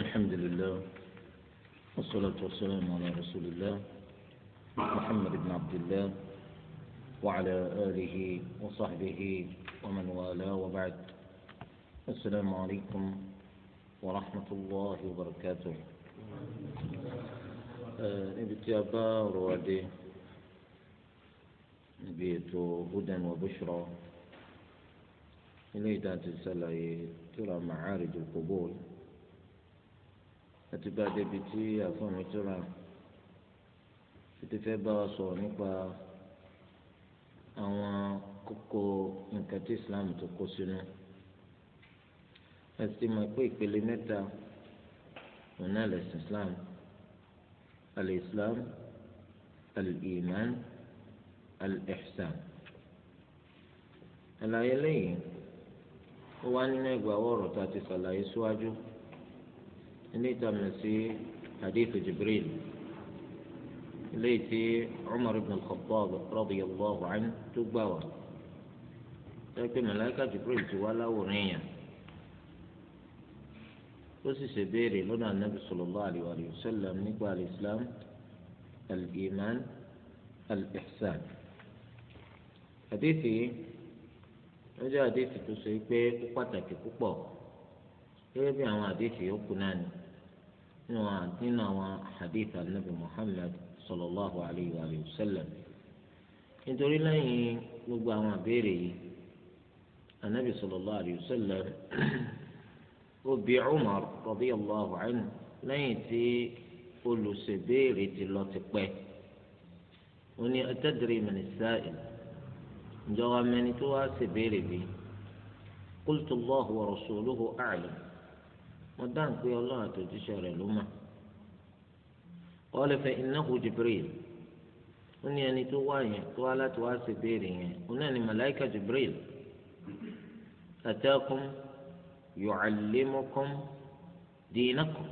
الحمد لله والصلاة والسلام على رسول الله محمد بن عبد الله وعلى آله وصحبه ومن والاه وبعد السلام عليكم ورحمة الله وبركاته ابتيابا آه، روادي بيت هدى وبشرى إليه تأتي ترى معارج القبول àti bá débi tí àfọ̀n mi tó ra títí fẹ́ bá wa sọ̀rọ̀ nípa àwọn kókó nǹkan tí Islam tó kó sínú ẹ ti mọ̀ pé ìpele mẹ́ta òun náà lẹ̀sìn Islam al-Islam al-Iman al-Ihsan àlàyé lẹ́yìn ó wá nínú ìgbà wọ̀rọ̀ tá a ti sàlàyé síwájú. So اللي تم حديث جبريل تي عمر بن الخطاب رضي الله عنه تبوا لكن ملائكة جبريل تولى ونيا وسي سبيري لنا النبي صلى الله عليه وآله وسلم نقوى الإسلام الإيمان الإحسان حديثي وجاء حديث تسيبي قوتك قوة gẹ́gẹ́ bí àwọn àdéhìí yòókù náà ni nínú nínú àwọn àdéhìí ànábì Muhammad sallallahu alayhi wa sallam nítorí lẹ́yìn gbogbo àwọn àbẹ̀rẹ̀ yìí ànábì sallallahu alayhi wa sallam ó bi Umar radiyallahu anhu lẹ́yìn tí olùṣèbéèrè ti lọ ti pẹ́ ó ní atadri man as-sa'il tó wá ṣèbéèrè bí qultu Allahu wa rasuluhu a'lam mo dáhùn pé ọlọ́run àtòjíṣẹ́ rẹ̀ ló mà qala fa innahu jibril ó ní ẹni tó wá yẹn tó wá láti wá sí béèrè yẹn ó náà ní malaika jibril atakum yu'allimukum dinakum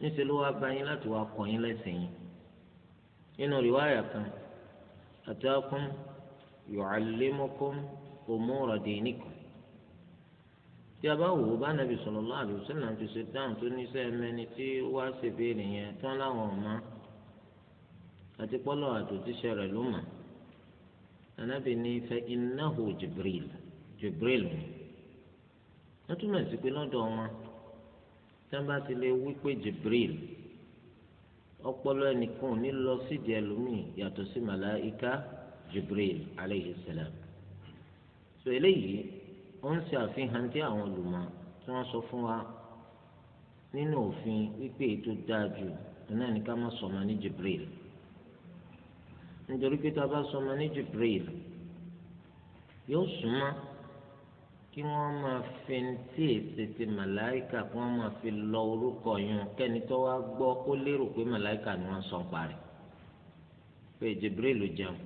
níṣẹ́ ló wá bá yín láti wá kọ́ yín lẹ́sìn yín nínú rìwáyà kan atakum yu'allimukum umura dinikum tí a bá wò ó bá nàbì sallallahu alaihi wasallam fi ṣe dáhùn tó ní sẹ mẹni tí wá ṣe béèrè yẹn tán láwọn ọmọ àti pọlọ àtòjíṣẹ́ rẹ̀ ló mọ ànábì ní fa innahu jibril jibril ni wọn túmọ̀ sí pé lọ́dọ̀ wọn tí wọn bá ti lè wí pé jibril ọpọlọ ẹnìkan ní lọ sídìí ẹlòmíì yàtọ̀ sí màláìka jibril aleyhi salam so eléyìí. ó ń ṣe àfihàn tí àwọn ti tí wọ́n sọ fún wa nínú òfin wípé ètò dáa jù náà ní ká má sọmọ ní Jibril nítorí pé tá a bá sọmọ ní Jibril yóò súnmọ́ kí wọn máa fi tí èsì ti màláìkà kí wọ́n máa fi lọ orúkọ yun kẹ́ni tó wá gbọ́ kó lérò pé màláìkà ni wọ́n sọ ń parí pé Jibril jẹun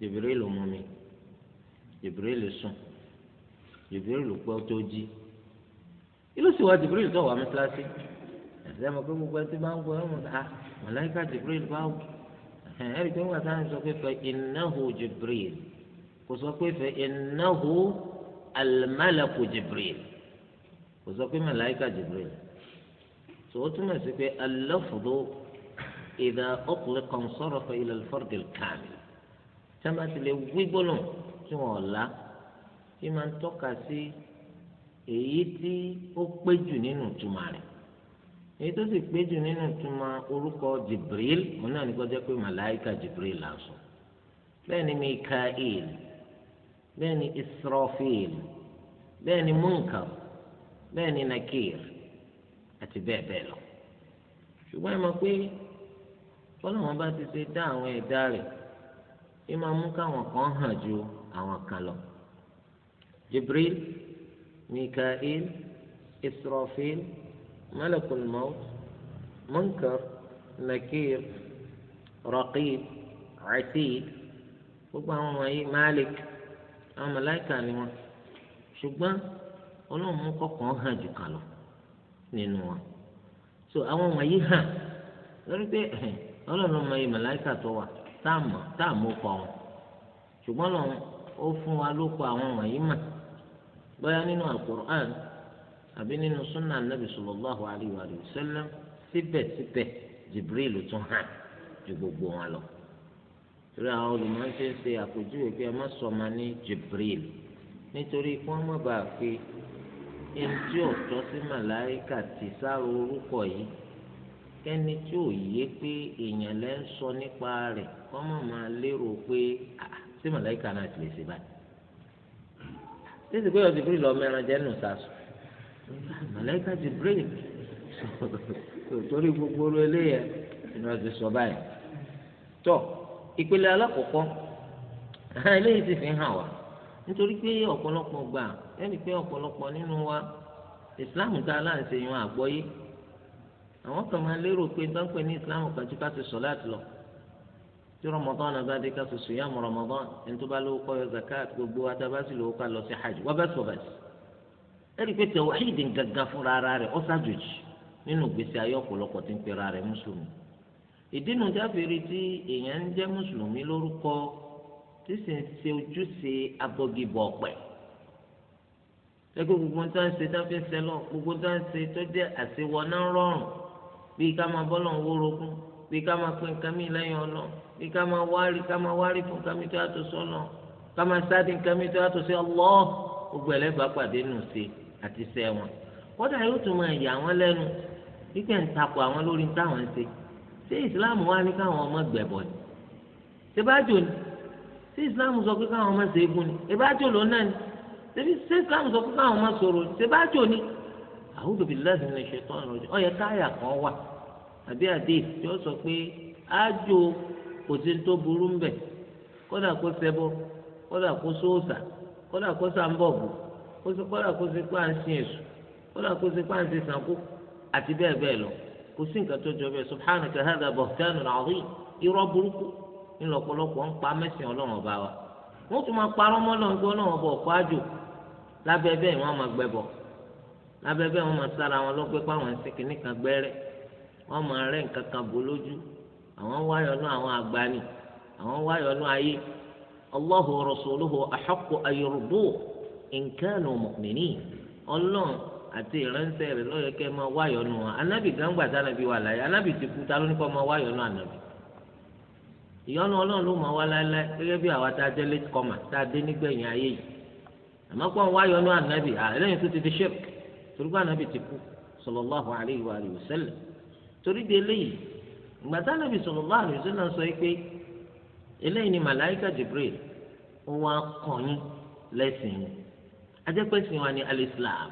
Jibril mú mi Jibril sùn. jìbìrìlù pé ó tó jí ìlú sì wá jìbìrìlù tó wà mọ́sálásí ẹ̀sẹ̀ mọ̀ pé gbogbo ẹtí máa ń gbọ́ ẹ̀wọ̀n ta mọ̀láyíká ah, jìbìrìlù bá wù ẹ̀rí pé wọ́n sáà ń sọ pé fẹ́ ináhù jìbìrìlù kò sọ pé fẹ́ ináhù alimálàkù jìbìrìlù kò sọ pé mọ̀láyíká jìbìrìlù tó o túmọ̀ sí pé alọ́fùdó ìdá ọkùnrin kan sọ̀rọ̀ fẹ́ ilẹ̀ fọ́ọ̀dì kàmì tẹ́lẹ̀ í máa ń tọ́ka sí èyí tí ó pé jù nínú ìtumọ̀ rẹ̀ èyí tó sì pé jù nínú ìtumọ̀ orúkọ Jibril òun náà ní kó jẹ́ pé màláìka Jibril là ń ni Mikael bẹ́ẹ̀ ni Israfil bẹ́ẹ̀ ni Munkar bẹ́ẹ̀ ni Nakir àti bẹ́ẹ̀ bẹ́ẹ̀ lọ ṣùgbọ́n ẹ mọ̀ pé fọlọ́wọ́n bá ti ṣe dá àwọn ẹ̀dá rẹ̀ ẹ máa mú káwọn kan hàn ju àwọn lọ. جبريل ميكائيل إسرافيل ملك الموت منكر نكير رقيب atid gbogbo àwọn wọ̀nyí malik àwọn màláíkà ni wọn ṣùgbọ́n ọlọ́run mú kọ̀ọ̀kan hàn jù kan lọ nínú wọn so àwọn wọ̀nyí hàn lórí pé ọlọ́run mọ iye màláíkà tó wà táàmù táàmù kọ wọn ṣùgbọ́n lọ́run ó fún wa ló kọ àwọn wọ̀nyí mà. bóyá nínú alukur'an àbí nínú sunnah anabi sallallahu alayhi wa sallam síbẹ̀síbẹ̀ jibril tún hàn ju gbogbo wọn lọ torí àwọn olùmọ̀ọ́sẹ̀ ṣe àpèjúwe pé ẹ má sọ ma ní jibril nítorí kí wọ́n má bàa fi ẹni tí ò tọ́ sí màláìkà ti sáró orúkọ yìí kẹ́ni tí ò yé pé èèyàn lẹ́ ń sọ títí pé ọtí bírí lọ mẹ́ran jẹ́ nù sàṣù màláìka ti bírí torí gbogbo oru eléyẹ ni wọ́n ti sọ báyìí tọ́ ìpele alákọ̀ọ́kọ́ eléyìí ti fi hàn wá nítorí pé ọ̀pọ̀lọpọ̀ gbà ẹni pé ọ̀pọ̀lọpọ̀ nínú wa ìsìláàmù tá a láǹ ṣe yan àgbọ́yé àwọn kan máa lérò pé dáńpẹ́ ní ìsìláàmù kàtúkà ti sọ láti lọ tí rọmọdán bá dé ká soso yá mọ rọmọdán ẹni tó bá lówó kó zakat gbogbo wa tá a bá lówó ká lọ sí hajj wọ́n bẹ́ sọ bẹ́ẹ̀ sí. ẹ̀rí pé tẹ̀wáhídì gangan fúnra ara rẹ̀ ọ́ sàjòjì nínú ìgbésí ayé ọ̀pọ̀lọpọ̀ tí ń pera rẹ̀ mùsùlùmí. ìdínú jáfèrè tí èèyàn ń jẹ́ mùsùlùmí lórúkọ tí sì ń ṣe ojúṣe gbogbo ń ṣe bí ká máa wárí ká máa wárí fún kàmí tó yàtọ̀ sọ́nà ká máa sáàdì kàmí tó yàtọ̀ sí Allah gbogbo ẹlẹ́gbàá pàdé nù sí àti sẹ́ wọn. kódà yóò tún máa yà wọ́n lẹ́nu pípẹ́ ń takò àwọn lórí táwọn ń ṣe ṣé ìsìláàmù wá ní káwọn ọmọ gbẹ̀bọ̀ ni ṣé bá jò ní ṣé ìsìláàmù sọ pé káwọn ọmọ ṣe é gún ni ṣé bá jò lónà ni ṣé ìsìláàmù sọ pé káwọn ọmọ sọ̀rọ̀ ni ṣé bá jò ní. a'udhu billahi minash shaitani rajim ó yẹ káyà kan wà àbí àdéhì tí ó pé ájò kò sí tó burú ńbẹ̀ kódà kó ṣẹbọ kódà kó sóòṣà kódà kó sàǹbọ̀bù kódà kó ṣe pé à ń sin èṣù kódà kó ṣe pé à àti bẹ́ẹ̀ bẹ́ẹ̀ lọ kò sí nǹkan tó jọ subhanaka hadha buhtanun adhim irọ́ burúkú ńlọ́pọ̀lọpọ̀ ń pa mẹ́sìn ọlọ́run ọba wa tún máa àjò àwọn wáyọnú àwọn àgbáni àwọn wáyọnú ayé Allahu rasuluhu ahaqqu ayọrùbù nkanu mu'minin Ọlọ́run àti ìránṣẹ́ rẹ̀ ló yẹ kẹ́ máa wáyọnú wọn anábì gángbà tánàbí wà láyé anábì ti kú ta ló ní kọ́ máa wáyọnú ànábì ìyọnu Ọlọ́run ló máa wá láéláé gẹ́gẹ́ bí àwa tá a jẹ late comer tá a dé nígbẹ̀yìn ayé yìí àmọ́ pọ́n wáyọnú ànábì àlẹyìn tó ti di ṣẹp torí pé ànábì ti kú sallallahu alaihi wa sallam torí de eléyìí gbàtà nàbì sallallahu alaihi wasallam sọ pé eléyìí ni màláìkà jibril ó wá kọyìn lẹ́sìn yìí ajẹ́pẹ́sìn wa ni al-islam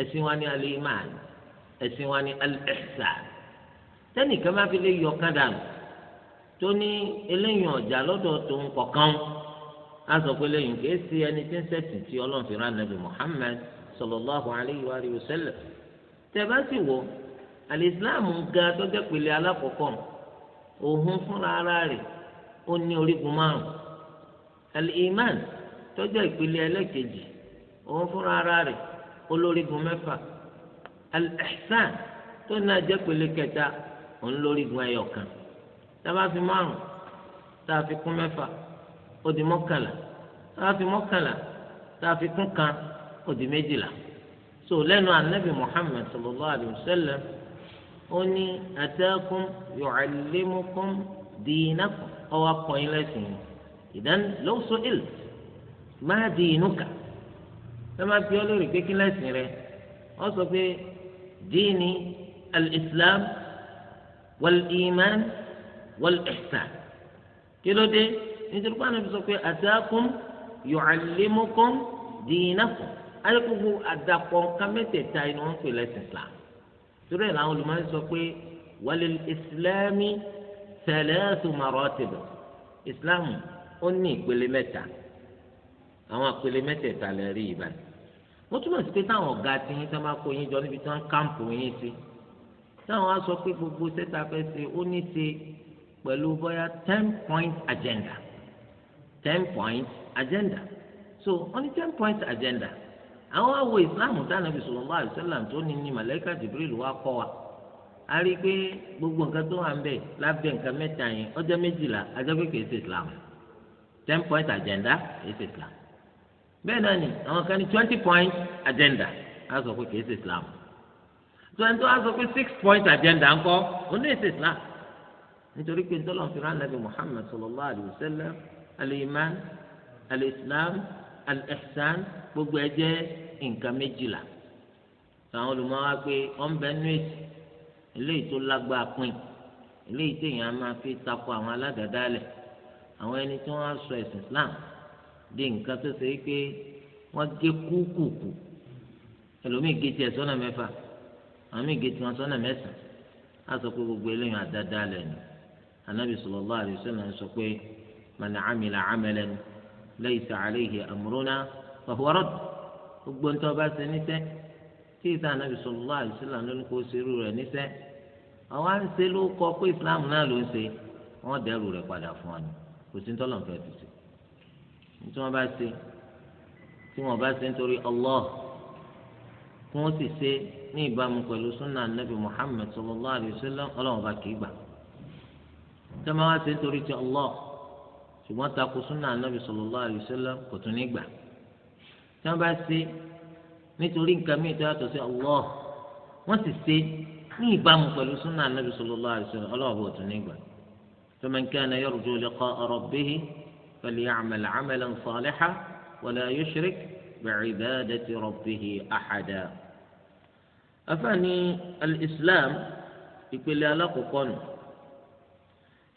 ẹ̀sìn wa ni al-iman ẹ̀sìn wa ni al-ihsan tẹ́nìkan bá fi lè yọ ọ̀kan dànù tó ní eléyìí ọ̀jà lọ́dọ̀ tó ń kọ̀kan á sọ pé eléyìí kìí ṣe ẹni tí ń sẹ̀sìn tí ọlọ́run fi rán nàbì Muhammad sallallahu alaihi wa sallam tẹ́ bá sì wọ̀ alìsíláàmù gan tọ́jọ́ pèlè alákọ̀ọ́kọ́ òun fúnra ara rẹ̀ ó ní orígun márùn alìmán tọ́jọ́ ìpele ẹlẹ́kejì òun fúnra ara rẹ̀ ó lórígun mẹ́fà alìsán tó náà jẹ́ pèlè kẹta òun lórígun ẹyọ kan tábà fi márùn tá a fi kún mẹ́fà ó mọ́kànlá tá a fi mọ́kànlá tá a fi kún kan ó méjìlá so lẹ́nu anabi muhammed sallallahu alayhi wa sallam. ó ní ataakum yu'allimukum dinakum ọwọ́ akọ̀yìn lẹ́sìn ìdán law su'ilt ma dinuka ẹ máa fi ọlọ́rì pé kí lẹ́sìn rẹ ọ sọ pé dini al-islam wal-iman wal-ihsan kí ló dé nítorí pé àwọn sọ pé ataakum yu'allimukum dinakum alẹ́ gbogbo àdàpọ̀ nǹkan mẹ́tẹ̀ẹ̀ta ni wọ́n ń pè lẹ́sìn islam. torí ẹ̀ làwọn olùmọ̀ sọ pé wàlẹ̀ ìsìlẹ́mì tẹ̀lẹ́sù maratib islam ó ní ìpele mẹ́ta àwọn ìpele mẹ́tẹ̀ẹ̀ta lè rí ìbàdàn wọ́n túmọ̀ sí pé táwọn ọ̀gá ti yín sábà kó yín jọ níbi tí wọ́n káàmpù yín sí táwọn á sọ pé gbogbo sẹ́ta fẹ́ ṣe ó ní ṣe pẹ̀lú bóyá ten point agenda ten point agenda so wọ́n ní ten point agenda. So, àwọn awo ìsìláàmù tá ànábì sallallahu alaihi wasallam tó ní ní màláíkà Jibril wá kọ́ wa a rí i pé gbogbo nǹkan tó wà ń bẹ̀ lábẹ́ nǹkan mẹ́ta yẹn ọjọ́ méjìlá ajẹ́pẹ́ kìí ṣe islam ten point agenda kìí ṣe islam bẹ́ẹ̀ náà ni àwọn kan ní twenty point agenda a sọ pé kìí ṣe islam twenty á sọ pé six point agenda ńkọ́ òun ní ṣe islam nítorí pé ntọ́lọ́mùsọ̀rọ̀ ànábì Muhammad sallallahu alaihi wasallam al-iman al-islam. al gbogbo ẹ jẹ́ nǹkan méjìlá àwọn olùmọ̀wá pé ọ̀nbẹ́nu èsì eléyìí tó lágbára pin eléyìí èèyàn máa fi takò àwọn aládàádálẹ̀ àwọn ẹni tí wọ́n sọ ẹ̀sìn Islam di nǹkan tó ṣe pé wọ́n gé kúkùkù ẹlòmíì gé tiẹ̀ sọ́nà mẹ́fà àwọn gé tiwọn sọ́nà mẹ́sàn-án á sọ pé gbogbo eléyìí àdáadáa lẹ̀ sọ pé laysa alayhi amruna fahuwa radd gbogbo ń tọ́ bá ṣe níṣẹ́ tí ìta ànábì sallallahu alaihi wasallam ló ní kó ṣe irú rẹ̀ níṣẹ́ àwọn à ń ṣe ló kọ pé islam náà ló ń ṣe wọ́n dẹ́rù rẹ̀ padà fún wọn kò sí tọ́lọ̀ ń fẹ́ fi ṣe tí wọ́n bá ṣe tí wọ́n bá ṣe nítorí Allah tí wọ́n sì ṣe ní ìbámu pẹ̀lú sunnah nabi Muhammad sallallahu alaihi wasallam bá kì í gbà tí wọ́n bá ṣe nítorí ti Allah ṣùgbọ́n takò súnà anábì sallallahu alaihi wasallam kò tún ní gbà tí wọ́n bá ṣe nítorí nǹkan mìíràn tó yàtọ̀ sí Allah wọ́n sì ṣe ní ìbámu pẹ̀lú súnà anábì sallallahu alaihi wasallam ọlọ́ọ̀bù ò tún ní gbà faman kana yarju liqa'a rabbih falya'mal 'amalan salihan wa la yushrik bi'ibadati rabbih ahada. afaani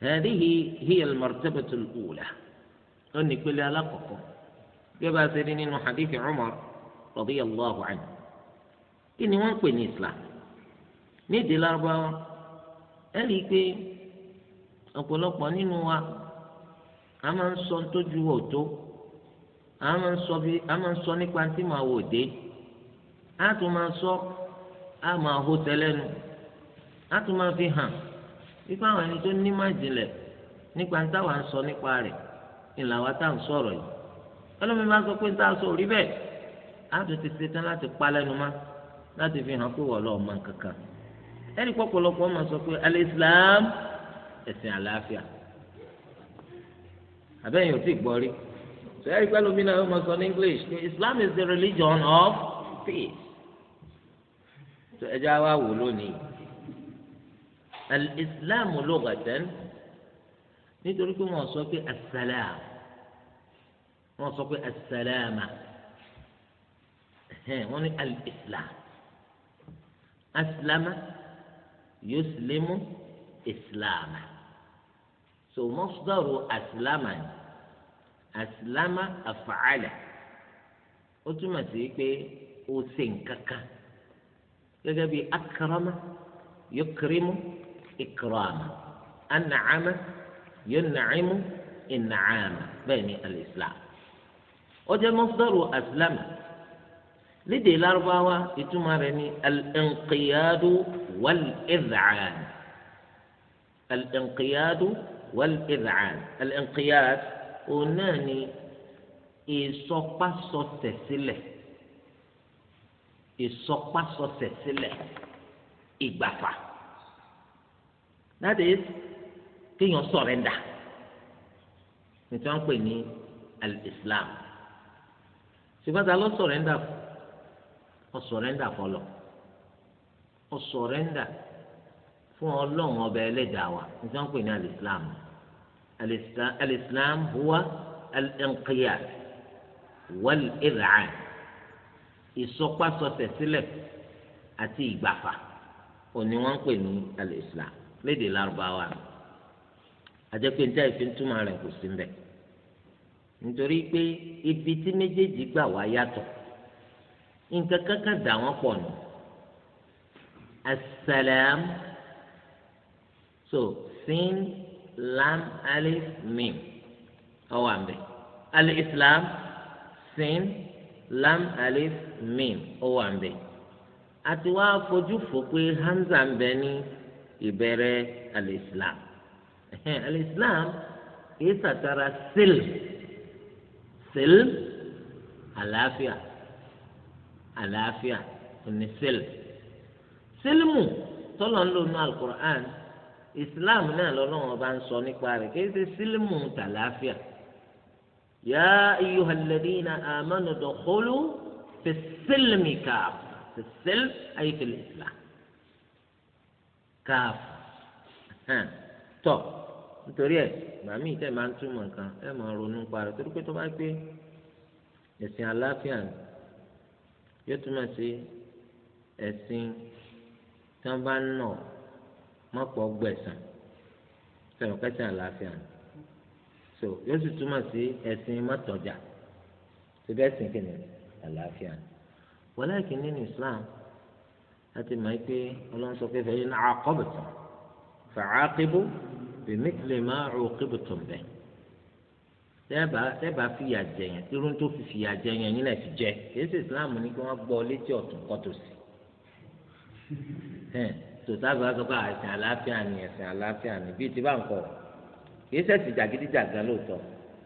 هذه هي المرتبة الأولى أن كل علاقة كما سيدنا حديث عمر رضي الله عنه إني وانكو الإسلام nídìí lárúbáwá ẹ rí i pé ọ̀pọ̀lọpọ̀ nínú wa a máa ń sọ tójú wò tó a máa ń sọ bí a máa ń sọ nípa tí màá wò dé a tún máa sọ a máa hó tẹ́lẹ́nu a tún máa fi hàn wípé àwọn ẹni tó ní má jinlẹ̀ nípa ń táwa ń sọ nípa rẹ̀ ni làwa tá à ń sọ̀rọ̀ yìí ẹlòmíín bá sọ pé ń tá a sọ òrí bẹ́ẹ̀ á tún ti ṣetán láti pa lẹ́nu má láti fi hàn pé wọ́n lọ́ọ́ mọ kankan ẹnì pọ̀pọ̀lọpọ̀ máa sọ pé alẹ́sìlám ẹ̀sìn àlàáfíà àbẹ́yìn ò tí ì gbọ́ rí so ẹ̀rí pẹ́ lómi náà ó sọ ní English pé Islam is the religion of peace so ẹjọ́ wa wò lónìí alìsílámù lọ́gàdán nítorí pé wọ́n sọ pé asàlám wọ́n sọ pé asàlámà wọ́n ní alìsílám asìlámà yuslimu ìsìlámà so mọ́sùdọ̀rù asìlámà ni asìlámà àfàálà ó túmọ̀ sí pé ó ṣe nǹkan kan gẹ́gẹ́ bí akarama yukrimu ikrama an'ama yun'imu in'ama bẹ́ẹ̀ ni al-islam ó jẹ́ mọ́sítọ́rù asilama lédè lárúbáwá ìtumọ̀ rẹ̀ ni al-inqiyadu wal-id'an al-inqiyadu wal-id'an al-inqiyad òun náà ni ìsọpasọsẹ̀ sílẹ̀ ìsọpasọsẹ̀ sílẹ̀ ìgbàfà. E that is kéèyàn sọ̀rẹ́ndà nítorí wọ́n pè ní al-islam ṣùgbọ́n ta ló sọ̀rẹ́ndà ó sọ̀rẹ́ndà fọlọ́ ó sọ̀rẹ́ndà fún ọlọ́run ọba ẹlẹ́dàá wa nítorí wọ́n pè ní al-islam al-islam huwa al-inqiyad wal-id'an ìsọpasọsẹ̀ sílẹ̀ àti ìgbàfà òní wọ́n pè ní islam lédè lárúbáwá àjẹpé níta ìfi túmọ̀ rẹ̀ kò sí mbẹ̀ nítorí pé ibi tí méjèèjì gbà wá yàtọ̀ nǹkan kankan dà nù so sin lam alif mim alislam sin lam alif mim ọwọ́ àmbẹ̀ àti wàá fojú fò pé hamza ìbẹ̀rẹ̀ alìsílám alìsílám kìí sàtara sílì sílì àlàáfíà àlàáfíà ní sílì sílìmù tọ́lọ̀ ń lò ní alukur'an islam náà lọ́lọ́wọ́n bá ń sọ nípa rẹ̀ kìí ṣe sílìmù tàlàáfíà yá iyuhalladina amánudọ̀kọ́lù fi sílìmì kàá fi sílì ayé fi lè islam. Kaf, tọ nítorí ẹ màmí ìtẹ máa ń túmọ̀ nǹkan ẹ máa ronú parí torí pé tó bá pé ẹ̀sìn àlàáfíà ni yóò túmọ̀ sí ẹ̀sìn tí wọ́n bá ń nà mọ́pọ̀ gbẹ̀sán sọ̀rọ̀ kẹsàn àlàáfíà ni so yóò sì túmọ̀ sí ẹ̀sìn mọ́tọ̀jà síbẹ̀ ẹ̀sìn kìnìún àlàáfíà ni wọ́n láìkí Islam láti mọ̀ pé ọlọ́run sọ pé fẹ̀yìn náà àkọ́bùtọ̀ fàákìbù bìmítìlẹ̀ máa rọ̀kìbùtọ̀ bẹ̀. tẹ́ẹ̀bà fìyà jẹyàn irun tó fi fìyà jẹyàn yín lẹ̀ fi jẹ yéésù ìsìláàmù ni kí wọ́n gbọ́ létí ọ̀tún kọ́tòsí. tòtáàbà sọ pé ẹ̀sìn àlàáfíà ni ẹ̀sìn àlàáfíà ni bíi ti bá ń kọ̀ yéésù ẹ̀sìn jàgídíjàgá lóòótọ́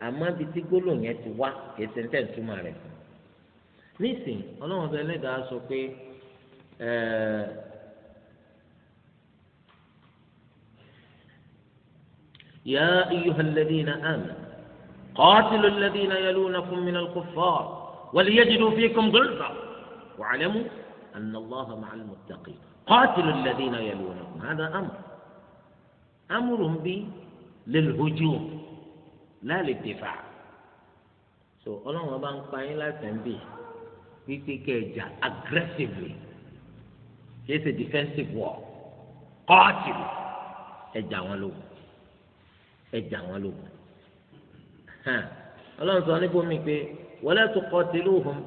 àmọ́ bíi tí gbólóhùn yẹn ti wá kèsì ń tẹ̀ آه، يا أيها الذين آمنوا قاتلوا الذين يلونكم من الكفار وليجدوا فيكم غلظة واعلموا أن الله مع المتقين قاتلوا الذين يلونكم هذا أمر أمر بي للهجوم لا للدفاع سو أولا ọba ń pa تنبيه láti ń bì aggressively kìí ṣe defensive war kọ́ọ̀tì ẹ̀jà wọn ló ẹ̀jà wọn ló ọlọ́run sọ níbomi pé wala tuqatiluhum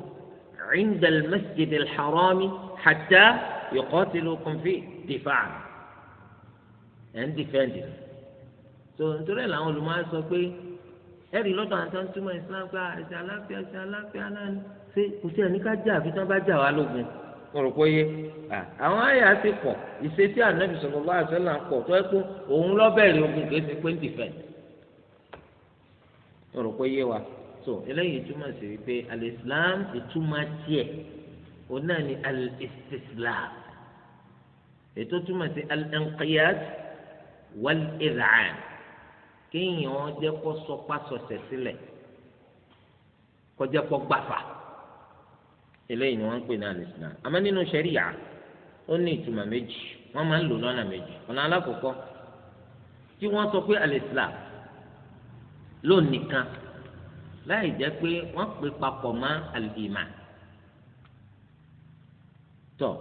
عند المسجد الحرام حتى يقاتلوكم فيه دفاعا and defending so nítorí làwọn olùmọ̀ọ́ sọ pé ẹ̀rí lọ́dọ̀ àwọn tó ń túmọ̀ ìsìlámù pé àìsàn ah, aláfíà àìsàn aláfíà náà ṣe kò sí ẹ̀ní ká jà àfi tí wọ́n bá jà wá lógun kọ̀rọ̀ kó yé àwọn àyà ti pọ̀ ìṣesí ànábì sallallahu alaihi wasallam pọ̀ tó ẹ pé òun lọ́bẹ̀rẹ̀ ogun kìí ṣe pé ń dìfẹ̀ǹd kọ̀rọ̀ kó yé wa so eléyìí túmọ̀ sí wípé al-Islam ìtumọ̀ tiẹ̀ òun náà ni al-istislam ètò túmọ̀ sí al-inqiyad wal-idh'an kéèyàn jẹ́ kó sọpá sọsẹ̀ sílẹ̀ kọjá kó gbàfà eléyìí ni wọ́n ń pè ní al-islam àmọ́ nínú ṣẹ̀ríyà ó ní ìtumọ̀ méjì wọ́n máa ń lò lọ́nà méjì ọ̀nà alákọ̀ọ́kọ́ tí wọ́n sọ pé al-islam lónìkan láì jẹ́ pé wọ́n pè papọ̀ mọ́ al tọ́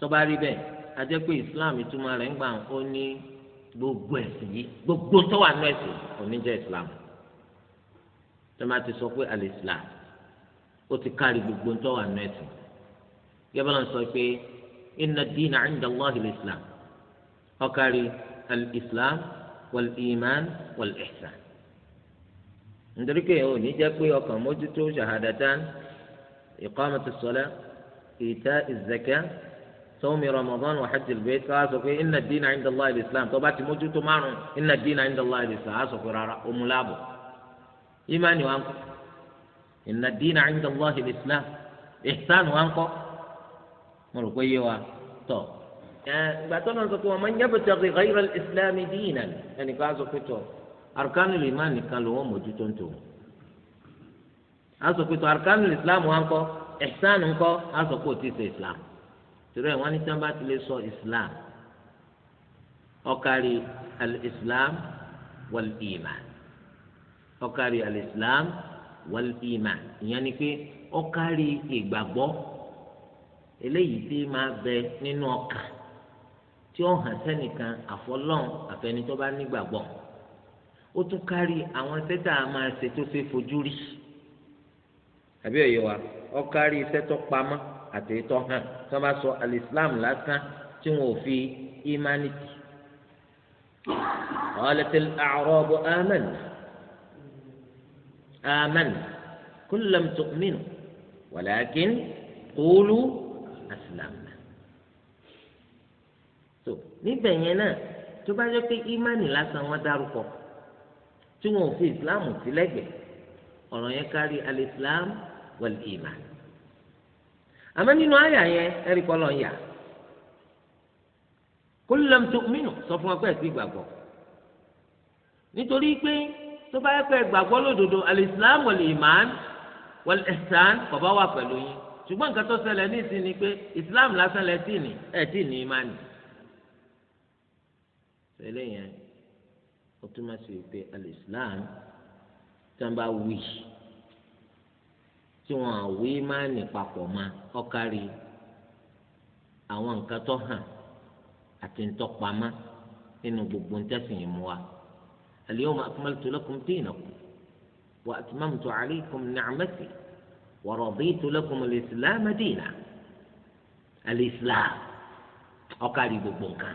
tó rí bẹ́ẹ̀ a pé islam ìtumọ̀ rẹ̀ ń gbà ó ní gbogbo ẹ̀sìn yìí gbogbo tó wà òní jẹ́ islam tó máa ti sọ pé al ó ti kárí gbogbo ń tọ́ wà nù ẹ̀sìn gẹ́gẹ́ bá sọ pé inna diina inda allah islam ó kárí al-islam wal-iman wal-ihsan nítorí pé ò ní jẹ́ pé ọkàn mójútó shahadatan iqamati salat ìta ìzẹ̀kẹ́ sọ́mi ramadan wa hajj al-bayt ká sọ pé inna diina inda allah islam tó bá ti mójútó márùn-ún inna diina inda allah islam á sọ pé rárá ó mú ń kọ́ inna ad-dina 'inda Allahi al-islam ihsan wa ńkọ́ mo rò pé yé wa tọ̀ ìgbà tó lọ sọ pé wọn máa ń yabtaghi ghayra al-islam dinan ẹnìkan á sọ pé tọ̀ arkanul iman nìkan ló wọ́n mójútó ń tò á sọ pé tọ̀ arkanul islam wa ńkọ́ ihsan ńkọ́ á sọ pé ò tí ì islam torí ẹ̀ wọ́n ní sábà ti lè sọ islam ọkàrí al-islam wal-iman ọkàrí wal iman ìyẹn ni pé ó kárí ìgbàgbọ́ eléyìí tí máa bẹ nínú ọkàn tí ó hàn sẹ́nìkan àfọlọ́n àfẹni tó bá nígbàgbọ́ ó tún kárí àwọn sẹ́tà máa ṣe tó ṣe fojú rí àbí òye wa ó kárí iṣẹ́ tó pamọ́ àti hàn tí wọ́n bá sọ alislam lásán tí wọ́n ò fi imaniti. qalat al-a'rabu amanna. آمنا كل لم تؤمنوا ولكن قولوا أسلمنا so níbẹ̀ yẹn náà tó bá yẹ pé ìmánì lásán wọn dárúkọ tí wọn ò fi ìsìláàmù sí lẹ́gbẹ̀ẹ́ ọ̀rọ̀ yẹn kárí alìsílám wal ìmán àmọ́ nínú àyà yẹn ẹ̀rí kọ́ lọ́ọ́ yà kul lam tu'minu sọ fún wa pé ẹ̀ sí gbàgbọ́ nítorí pé tó bá yẹ pé gbàgbọ́ lódodo alìsílámù lìmán wal ihsan kò bá wà pẹ̀lú yín ṣùgbọ́n nǹkan tó ṣẹlẹ̀ ní ìsìn ni pé ìsìlámù lásán lẹ tì ní ẹ tì ní ìmánì. ṣẹlẹ̀ yẹn ó túmọ̀ sí pé alìsílámù tí wọ́n bá wí tí wọ́n àwí ìmánì papọ̀ mọ́ ọ̀kárí àwọn nǹkan tó hàn àti ń tọ́pamọ́ nínú gbogbo ń tẹ̀sìn ìmú اليوم أكملت لكم دينكم وأتممت عليكم نعمتي ورضيت لكم الإسلام دينا الإسلام أقاري ببنكا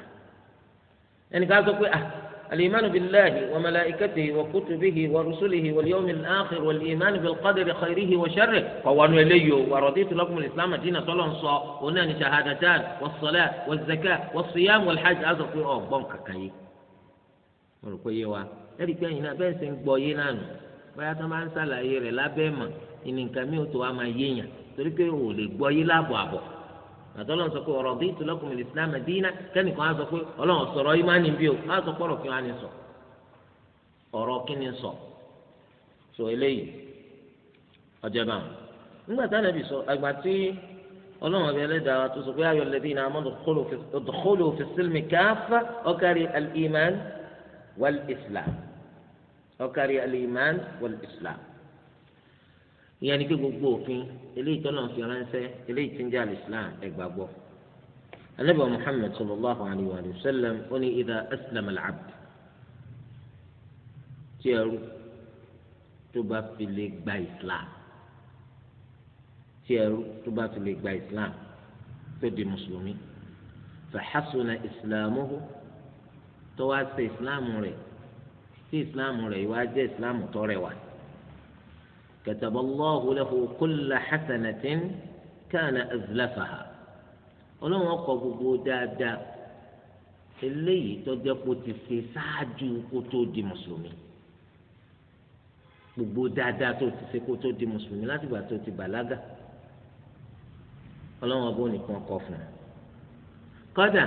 يعني قال تقول أه الإيمان بالله وملائكته وكتبه ورسله واليوم الآخر والإيمان بالقدر خيره وشره فوانو إليه ورضيت لكم الإسلام دينا صلى الله ونان شهادتان والصلاة والزكاة والصيام والحج هذا قرآن بنكا كيف mo rò pé yé wa ẹ̀rí pé ẹ̀yin náà bẹ́ẹ̀ sì ń gbọ́ yé náà nù bóyá tó máa ń ṣàlàyé rẹ̀ lábẹ́ mà ìní nǹkan mi ò tó wa máa yéèyàn torí pé ò lè gbọ́ yé láàbọ̀ àbọ̀ àtọ́lọ́n sọ pé ọ̀rọ̀ bí ìtúlọ́kùnrin lè islam dínà kẹ́nìkan á sọ pé ọlọ́run sọ̀rọ̀ yìí máa ń níbi o á sọ pọ̀rọ̀ kí wọ́n á ní sọ ọ̀rọ̀ kí ni sọ sọ eléyìí ọjọ́ bá wọn. nígbà táwọn ẹbí sọ àgbà tí ọlọ́run ọbẹ̀ ẹlẹ́dàá tó sọ pé ayọ̀ lẹ́bí iná amọ́dọ̀kọ́lù fi sílmi káfá ọ̀kárí al wal islam ọkàrí al-iman wal islam ìyẹn ni pé gbogbo òfin eléyìí tó náà fi ránṣẹ́ eléyìí tí ń jẹ́ al-islam ẹgbàgbọ́ anabi muhammed sallallahu alayhi wa sallam ó ní idha aslama al-abd tí ẹrú tó bá fi lè gba islam tí ẹrú tó bá fi lè gba islam tó di mùsùlùmí fa hasuna islamuhu tó wá ṣe ìsìláàmù rẹ̀ tí ìsìláàmù rẹ̀ yìí wá jẹ́ ìsìláàmù tó rẹwà kataballahu lahu kulla hasanatin kana azlafaha ọlọ́run ọkọ̀ gbogbo dáadáa eléyìí tó jẹ́ kó ti ṣe ṣáájú kó tó di mùsùlùmí gbogbo dáadáa tó ti ṣe kó tó di mùsùlùmí látìgbà tó ti bàlágà ọlọ́run ọgbọ́n nìkan kọ fún un kọ́dà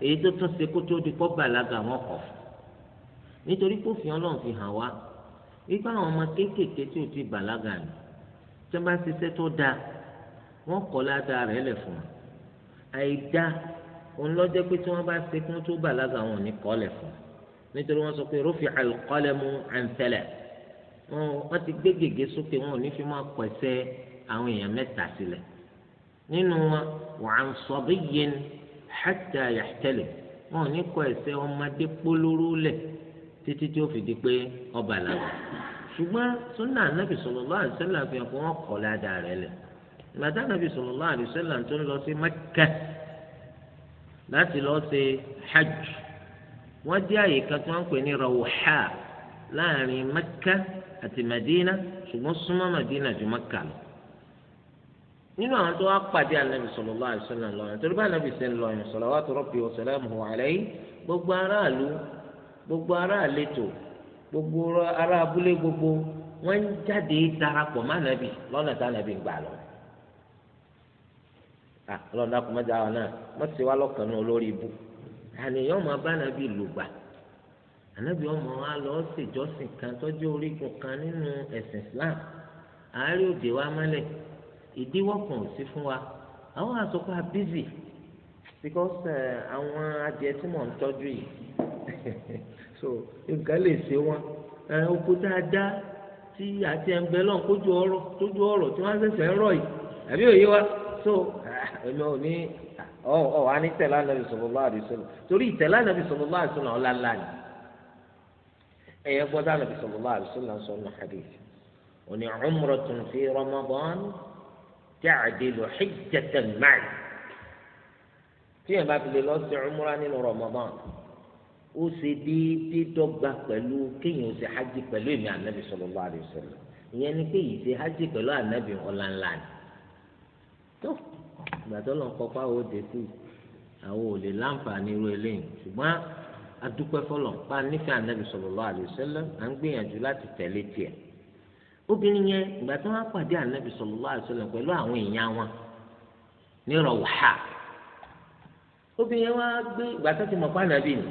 èyí tó tún ṣe kó tó di kọ́ bàlágà wọn kọ̀ nítorí pófin ọlọ́run fi hàn wá wípé àwọn ọmọ kéékèèké tí ò ti bàlágà ni tí wọ́n bá ṣiṣẹ́ tó dáa wọ́n kọ́ ládàá rẹ̀ lẹ̀ fún wọn àìdá òun lọ́jọ́ pé tí wọ́n bá ṣe kí tó bàlágà wọn ò kọ́ lẹ̀ fún wọn nítorí wọ́n sọ pé rufi'a al-qalamu an wọ́n ti gbé gègé sókè wọn ò ní fi máa pẹ̀sẹ̀ àwọn èèyàn mẹ́ta sílẹ̀ nínú wọn wa an sabiyyin hàtà yàtẹ̀lẹ̀ wọn ò ní kọ ẹsẹ̀ ọmọdé polówó lẹ̀ títí tí ó fi di pé ọba làwọn ṣùgbọ́n sunna anábì sallallahu alaihi wasallam fi hàn pé wọ́n kọ̀ ládàá rẹ̀ lẹ̀ ìgbàdá lọ sí láti lọ hajj di àyè pè Madina Madina ju nínú àwọn tó wá pàdé anabi sallallahu alaihi wasallam lọrin torí bá anabi ṣe ń lọrin salawatu wa gbogbo aráàlú gbogbo gbogbo ará abúlé gbogbo wọn ń jáde darapọ̀ mọ́ anabi lọ́nà tá anabi ń lọ. ọlọ́run dákun mọ́jà wa náà wọ́n ti wá lọ́kàn náà lórí ibú àníyàn ọmọ wa lọ ṣèjọsìn kan tọ́jú ìdíwọ́ kan ò sí fún wa àwọn àsopọ̀ àbízì because eh, àwọn adìẹ tí mò ń tọ́jú yìí so nǹkan lè ṣe wọn eh, oko dáadáa tí àti ẹnbẹ lọ́n kójú ọ̀rọ̀ tójú ọ̀rọ̀ tí wọ́n ṣẹ̀ṣẹ̀ ń rọ̀ yìí àbí òye wa so ah, èmi ò ní ọ ọ wa ní tẹ̀lé ànábì sallallahu alaihi wasallam torí ìtẹ̀lé ànábì sallallahu alaihi wasallam ọ̀la ńlá ni ẹ̀yẹ gbọ́dọ̀ ànábì sallallahu alaihi wasallam sọ̀nà hadith òní umratun fi Ramadan ya'dilu hijjatan ma'i tí yẹn bá fi lè lọ sí umra nínú Ramadan ó ṣe déédéé dọ́gba pẹ̀lú kéèyàn ó ṣe hajj pẹ̀lú èmi ànábì sallallahu alaihi wasallam ìyẹn ni pé ìṣe hajj pẹ̀lú ànábì ọ̀làǹlà ni tó ìgbà tó lọ́n kọ́kọ́ àwọn òde sí àwọn ò lè láǹfààní irú eléyìí ṣùgbọ́n adúpẹ́ fọlọ́ pa nífẹ̀ẹ́ ànábì sallallahu alaihi wasallam à ń gbìyànjú láti tẹ̀lé tiẹ̀ obìnrin yẹn ìgbà tí wọ́n pàdé ànábì sallallahu alaihi wasallam pẹ̀lú àwọn èèyàn wọn ní rọwà obìnrin yẹn wá gbé ìgbà tó ti mọ̀ pé ànábì ni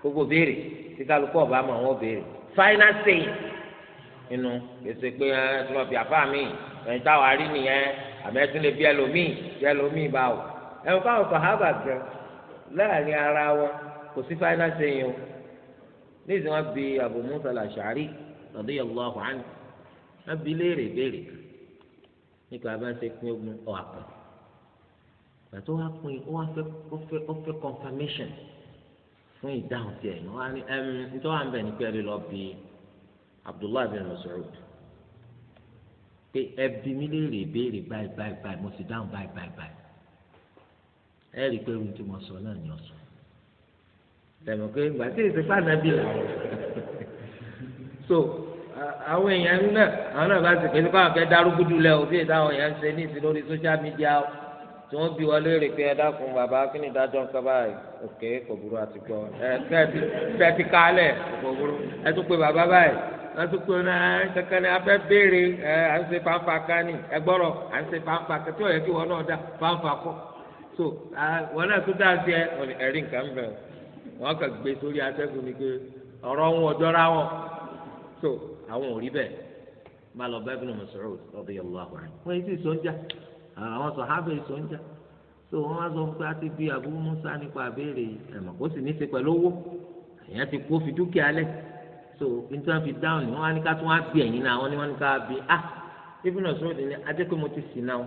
gbogbo béèrè tí kálukú ọba mọ̀ wọ́n béèrè final say inú èsè pé ẹ tí wọ́n fi àfáà mi ẹ̀yìn táwa rí nìyẹn àmẹ́tún lè bí ẹlòmíì bí ẹlòmíì bá wò ẹ̀wọ̀n káwọn sàhábà gan láàrin ara wọn kò sí final say yìí o ní ìsìn wọn bí Abu Musa al-Ash'ari radiyallahu anhu wọn bi léèrè béèrè nípa bá ṣe pín ogún ọ àpò pàtó wàá pín ó wàá fẹ́ ó fẹ́ ó fẹ́ confirmation fún ìdáhùn tiẹ̀ ní wàá ní ẹm nítorí wàá ń bẹ ní pé lọ bí Abdullahi bin Mas'ud pé ẹbí mi léèrè béèrè báyìí báyìí báyìí mo sì dáhùn báyìí báyìí báyìí ẹ rí i pé ohun tí mo sọ náà ni ọ̀sán tẹ̀mọ̀ pé ìgbà tí ìsìnkú làwọn so àwọn èèyàn náà àwọn náà bá sì pé káwọn fẹ́ darúgúdù lẹ òbí ìdáwọn èèyàn ṣe ní ìsìn lórí social media o tí wọ́n bí wọlé rè pé ẹ dákun bàbá kí ni ìdájọ́ ń sábà òkè kò burú àti gbọ́ ẹ fẹ́ ti kálẹ̀ kò burú ẹ tún pé bàbá báyìí wọ́n tún pé náà kankan ni a fẹ́ béèrè ẹ à ń ṣe fanfa kan ẹ gbọ́rọ̀ à ń ṣe fanfa kan tí kí wọn náà dá fanfa kọ́ so wọn náà tún dá sí ẹ ẹ̀rí nǹkan bẹ̀rẹ̀ wọn kàn gbé sórí so àwọn ò rí bẹ́ẹ̀ bá lọ bá Ibn Mas'ud radiyallahu anhu. wọ́n ti sọ́njà àwọn sàhábà sọ́njà tó wọ́n wá sọ pé a ti bí Abu Musa nípa àbẹ́rẹ́ ẹ̀mọ̀ kó sì ní í ṣe pẹ̀lú owó èèyàn ti kó fi dúkìá lẹ̀ so n tí wọ́n fi dáhùn ni wọ́n á ní ká tún wá bí ẹ̀yìn náà wọ́n ní wọ́n ní ká bí ah Ibn Mas'ud ni ajẹ́ pé mo ti sì náà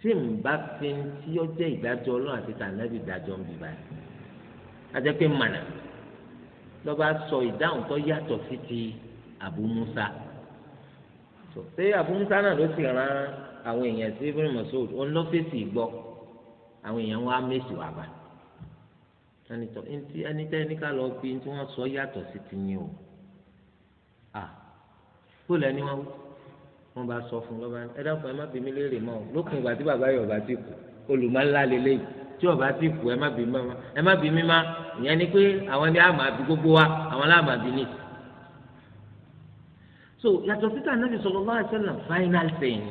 tí n bá fi ń tí ó jẹ́ ìdájọ́ ọlọ́run àti tànàbì lọ́ba sọ ìdáhùn tó yàtọ̀ sí ti Abu Musa abumusa. Abu Musa náà ló sì rán àwọn èèyàn sí Ibn Mas'ud òun ló fèsì gbọ́ àwọn èèyàn wá méjì wá bá ẹnitọ́ ẹni tẹ́ ẹni ká lọ bí tí wọ́n sọ yàtọ̀ sí ti yín o à kúlù ẹni wọn wọn bá sọ fún lọ́ba ẹ dákun ẹ má bí mi léèrè mọ́ o lókun ìgbà tí bàbá Yorùbá ti kú olùmọ̀ńlá lélẹ́yìí tí ọba ti kú ẹ má bí mímá ẹ má bí mímá ìyẹn ni pé àwọn ni àmà bí gbogbo wa àwọn làmà bí ní. so yàtọ̀ títà nàbì sallallahu alaihi wasallam final thing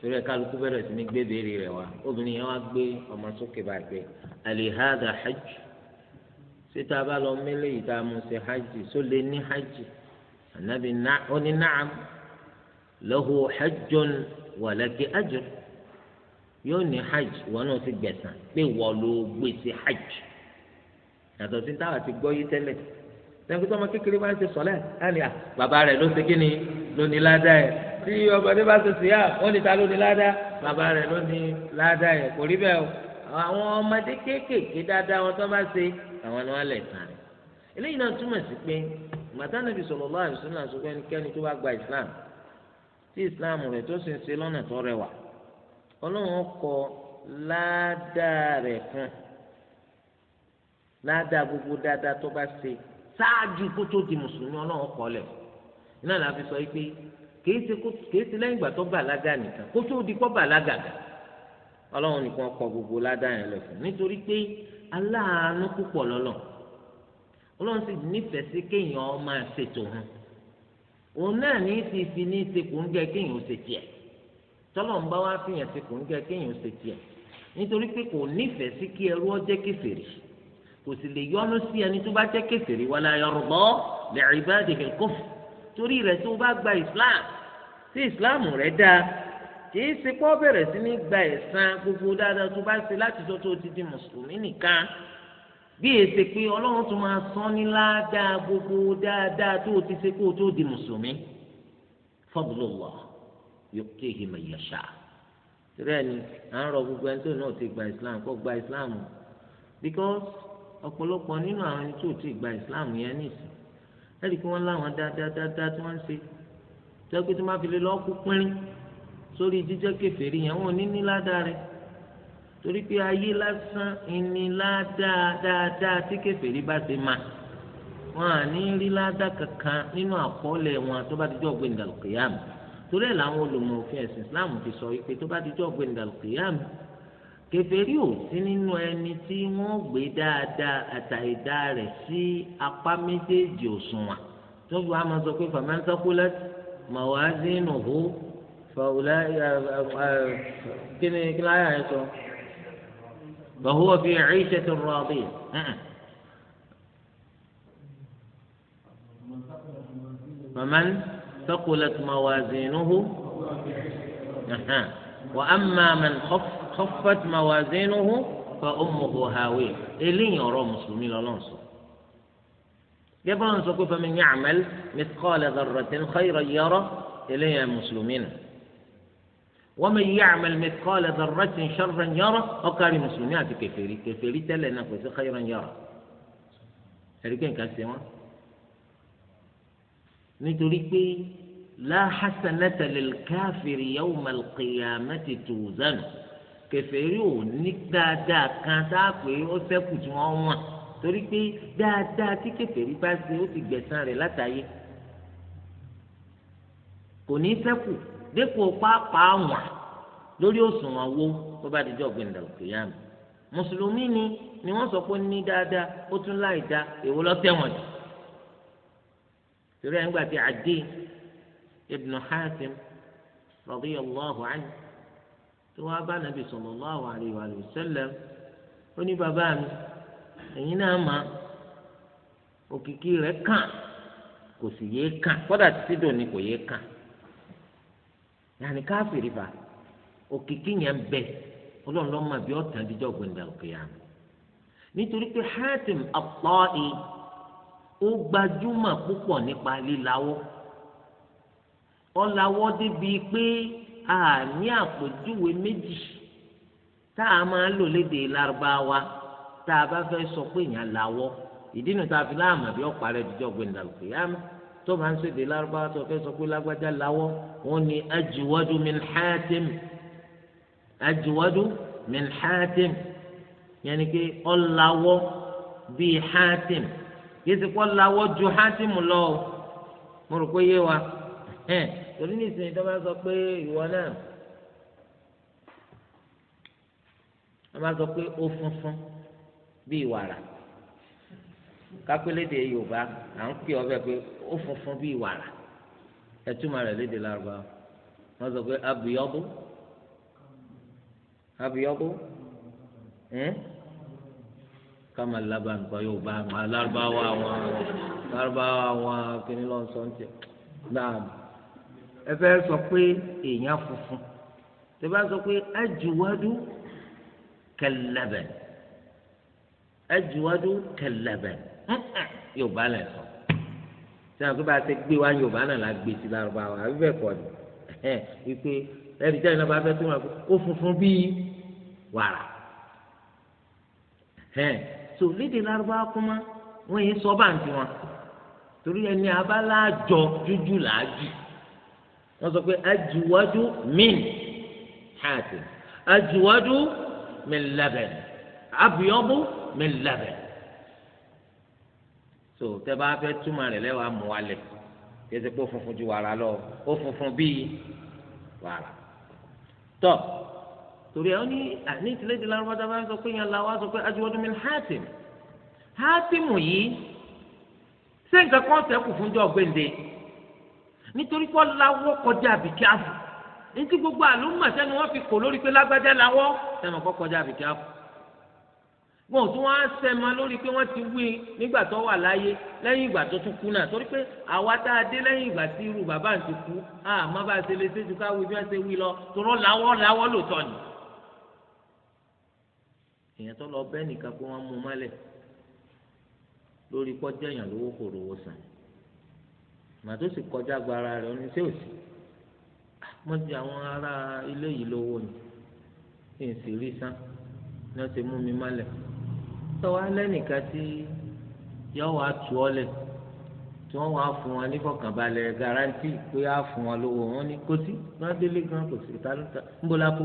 torí ẹ kálukú bẹ̀rẹ̀ sí ní gbé béèrè rẹ̀ wá obìnrin yẹn wá gbé ọmọ sókè bá gbé alihada hajj síta bá lọ mẹ́lẹ̀ yìí tá a mú sí hajj só lè ní hajj ànábì ó ní na'am lahu hajjun yóò ní hajj ìwọ náà ti gbẹ̀sán pé wọ́n ló gbé sí hajj yàtọ̀ sí táwa ti gbọ́ yí tẹ́lẹ̀ sẹ́ńkútọ́ ọmọ kékeré bá ń ṣe sọ́lẹ̀ ẹ̀ẹ́nì à ah, bàbá rẹ̀ ló ṣe kí ni ló ní ládà ẹ̀ tí ọmọdé bá ṣe sùúyà wọ́n ní ta ló ní ládà bàbá rẹ̀ ló ní ládà ẹ̀ kò rí bẹ́ẹ̀ o àwọn ọmọdé kéékèèké dáadáa wọn tó bá ṣe àwọn ni wọ́n lẹ̀ sàn rẹ̀ eléyìí náà túmọ̀ sí pé màtá nàbì sallallahu alaihi wasallam sọ pé ẹnikẹ́ni tó bá gba ìsìlámù tí ìsìlámù rẹ̀ tó sì ń ṣe lọ́nà tó rẹwà ọlọ́run kọ ládàá rẹ̀ fún ládàá gbogbo dáadáa tó bá ṣe ṣáájú kó tó di mùsùlùmí ọlọ́run kọ lẹ̀ iná la fi sọ pé kìí ṣe kìí ṣe lẹ́yìn ìgbà tó bàlágà nìkan kó tó di kọ́ bàlágà gà ọlọ́run nìkan kọ gbogbo ládàá yẹn lẹ̀ fún nítorí pé aláàánú púpọ̀ lọ́lọ́ ọlọ́run sì nífẹ̀ẹ́ sí kéèyàn máa ṣètò hàn òun náà ní ti fi ní ṣe kò ń gẹ kéèyàn ó ṣe tọ́lọ̀ ń bá wá fi yàn sí kò ń gẹ kéèyàn ṣe tiẹ̀ nítorí pé kò nífẹ̀ẹ́ sí kí ẹrú ọjẹ́ kèfèrí kò sì lè yọ́nú sí ẹni tó bá jẹ́ kèfèrí wala yarda li ibadihi al-kufr torí rẹ̀ tó bá gba islam tí islam rẹ̀ dáa kìí ṣe pọ́ bẹ̀rẹ̀ sí ní gba ẹ̀san gbogbo dáadáa tó bá ṣe láti sọ tó ti di mùsùlùmí nìkan bí èsè pé ọlọ́run tó máa sán ní ládàá gbogbo dáadáa tó ti ṣe kó tó di mùsùlùmí fadlullah yòókèhì mẹ̀yẹ̀ṣà torí ẹni à ń rọ gbogbo ẹni tó náà ti gba islam kó gba islam because ọ̀pọ̀lọpọ̀ nínú àwọn ẹni tó ti gba islam yẹn nìsín ẹ̀rí kí wọ́n láwọn dáadáa tí wọ́n ń ṣe jẹ́ pé tí wọ́n fi lè lọ́ọ́ kú pínrín sórí jíjẹ́ kèfèrí yẹn wọn ò ní ní ládàá rẹ̀ torí pé ayé lásán ìní ládàá dáadáa tí kèfèrí bá ti máa wọn à ní rí ládàá kankan nínú àkọọ́lẹ̀ wọn tó bá ti jọ́ gbẹ̀ndàlùkìyàmù. torí ẹ̀ làwọn olùmọ̀ òfin ẹ̀sìn islam ti sọ yìí pé tó bá dijọ́ gbé ndàlù kìyàm kèfèrí ò sí nínú ẹni tí wọ́n gbé dáadáa àtàìdá rẹ̀ sí apá méjèèjì òṣùwọ̀n tó fi wá máa sọ pé faman thaqulat mawazinuhu fàwùlà kíni kíni ayà yẹn sọ fahuwa fi 'ishatin radiyah. faman. ثقلت موازينه وأما من خف خفت موازينه فأمه هاوية إلين إيه يرى مسلمين لون صلى جبران سكو فمن يعمل مثقال ذرة خيرا يرى إلي إيه المسلمين ومن يعمل مثقال ذرة شرا يرى أقاري مسلمين كفيري كفيري تلا خيرا يرى هل كان كاسي nítorí pé láhásánátà lè káfíìrì yàwó màlùkìyàmẹ́tì tó zánù kẹfẹ́rí ò ní dáadáa kan tá a pè é ó sẹ́kù tí wọ́n wọ̀n torí pé dáadáa tí kẹfẹ́rí bá ṣe ó ti gbẹ̀san rẹ̀ látàyè kò ní sẹ́kù dépò pàápàá wọ̀n lórí òṣùwọ̀n owó tó bá dijọ́ ọ̀gbìn ìdàgbàsókè mùsùlùmí ni ni wọ́n sọ pé ní dáadáa ó tún láì dá èwo lọ́tẹ̀wọ̀n jù torí ẹ̀ ń gbà tí Adi ibn Hatim radiyallahu anhu tó wá bá nàbì sallallahu alayhi wa sallam ó ní bàbá mi ẹ̀yin náà mà òkìkí rẹ̀ kàn kò sì yéé kàn kódà títí dòní kò yéé kàn yàní káfíìrì bá òkìkí yẹn ó gbajúmọ̀ púpọ̀ nípa lílawọ́ ọ̀làwọ́ débi pé àmì àpèjúwe méjì tá a máa lò lédè lárúbáwá tá a bá fẹ́ sọ pé èèyàn lawọ́ ìdí nu tá a fi láàmú àbí ọ̀pá rẹ̀ dìjọ́ gbẹ̀ndà lòkè yá tó máa ń ṣèdè lárúbáwá tó fẹ́ sọ pé lágbájá lawọ́ wọn ni ajiwadu min ajiwadu min yẹn ni pé ọ̀làwọ́ bíi hatim kì í sì kọ́ lawọ́ ju hátìmù lọ o mo rò pé yé wa torí nísìnyí tó bá sọ pé ìwọ náà wọ́n bá sọ pé ó funfun bíi wàrà kápẹ́lédè yorùbá à ń pè ọbẹ̀ pé ó funfun bíi wàrà ẹtúmọ̀ rẹ̀ lédè lárúbá wọ́n sọ pé abiyọ́bó abiyọ́bó ẹ́. Hm? kama laba nǹkan yóò bá wọn alárúbáwá wọn alárúbáwá wọn kíní lọ sọ ń tẹ náà ẹ fẹ́ sọ pé èèyàn funfun tẹ bá sọ pé ajuwadu kẹlẹbẹ ajuwadu kẹlẹbẹ yóò bá lẹ sọ tí wọn kí bá ṣe gbé wá yóò bá náà la gbé sí lárúbáwá àbí bẹ́ẹ̀ kọ́ ni ẹ wípé ẹni jẹ́ ìnáwó abẹ́ tó wọn kó funfun bíi wàrà so lédè lárúbáwá kúmá wọ́n yẹn sọ báǹtì wọn torí ẹni abáláàjọ jújù làájù wọ́n sọ pé ajuwájú min hàtì ajuwájú min labẹn abiyọ́bù min labẹn so tẹ́ bá fẹ́ túmọ̀ rẹ̀ lẹ́wàá mú wálẹ̀ pé ó funfun ju wàrà lọ ó funfun bíi wàrà tọ́ torí ẹ ó ní ah, ní ìtìlẹ́dì lárúbájá bá ń sọ pé yẹn la wá sọ pé ajiwọ́dún mi ní hátìm hátìmù yìí ṣé nǹkan kan sẹ́kù fúnjọ́ ọ̀gbẹ́ǹde nítorí kọ́ lawọ́ kọjá àbíkí àbù ní tí gbogbo àlùmọ̀ sẹ́nu wọ́n fi kò lórí pé lágbájá lawọ́ sẹ́nu kọ́ kọjá àbíkí àbù wọn ò tún wá sẹ́mọ lórí pé wọ́n ti wí nígbà tó wà láyé lẹ́yìn ìgbà tó tún kú náà torí pé àwa tá a dé lẹ́yìn ìgbà tí irú bàbá ń ti kú àmọ́ bá a ṣe lè ṣe ju ká wí bí wọ́n ṣe wí lọ tòrọ́ lawọ́ lawọ́ lòótọ́ ni èèyàn tó lọ bẹ́ẹ̀ nìkan pé wọ́n mú un mọ́lẹ̀ lórí kọjá èèyàn lówó kò rówó san màtó sì kọjá gbára rẹ̀ ó ní sí òsì ah, wọ́n di àwọn ará ilé yìí lówó ni kí n sì rí san ni wọ́n ti mú mi mọ́lẹ̀ tọ́wọ́ alẹ́nìkan tí yọ wá tù ọ́ lẹ̀ tí wọ́n wá fún wọn ní garanti pé á fún wọn lówó wọn ní kó sí gbọ́dọ̀ délé gan kò sí ta ń bọ́ la kó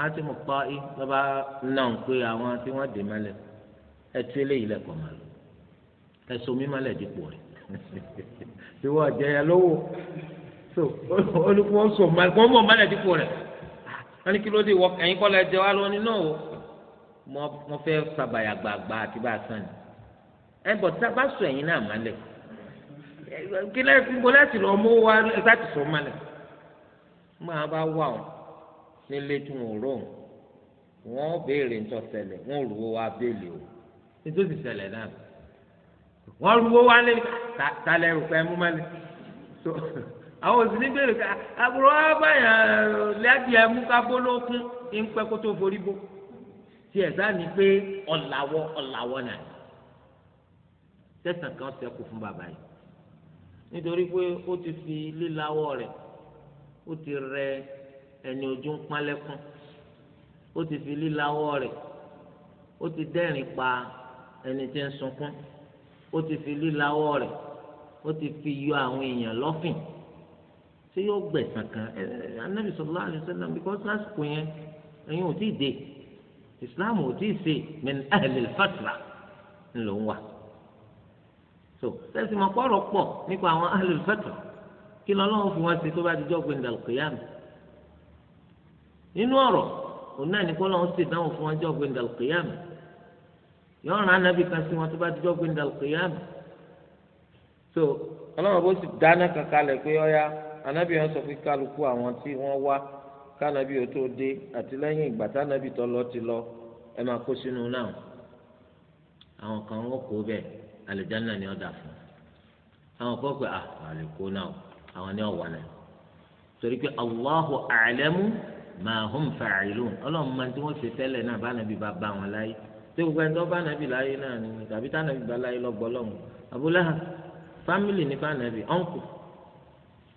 hati mo kpọ́ i lọ́ba náà ń pè àwọn tí wọ́n dè mọ́lẹ̀ ẹ tú eléyìí lẹ̀ pọ̀ mọ́ lọ ẹ so mí mọ́lẹ̀ dípò rẹ̀ tí wọ́n jẹ ẹ lówó so olùkọ́ so wọ́n mọ̀ mọ́lẹ̀ dípò rẹ̀ wọ́n ní kí ló dé wọ́n ẹ̀yin kọ́ lẹ jẹ wá lọ́wọ́ nínú o mo fẹ́ sàbàyà gbàgbà àti bá a sàn ni ẹ bọ̀ tí a bá so ẹ̀yin náà mọ́lẹ̀ kí lẹ́yìn fún bọ́lá ti lọ́ mọ́ wá ẹ bá ti mo máa bá wà ọ́ nílé tí wọn ò rò wọn ò béèrè ńtọ́ ṣẹlẹ̀ wọn ò rówó wa béèlè o nítorí ṣẹlẹ̀ náà wọn rówó wa lé talẹ̀ rúpẹ́ mú mẹ́lẹ̀ tó àwọn òsì ní béèrè ká àbúrò wa báyà lẹ́bi ẹ̀ mú ká bó lókun ń pẹ́ kó tó forí bó tiẹ̀ sáà ní pé ọ̀làwọ̀ ọ̀làwọ̀ náà tẹ̀sán kan ṣẹ́kù fún bàbá yìí nítorí pé ó ti fi líláwọ́ rẹ̀ ó ti rẹ ẹni ojú ń pọ́n lẹ́kún ó ti fi líláwọ́ rẹ̀ ó ti dẹ́rìn pa ẹni tí ń sunkún ó ti fi líláwọ́ rẹ̀ ó ti fi yọ àwọn èèyàn lọ́fìn ṣé yóò gbẹ̀sán kan ẹ ẹ anabi sallallahu alaihi wasallam because lásìkò yẹn ẹ̀yin ò tí ì dé islam ò tí ì ṣe min ahlil fatra ńlò ń wà so sẹ́sìmọ̀ pọ̀rọ̀ pọ̀ nípa àwọn ahlil fatra kí lọ́lọ́run fi wọ́n ṣe tó bá dijọ́ gbẹ̀ndàlùkìyàmù nínú ọ̀rọ̀ òun náà ní kó lọ́wọ́ sì dáhùn fún ọjọ́ gbẹ̀ndà lùkìyàmù yọ̀ọ́ ràn ánábì kan sí wọn tó bá dijọ́ gbẹ̀ndà lùkìyàmù so ọlọ́wọ́ bó sì dáná kankan lẹ̀ pé ọ̀ya ànábì wọn sọ pé kálukú àwọn tí wọ́n wá kánábì ó tó dé àti lẹ́yìn ìgbà tánábì tó lọ ti lọ ẹ máa kó sínú náà àwọn kan wọ́n kó bẹ́ẹ̀ àlùjáná ni ọ̀dà fún àwọn kan pé à ah, àlùkò náà àwọn ni máa hum fa'ilun ọlọ́run máa tí wọ́n ṣe tẹ́lẹ̀ náà bá nàbí bá bá wọn láyé tí gbogbo ẹni tó bá nàbí láyé náà ni tàbí tá nàbí bá láyé lọ́gbọ́ lọ́hùn Abu Lahab fámìlì ní bá nàbí ọ̀nkù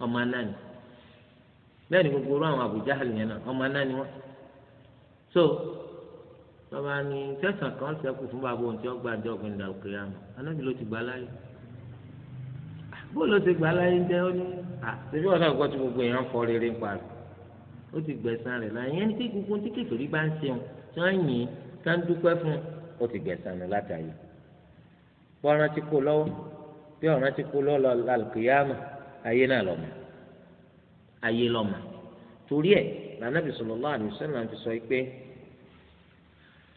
ọmọ náà bẹ́ẹ̀ ni gbogbo àwọn Abu Jahal yẹn náà ọmọ náà ni so bàbá ni tẹ̀sán kan ṣẹ́kù fún bàbá ohun tí ah, ah, wọ́n gbà jọ ọ̀gbìn ìdàgbé àmọ́ otu ti gbẹ̀san rẹ̀ láyé ẹni tí gbogbo tí kékeré bá ń ṣeun tí wọ́n yìn ká ń dúpẹ́ fún ó ti gbẹ̀san rẹ̀ látàyè bí ọ̀ràn ti kó lọ́wọ́ bí ọ̀ràn ti kó lọ́wọ́ na ayé náà lọ́mọ ayé lọ́mọ torí ẹ̀ lànàbì sallallahu alaihi wasallam sọ pé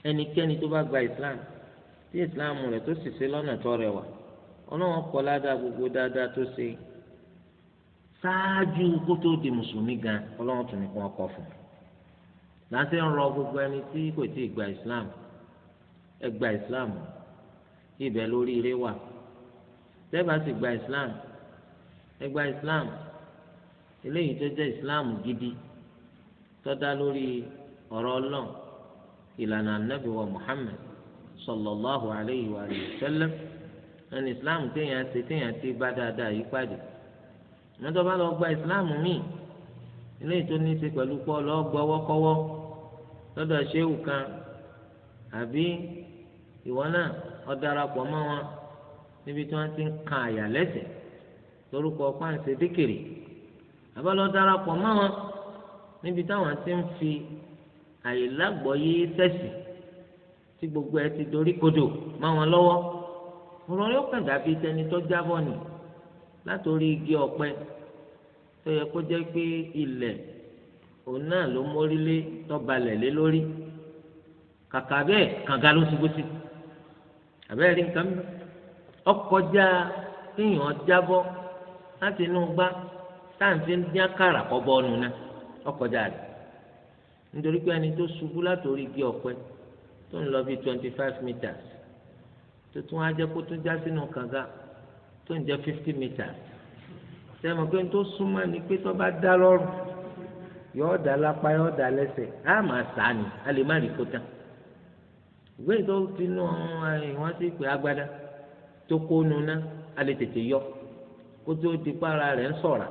ẹnikẹ́ni tó gba Islam tí Islam rẹ̀ tó sì ṣe lọ́nà tó rẹwà ọlọ́wọ́n kọ́ gbogbo dáadáa tó ṣe ṣáájú kó tó di mùsùlùmí gan ọlọ́run tún ní kó ọkọ̀ fún un láti ń rọ gbogbo ẹni tí kò tí ì gba islam ẹ gba islam ibẹ̀ lórí ire wà tẹ́bà sì gba islam ẹ gba islam eléyìí tó jẹ́ islam gidi tó dá lórí ọ̀rọ̀ ọlọ́run ìlànà ànábì wa muhammed sallallahu alayhi wa sallam ẹni islam téèyàn ṣe téèyàn ti bá dáadáa yí pàdé. mọ́tò bá lọ gba ìsìláàmù míì eléyìí tó ní í ṣe pẹ̀lú pọ́ lọ́ gbọ́wọ́kọ́wọ́ lọ́dọ̀ ṣéwù kan àbí ìwọ náà ọ darapọ̀ mọ́ wọn níbi tí wọ́n ti ń kan àyà lẹ́sẹ̀ lórúkọ páǹsì díkìrì àbálọ́ darapọ̀ mọ́ wọn níbi táwọn ti ń fi àyèlágbọ̀yé sẹ́sì tí gbogbo ẹ ti dorí kodò mọ́ wọn lọ́wọ́ ọ̀rọ̀ yóò kàn dàbí tẹni tó jábọ̀ nìyí látòrí igi ọ̀pẹ tó yẹ kó jẹ́ pé ilẹ̀ òun náà ló mórílé tọ́balẹ̀ lé lórí kàkà bẹ́ẹ̀ kànga ló ṣubú sí àbẹ́rẹ́ rí nǹkan ọkọjá kéèyàn jábọ́ láti inú gbá táǹfì ń dín àkàrà kọ́ bọ́ọ̀nù náà ọkọjá rẹ̀ nítorí pé ẹni tó ṣubú látòrí igi ọ̀pẹ tó ń lọ bíi twenty five meters tó tún á jẹ́ kó tún já sínú kànga. tó ń jẹ́ fifty meters sẹ́mi pé tó súnmọ́ ni pé tó bá dá lọ́rùn yọ̀ọ́ dá lápá yọ̀ọ́ dá lẹ́sẹ̀ á máa sá ni a lè má rí kó tán ìwé tó eh, agbada tó kó nu ná a lè tètè yọ kó tó ti para rẹ̀ ń sọ̀ra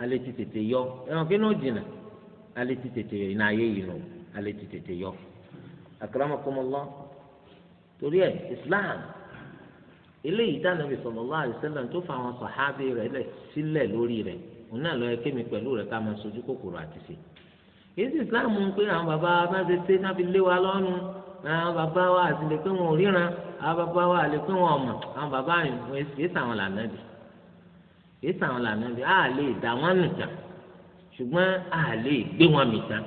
a ti tètè yọ ẹ̀wọ̀n kí ní ó a lè tètè ayé yìí nù tètè yọ torí ẹ̀ Islam. eléyìí dànàbì sallallahu alaihi wasallam tó fa àwọn sàhábì rẹ̀ sílẹ̀ lórí rẹ̀ òun náà lọ kémi pẹ̀lú rẹ̀ ká máa sojú kòkòrò àti sè kìí sì islam ń pé àwọn bàbá bá ṣe ṣe náà fi lé wa lọ́nu àwọn bàbá wa àti lè pé wọn ò ríran àwọn bàbá wa àlè pé wọn ọmọ àwọn bàbá yìí kìí sàwọn lànà bì kìí sàwọn lànà bì á lè dà wọn nìkan ṣùgbọ́n á lè gbé wọn mìkan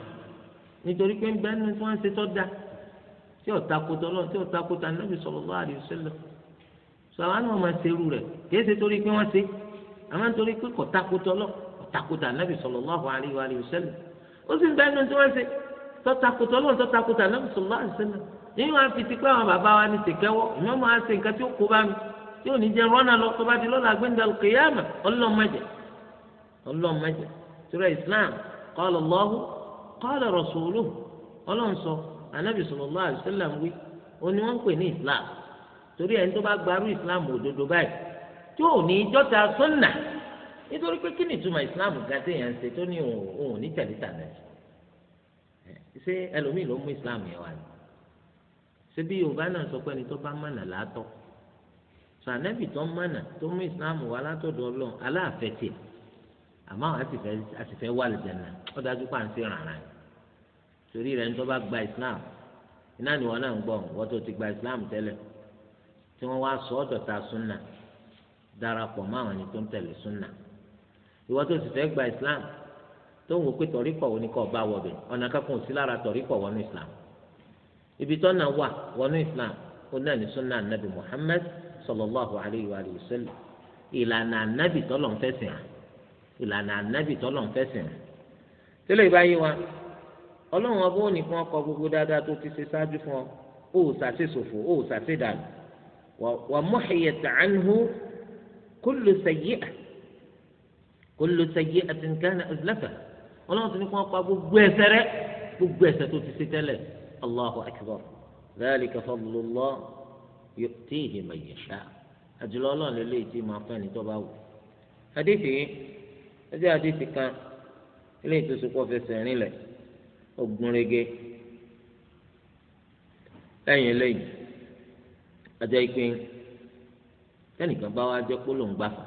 nítorí pé ń bẹ́ẹ̀ ni wọ́n ṣe tọ́ da tí ọ̀takùtà ọlọ́run tí ọ̀takùtà nàbì sallallahu alaihi wasallam sọ àwọn náà máa ṣerú rẹ̀ kìí ṣe torí pé wọ́n ṣe àmọ́ nítorí pé kò takotọ́ lọ kò takotọ́ ànábì sallallahu alaihi wa alihi wasallam ó sì ń bẹ́ẹ̀ nu tí wọ́n ṣe tọ́takotọ́ lọ́n tọ́takotọ́ ànábì sallallahu alaihi wasallam nínú wọn fi ti pé àwọn bàbá wa ní tèkẹ́wọ́ ìmọ̀ máa ṣe nǹkan tí ó kó bá mi tí ò ní jẹ rọ́nà lọ tó bá di lọ́la gbẹ́ndà kìyàmà ọlọ́mọdé ọlọ́mọdé tura islam qala Allahu qala torí ẹni tó bá gbarú islam òdodo báyìí tí ò ní jọ́ta sunna nítorí pé kí ni ìtumọ̀ islam gan téèyàn ń ṣe tó ní òun ò ní tẹ̀lé tàbí ṣé ẹlòmíì ló mú islam yẹn wá ni ṣé bí yorùbá náà sọ pé ẹni tó bá mọ̀nà látọ̀ sọ ànábì tó mọ̀nà tó mú islam wá látọ̀dọ̀ ọlọ́run aláàfẹ́ tiẹ̀ àmọ́ àtìfẹ́ wà lìjẹ̀nà ó dájú pé à ń ṣe ràrà yìí torí rẹ̀ ń tó bá gba islam iná ni wọn náà ń gbọ́ wọ́n tó ti gba islam tẹ́lẹ̀ tí wọ́n wá sọ ọ́dọ̀ta súnà darapọ̀ mọ́ àwọn ẹni tó ń tẹ̀lé súnà ìwọ tó sì fẹ́ gba islam tó ń wò pé tọ̀ríkọ̀ wo ni kò bá wọ̀ bẹ̀ ọ̀nà kankan ò sí lára tọ̀ríkọ̀ wọnú islam ibi tọ́nà wà wọnú islam ó náà ní súnà nabi muhammad sallallahu alayhi wa sallam ìlànà anabi tọ́lọ̀ ń fẹ́sìn hàn ìlànà anabi tọ́lọ̀ ń fẹ́sìn hàn tẹ́lẹ̀ ìbáyé wa ọlọ́run ọba ò ní gbogbo dáadáa tó ti ṣe ṣáájú fún ọ ó ṣàṣeṣòfò ó ṣàṣedànù ومحيت عنه كل سيئة كل سيئة كان أزلفها ọlọ́run ti ní kí wọ́n pa gbogbo ẹ̀ṣẹ̀ rẹ̀ gbogbo ẹ̀ṣẹ̀ tó ti ṣe tẹ́lẹ̀ allahu akbar dhalika fadlullah yu'tihi man yasha àjùlọ ọlọ́run lélẹ́yìí tí máa fẹ́ ni tó bá wù. hadithi ẹjẹ́ hadithi kan eléyìí tó sopọ̀ fẹsẹ̀ rinlẹ̀ ogun rege lẹ́yìn eléyìí ajá ikpe tẹnìkan bá wá jẹ kó ló ń gbàfà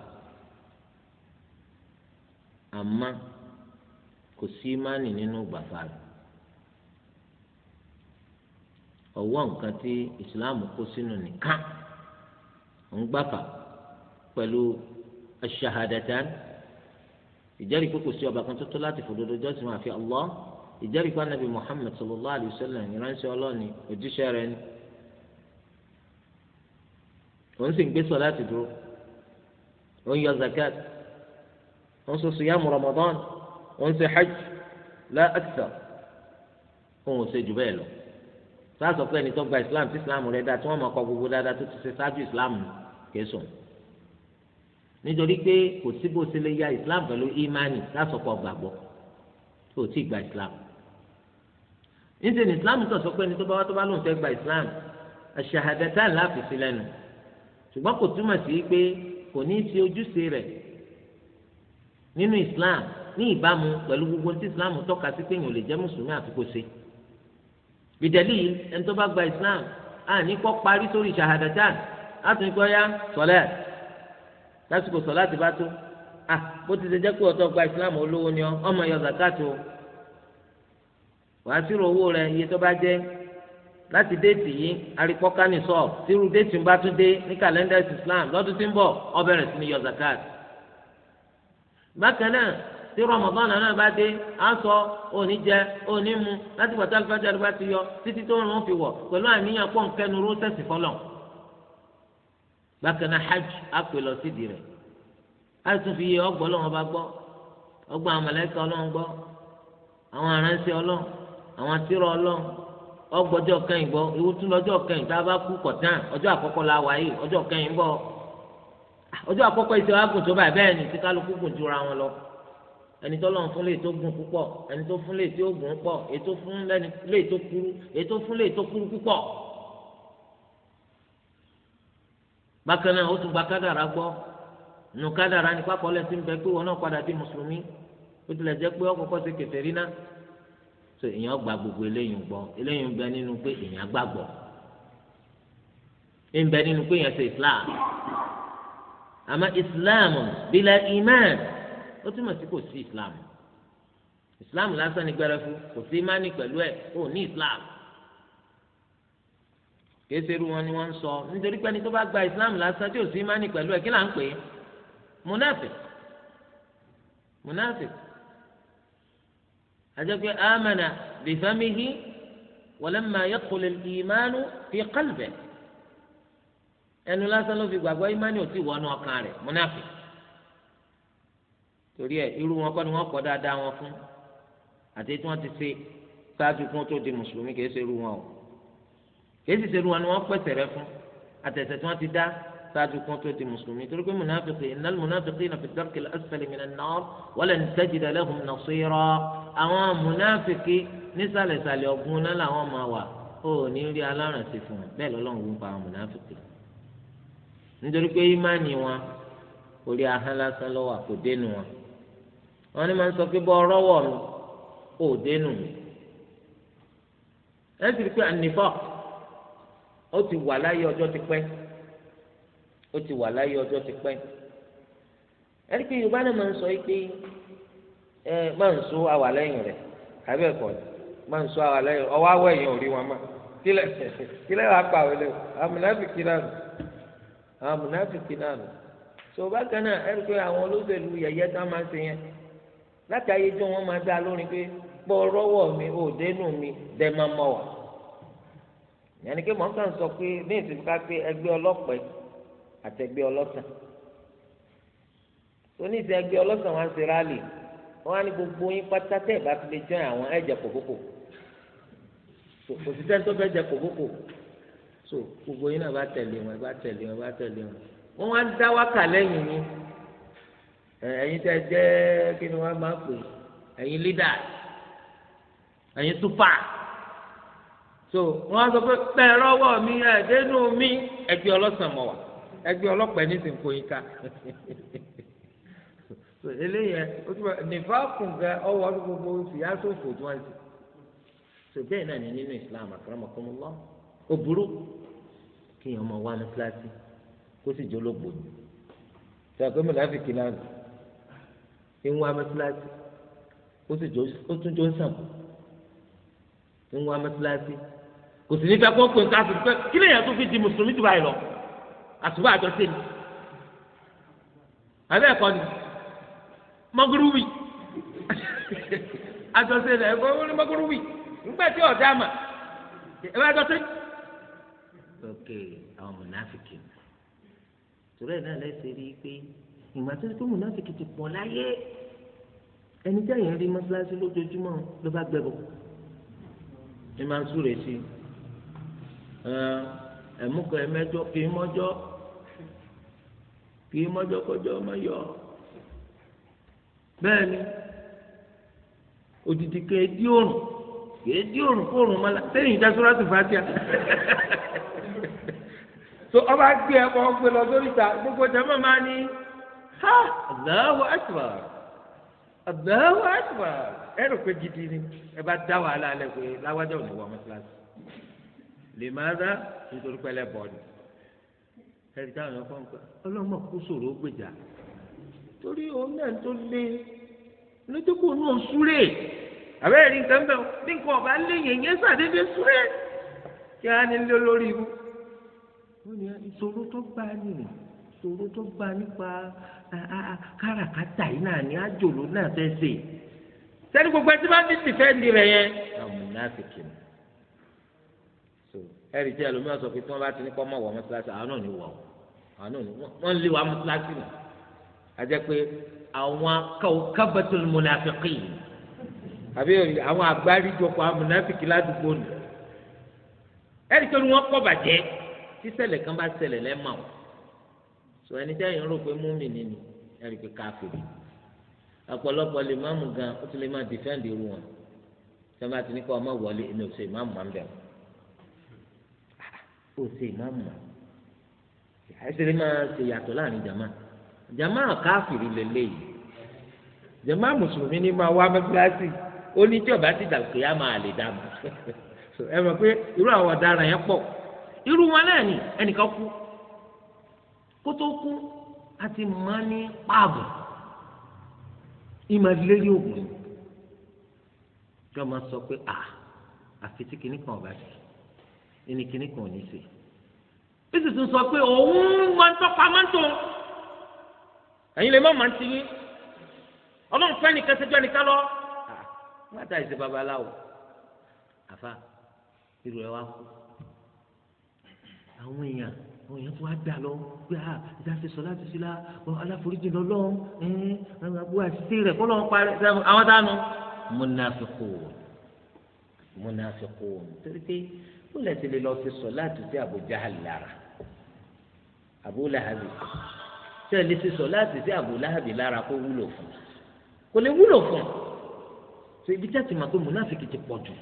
àmọ́ kò sí mánì nínú gbàfà rẹ̀ ọwọ́ nǹkan tí ìsìláàmù kó sínú nìkan ń gbàfà pẹ̀lú aṣahadatan ìjẹ́rìí pé kò sí ọba kan tó tó láti fòdodo jọ́sìn àfi Allah ìjẹ́rìí pé anabi Muhammad sallallahu alayhi wa sallam ìránṣẹ́ ọlọ́ọ̀ni òjíṣẹ́ rẹ̀ ni òun sì ń gbé sọlá ti dúró òun yọ zakat òun sọ siyamu ramadan òun ṣe hajj la akthar òun ò ṣe jù bẹ́ẹ̀ lọ sáàsọ pé ẹni tó gba islam tí islam rẹ̀ dáa tí wọ́n máa kọ gbogbo dáadáa tó ti ṣe ṣáájú islam kẹsùn nítorí pé kò sí bó ṣe lè ya islam pẹ̀lú imani sáàsọ pọ̀ gbàgbọ́ tó ti gba islam níṣẹ́ ni islam tó pé ẹni tó bá wá tó bá lóun fẹ́ gba islam àṣàhàdẹ́tà láàfin sí lẹ́nu ṣùgbọ́n kò túmọ̀ sí pé kò ní í ṣe ojúṣe rẹ̀ nínú islam ní ìbámu pẹ̀lú gbogbo tí islam tọ́ka sí pé èèyàn lè jẹ́ mùsùlùmí àfi kó ṣe bìdẹ́lì ẹni tó bá gba islam a ní kọ́ parí sórí ṣahadatan látúnkọ́ ya sọ̀lẹ́ lásìkò sọ̀lá ti bá tó a bó ti ṣe jẹ́ pé ọ̀tọ̀ gba islam olówó ni ọ ọmọ yọ zakat o owó rẹ iye tó bá jẹ́ láti déètì yìí arikọ́kánì sọ tírú déètì ń bá tún dé ní kàlẹ́ndà islam lọ́dún tí ń bọ̀ ó bẹ̀rẹ̀ sí ní yọ zakat. bákan náà tí rọmọdán náà bá dé á sọ òní jẹ òní mu láti pàtó alifájà ló bá ti yọ títí tó rún fi wọ̀ pẹ̀lú àníyàn pọ̀ nkẹ́nu ró sẹ̀sì fọlọ̀. bákan náà hajj á pè lọ sídìí rẹ̀ á tún fi yẹ ọgbọ́n lọ́wọ́ bá gbọ́ ọgbọ́n àmàlẹ́kẹ́ ọgbọjọ kẹyìn bọ ewu tún lọ́jọ́ kẹyìn tá a bá kú kọtán ọjọ́ àkọ́kọ́ la wà yìí ọjọ́ kẹyìn bọ ọjọ́ àkọ́kọ́ ìṣe wa gùn tó báyìí bẹ́ẹ̀ ni tí kálukú gùn jura wọn lọ ẹni tó lọ́n fún lè tó gùn púpọ̀ ẹni tó fún lè tó gùn pọ̀ ètò fún lè tó kúrú ètò fún lè tó kúrú púpọ̀ bákan náà ó tún gba kádàrá gbọ́ nù kádàrá nípa kọ́lẹ́sìn bẹ́ẹ̀ pé wọn náà padà di mùsùlùmí ó tilẹ̀ jẹ́ pé ọkọ̀ kọ́ so èèyàn gba gbogbo eléyìí gbọ́ eléyìí ń bẹ nínú pé èèyàn gbàgbọ́ ń bẹ nínú pé èèyàn ṣe islam àmọ́ islam bila iman ó túmọ̀ sí kò sí islam islam lásán ní gbẹrẹfu kò sí imani pẹ̀lú ẹ̀ ó ní islam kéésì irú wọn ni wọ́n ń sọ nítorí pé ẹni tó bá gba islam lásán tí ò sí imani pẹ̀lú ẹ̀ kí là ń pè é munafik munafik àjẹpẹ́ amana bifamihi walamma yadkhul al-imanu fi qalbihi ẹnu lásán ló fi gbàgbọ́ ìmánì ò tí wọnú ọkàn rẹ̀ múnáfì torí ẹ irú wọn kọ́ ni wọ́n kọ́ dáadáa wọn fún àti tí wọ́n ti ṣe ṣáájú fún tó di mùsùlùmí kìí ṣe irú wọn o kìí sì ṣe irú wọn ni wọ́n pèsè rẹ fún àtẹ̀sẹ̀ tí wọ́n ti dá ṣáájú kún tó di mùsùlùmí torí pé mùnàfíkì innal mùnàfíkìna fi darkil asfali minan nar walan tajida lahum nasira àwọn mùnàfíkì nísàlẹ̀sàlẹ̀ ọ̀gbun náà làwọn máa wà ó ní rí alárànṣe fún wọn bẹ́ẹ̀ lọ́lọ́run ń pa àwọn mùnàfíkì nítorí pé ìmánì wọn orí ahọ́n lásán lọ́wọ́ kò dénú wọn wọn ni máa ń sọ pé bọ́ ọrọ́wọ́ mi ò dénú mi ẹ sì rí pé ànífọ́ ó ti wà láyé ọjọ́ ti pẹ́ ó ti wà láyé ọjọ́ ti pẹ́ ẹni pé yorùbá náà máa ń sọ yìí pé ẹ máa ń so àwà lẹ́yìn rẹ̀ àbẹ́ ẹ̀kọ́ máa ń so àwà lẹ́yìn ọwọ́ àwọ̀ ẹ̀yìn ò rí wọn mọ́ kílẹ̀ kílẹ̀ wàá pa àwọn ẹlẹ́wọ̀ amúnáfìkì náà nù amúnáfìkì náà nù tó bákan náà ẹni pé àwọn olóṣèlú yẹyẹ tá máa ṣe yẹn láti ayé jọ wọn máa dá lórí pé pọ rọwọ mi ò dénú mi dẹ máa mọ wà yẹnni pé mọ̀ọ́kàn sọ pé ní ìsìnká pé ẹgbẹ́ ọlọ́pàá àtẹgbẹ́ ọlọ́sàn oníṣẹ́ ẹgbẹ́ ọlọ́sàn wa ń ṣe rálì wọ́n á ní gbogbo yín pátá tẹ́ ẹ̀ bá fi lè join àwọn ẹ̀jẹ̀ kòkókò òṣìṣẹ́ tó fẹ́ jẹ kòkókò so gbogbo yín náà bá tẹ̀lé wọn bá tẹ̀lé wọn bá tẹ̀lé wọn wọ́n wá ń dá wákà lẹ́yìn yín ẹ̀yin tẹ́ jẹ́ kí ni wọ́n máa pè ẹ̀yin leader ẹ̀yin tupa so wọ́n á sọ pé pẹ̀lú ọwọ́ mi ẹ̀ẹ́dẹ́nu mi ẹ̀jẹ̀ ọlọ́sàn mọ̀ wá ẹgbẹ́ ọlọ́pàá ẹni sì ń kó yín ká eléyẹ o tún bá nìfà kùn gan ọwọ́ ọdún gbogbo fìyàsófò tí wọ́n ti so bẹ́ẹ̀ náà ní nínú Islam àkàràmọ̀kọ́mọ́lá ó burú kéèyàn máa wá ní kíláàsì kó sì jólógbò ní sàgbé mọ̀láfíkì náà ń wá ní kíláàsì ó sì tún jó ń sàbò ń wá ní kíláàsì kò sì ní fẹ́ kó pè ń ká sí pé kí lèèyàn tó fi di mùsùlùmí jù báyìí lọ àsùbà àjọṣe ni àbẹ́ ẹ̀kọ́ ni mọ́gúrúwì àjọṣe ni ẹ̀kọ́ ni mọ́gúrúwì nígbà tí ọ̀dà mà ẹ bá àjọṣe. ok àwọn mùnàfíkì torí ẹ̀ náà lẹ́sẹ̀ rí i pé ìgbà tó tó mùnàfíkì ti pọ̀ láyé ẹni tí àyàn rí mọ́ṣáláṣí lójoojúmọ́ ló bá gbẹ̀bọ̀ ẹ máa ń súre sí i ẹ̀mú kan ẹ̀mẹ́jọ kì í mọ́jọ́ kì í mọ́jọ́kọ́jọ́ ọmọ yọ ọ́ bẹ́ẹ̀ ni òdìdí kẹ́ ẹ dí òrùn kẹ́ òrùn kó òrùn mọ́lá sẹ́yìn ìjà tó fàájà so ọba gbé ẹ kọ́ gbé lọ sórí ta gbogbo jẹ́mọ́ máa ní ha Allahu akbar Allahu akbar ẹ rò pé gidi ni ẹ bá dá wàhálà alẹ́ pé láwájọ́ ò ní wọ́n mọ́ síláṣí lè má dá nítorí pẹ́lẹ́ bọ́ọ̀lù ẹ̀rí táwọn èèyàn kàn ń pè ọlọ́mọ kú sòrò ó gbèjà torí òun náà tó lé lójúkò náà súré àbẹ́rẹ́ rí nǹkan bẹ́ẹ̀ bí nǹkan ọ̀bá lé yẹ̀yẹ́ sàdédé súré kí á ní lé lórí ibú. wọ́n ní ìṣòro tó gbá ni ìṣòro tó gbá nípa káràkátà yìí náà ní àjòló náà fẹ́ sè sẹ́ni gbogbo ẹtí bá ti tìfẹ́ ń di rẹ̀ yẹn. àwọn mùnà ti kìnnì ẹ̀rì tí ẹlòmíràn sọ pé tí wọ́n bá ti ní kọ́ mọ̀ wọ mọ́sálásí àwọn náà ní wọ̀ àwọn náà ní wọ́n lé wa mọ́sálásí nù àjẹ́ pé àwọn kawkabatul munafiqin àbí àwọn àgbáríjọpọ̀ amúnáfíkì ládùúgbò nù ẹ̀rì tó ní wọ́n kọ́ bàjẹ́ tíṣẹ̀lẹ̀ kan bá ṣẹlẹ̀ lẹ́mọ̀ sọ ẹni tẹ́yìn rò pé mùmínì ni ẹ̀rì pé káfíìrì ọ̀pọ̀lọpọ̀ lè má mú gan ó ti lè má dìfẹ́ǹdì irú wọn tí wọ́n bá ti ní kọ́ ọmọ wọlé ẹni òṣèlú má mú àmbẹ̀wò kó o ṣe ìmáàmù mọ́ ẹsẹ̀rẹ̀ máa ṣe yàtọ̀ láàrin jàmá jàmá káfìrí lélẹ́yìí jàmá mùsùlùmí ni máa wá mẹ́tíláṣí ó ní tí ọba ti dàgbé á máa lè dàmú ẹ mọ̀ pé irú àwọn ọ̀daràn yẹn pọ̀ irú wọn náà ni ẹnìkan kú kó tó kú a ti mọ ní páàbù ìmọ̀ lérí òògùn yìí máa sọ pé à àfi tí kìnnìkan ọba ṣe ẹni kìíní kan ò ní ṣe bí sì tún sọ pé òun máa ń tọ́pa máa ń tó ẹ̀yin lè má máa ń ti yín ọlọ́run fẹ́ nìkan ṣẹjọ́ nìkan lọ wọ́n àtàyè ṣe babaláwo àfa irú ẹ wá kú àwọn èèyàn àwọn èèyàn tó wá dà lọ pé a ah, ìdáṣe sọ láti sí la aláforíjì lọ́lọ́run ẹ̀ẹ́n àgbo àṣìṣe rẹ̀ kọ́ lọ́wọ́ parí àwọn tánu múnáfíkù múnáfíkù torí pé ó lẹ́sẹ̀ lè lọ sí sọ̀láàtì sí Abu Jahal lára Abu Lahabi ṣé ẹ lè sí sọ̀láàtì sí Abu Lahabi lára kó wúlò fún un kò lè wúlò fún un ṣe ibi tẹ́tì máa pé múnáfìkì ti pọ̀ jù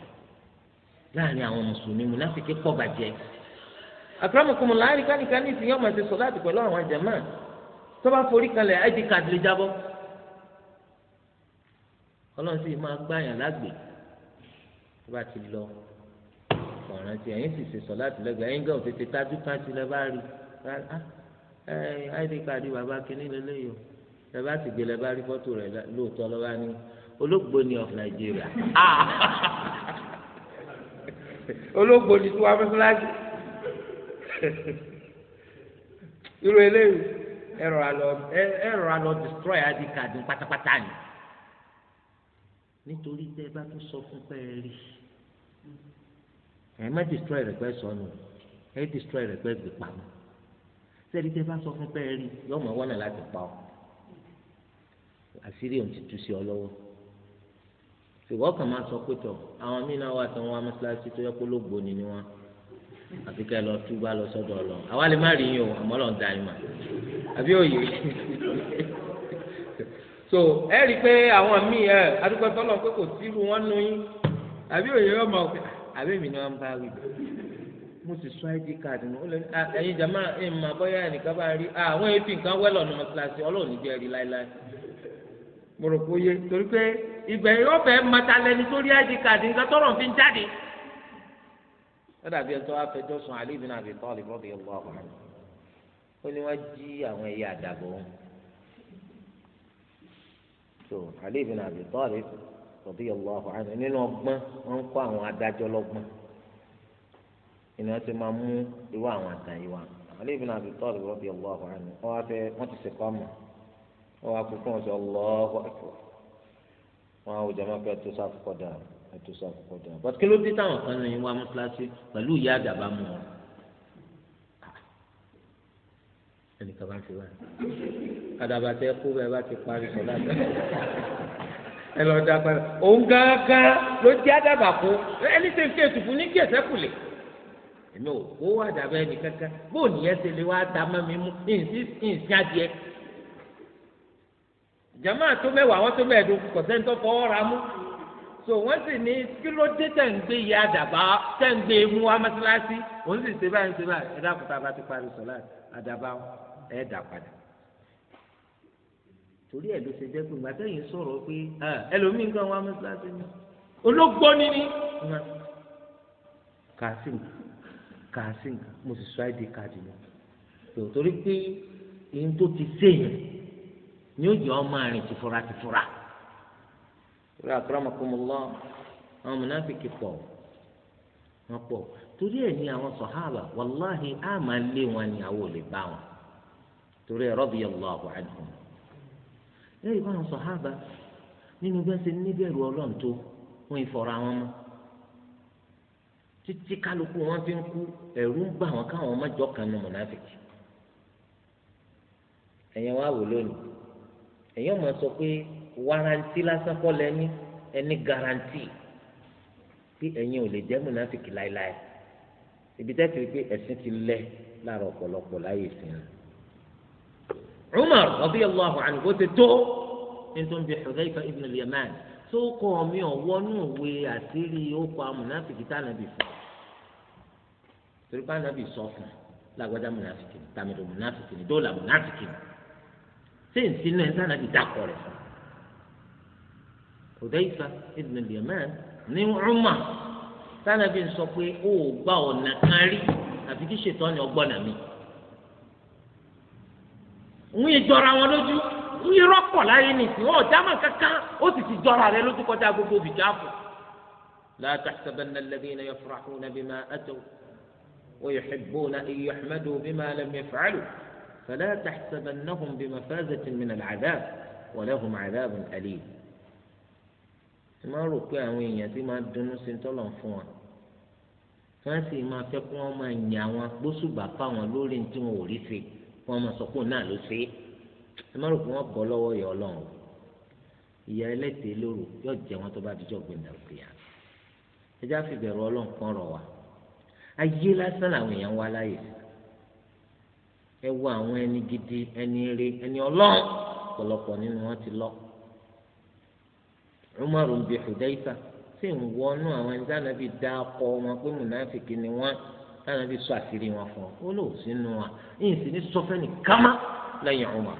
láàrin àwọn mùsùlùmí múnáfìkì pọ̀ bàjẹ́ àkàràmùkùmù láàrin káníkan ní ìsìn yóò máa ṣe pẹ̀lú àwọn jàmá tó forí kalẹ̀ id card jábọ́ ọlọ́run sì máa gbáyàn lágbè tó bá ti lọ kan rántí ẹ̀yin sì ṣe sọ láti lẹ́gbẹ̀ẹ́ ẹ̀yin gan tètè tájú káńtì lẹ́ bá rí ah, id card bàbá kínní lélẹ́yìí o lẹ́ bá ti gbé lẹ́ bá rí fọ́tò rẹ̀ lóòótọ́ lọ́wọ́ ní olóògbóni of Nigeria olóògbóni tí wàá fẹ́ fúláṣí irú eléyìí ẹ̀rọ alọ ẹ̀rọ alọ destroy id card pátápátá ni nítorí tẹ́ ẹ bá tún sọ fún pẹ́ẹ́rì ẹ má destroy rẹ pẹ sọnù ẹ destroy rẹ pẹ gbé pamọ́ sẹ́ni tẹ́ bá sọ fún pẹ́ẹ́ rí yọ mọ̀ wọ́nà láti pa ọ́ àṣírí òun ti tú sí ọ lọ́wọ́ ṣùgbọ́n kàn máa sọ pé tọ̀ àwọn míì wà tán wá mọ́ṣáláṣí tó yẹ kó ló gbóni ni wọ́n àfi ká ẹ lọ tú bá lọ sọ́dọ̀ ọ lọ àwa lè má rí yín o àmọ́ lọ́n da yín mà àbí òye so ẹ rí i pé àwọn míì ẹ adúgbò tọ́lọ̀ pé kò sírú wọn nú yín àbí òye yóò mọ̀ ọ́ àbẹ́mi ni wọ́n ń bá wí bẹ́ẹ̀ mo sì sọ id card nù ẹ̀yin jama ẹ̀ mà bọ́yá ẹnìkan bá rí àwọn èéfì nǹkan wẹ́lọ̀ ní mọ́tíláṣí ọlọ́run níjẹ́ rí láéláé mo rò pé oyè torí pé ìgbẹ́ ọbẹ̀ mata lẹni tó rí id card nǹkan tọrọ fi ń jáde. ó dàbí ẹni tó sùn Ali bin Abi Talib rọ́bì ọ̀gbọ́n ọ̀gbọ́n ó ní wọ́n jí àwọn ẹyẹ àdàbọ̀ wọn. so Ali bin Abi Talib radiyallahu anhu nínú ọgbọ́n wọ́n ń kọ́ àwọn adájọ́ lọ́gbọ́n ìní wọ́n ti máa mú irú àwọn àtàn yìí wá Ali ibn Abi Talib radiyallahu anhu wọ́n wá fẹ́ wọ́n ti sèkọ́ àmọ́ wọ́n wá kúkú wọn sọ Allahu akbar wọ́n á wò jẹ́ máa fẹ́ tó sáfùkọ́ dà tó sáfùkọ́ dà bàtí kí ló dé táwọn kan ní wá mọ́sálásí pẹ̀lú ìyá àdàbà mú wọn. ẹnìkan bá ń wá àdàbà kú bẹ́ẹ̀ bá ti parí sọ ẹ lọ da padà òun gángan ló jẹ́ àdàbà fún ẹni tẹ̀ fi ètùfù ní kí ẹ̀sẹ̀ kùlẹ̀ èmi ò kó àdàbà ẹni kankan bó nìyẹn ṣe lè wá da mọ́ mi mú ìsìn adìẹ jama tó mẹ́wàá wọ́n tó mẹ́ẹ̀ẹ́dógún kọ̀sẹ́ni tó fọwọ́ ra mú so wọ́n sì ní kí ló dé tẹ̀ ń gbé yìí àdàbà tẹ̀ ń gbé e mú wá mọ́sálásí òun sì ṣe báyìí ṣe báyìí ẹ̀dá kùtà bá ti parí sọ̀lá àdàbà ẹ̀dà padà. torí ẹ̀ ló ṣe jẹ́ pé ìgbà sọ̀rọ̀ pé ẹlòmíì nǹkan wá mọ́ṣáláṣí ni olóògbó ni ni. kàásì nǹkan kàásì nǹkan mo sì sọ id card mi torí pé tó ti ni ó jẹ́ ọmọ àrìn tìfura tìfura. ìrẹ́ àkàràmọ̀kọ́mọlọ́ àwọn mọ̀nàfíkì pọ̀ wọ́n pọ̀ torí ní àwọn wàláhì wọn ni lẹ́yìn báwọn sọ̀hábà nínú bí wọ́n ṣe níbẹ̀rù ọlọ́run tó wọ́n ìfọ̀rọ̀ àwọn ọmọ títí kálukú wọn fi ń kú ẹ̀rù ń bà wọn káwọn ọmọ jọ kan ní mọ̀nàfíkì ẹ̀yẹn wá wò lónìí ẹ̀yẹn mọ̀ sọ pé warranty lásán kọ́ lẹ́ni ẹni garanti pé ẹ̀yin ò lè jẹ́ mọ̀nàfíkì láéláé ibi tẹ́tì rí pé ẹ̀sìn ti lẹ̀ láàárọ̀ ọ̀pọ̀lọpọ̀ láyé ìsìn náà. Umar radiyallahu anhu kó ti tó nítorí bí Hudhayfa ibn al-Yaman tó kọ́ mi ọ̀wọ́nú òwe àṣírí okò amúnáfìkì tá ànábì fún torí pé ànábì sọ fún lágbádá múnáfìkì ni tàmídò múnáfìkì ni dóòlà múnáfìkì ni ṣé n sinú ẹ̀ sànàbì dàkọ̀ rẹ̀ fún Hudhayfa ibn al-Yaman ní Umar sànàbì sọ pé ó gbà ọ̀nà kan rí àfi kí ṣètọ́ ni ọgbọ́n nà mí. ń yí jọra wọn lójú ń yí rọ́pọ̀ láyé nìsín ọ̀ jámà kankan ó sì ti jọra rẹ lójú kọjá gbogbo bìjáfù. لا تحسبن الذين يفرحون بما أتوا ويحبون أن يحمدوا بما لم يفعلوا فلا تحسبنهم بمفازة من العذاب ولهم عذاب أليم máa rò pé àwọn èèyàn ti máa dunnú sí tọ́lọ̀ fún wa wọ́n sì máa fẹ́ kí wọ́n máa yìn àwọn gbósùbà fáwọn lórí tí wọn ò rí ṣe wọn máa sọ pé òun náà ló ṣe é ẹ má rò pé wọn bọ́ lọ́wọ́ ìyà Ọlọ́run ìyà ẹlẹ́tẹ̀ẹ́ lóru yóò jẹ wọn tó bá dijọ́ gbẹ̀ndà òkè yà ẹ já fi bẹ̀rù Ọlọ́run kan rọ̀ wá ayé lásán làwọn èèyàn wá láyè sí ẹ wo àwọn ẹni gidi ẹni eré ẹni Ọlọ́run ọ̀pọ̀lọpọ̀ nínú wọn ti lọ Umaru bi Hudayfa sì ń wọnú àwọn ẹni dáná bíi dáa kọ wọn pé mùnáfìkì ni wọn lánàá bí sọ àṣírí wọn fún ọ ó lò sínú wa yìí sì ní sọfẹ́ni kámá lẹ́yìn ọmọ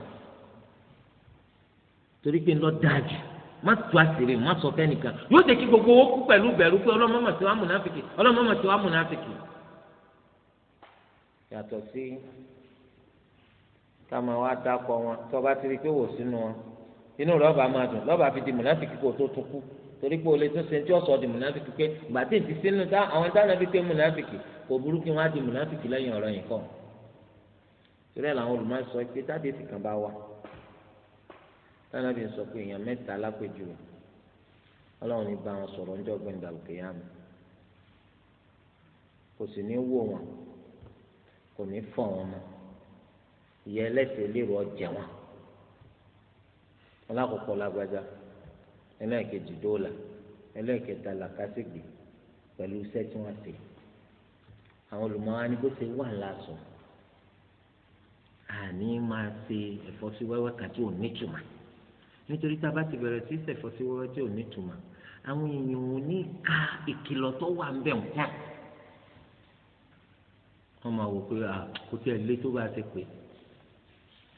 torí pé lọ dáa jù má tu àṣírí má sọ fẹ́ nìkan yóò jẹ́ kí gbogbo owó kú pẹ̀lú bẹ̀rù pé ọlọ́mọ mọ̀ sí wa múnáfìkì ọlọ́mọ mọ̀ sí wa múnáfìkì. yàtọ̀ sí káma wa dákọ̀ wọn tọ́ba ti rí pé wò sínú wọn inú rọ́ọ̀bà máa dùn rọ́ọ̀bà fi di múnáfìkì kó tó tún kú torí pé olè tó ṣe tí ọ̀sọ̀ di mùnàfìkì pé gbàtí ti sínú àwọn táwọn ẹbí pé mùnàfìkì kò burú kí wọ́n á di mùnàfìkì lẹ́yìn ọ̀rọ̀ yìí kàn torí ẹ̀ làwọn olùmọ̀ sọ pé táde ti kàn bá wa táwọn ẹbí sọ pé èèyàn mẹ́ta alápèjúwe ọlọ́run ní bá wọn sọ̀rọ̀ ńjọ́ gbẹ̀ndàlùkẹ́yàmù kò sì ní wò wọn kò ní fọ wọn mọ ìyẹn ẹlẹ́sẹ̀ lérò ọjà wọn alákọ̀ọ́kọ́ lágbájá ẹlẹ́ẹ̀kejì dọ́là ẹlẹ́ẹ̀kẹta làkàṣègbè pẹ̀lú iṣẹ́ tí wọ́n ṣe àwọn olùmọ̀wá ni bó ṣe wà láṣọ àní máa ṣe ẹ̀fọ́síwẹ́wẹ́ kan tí ò nítumọ̀ nítorí tá a bá ti bẹ̀rẹ̀ sí ṣẹ̀fọ́síwẹ́wẹ́ tí ò nítumọ̀ àwọn èèyàn ò ní ka ìkìlọ̀ tó wà ń bẹ̀ ń kàn wọ́n máa wò pé kò tí ẹ lé tó bá ti pè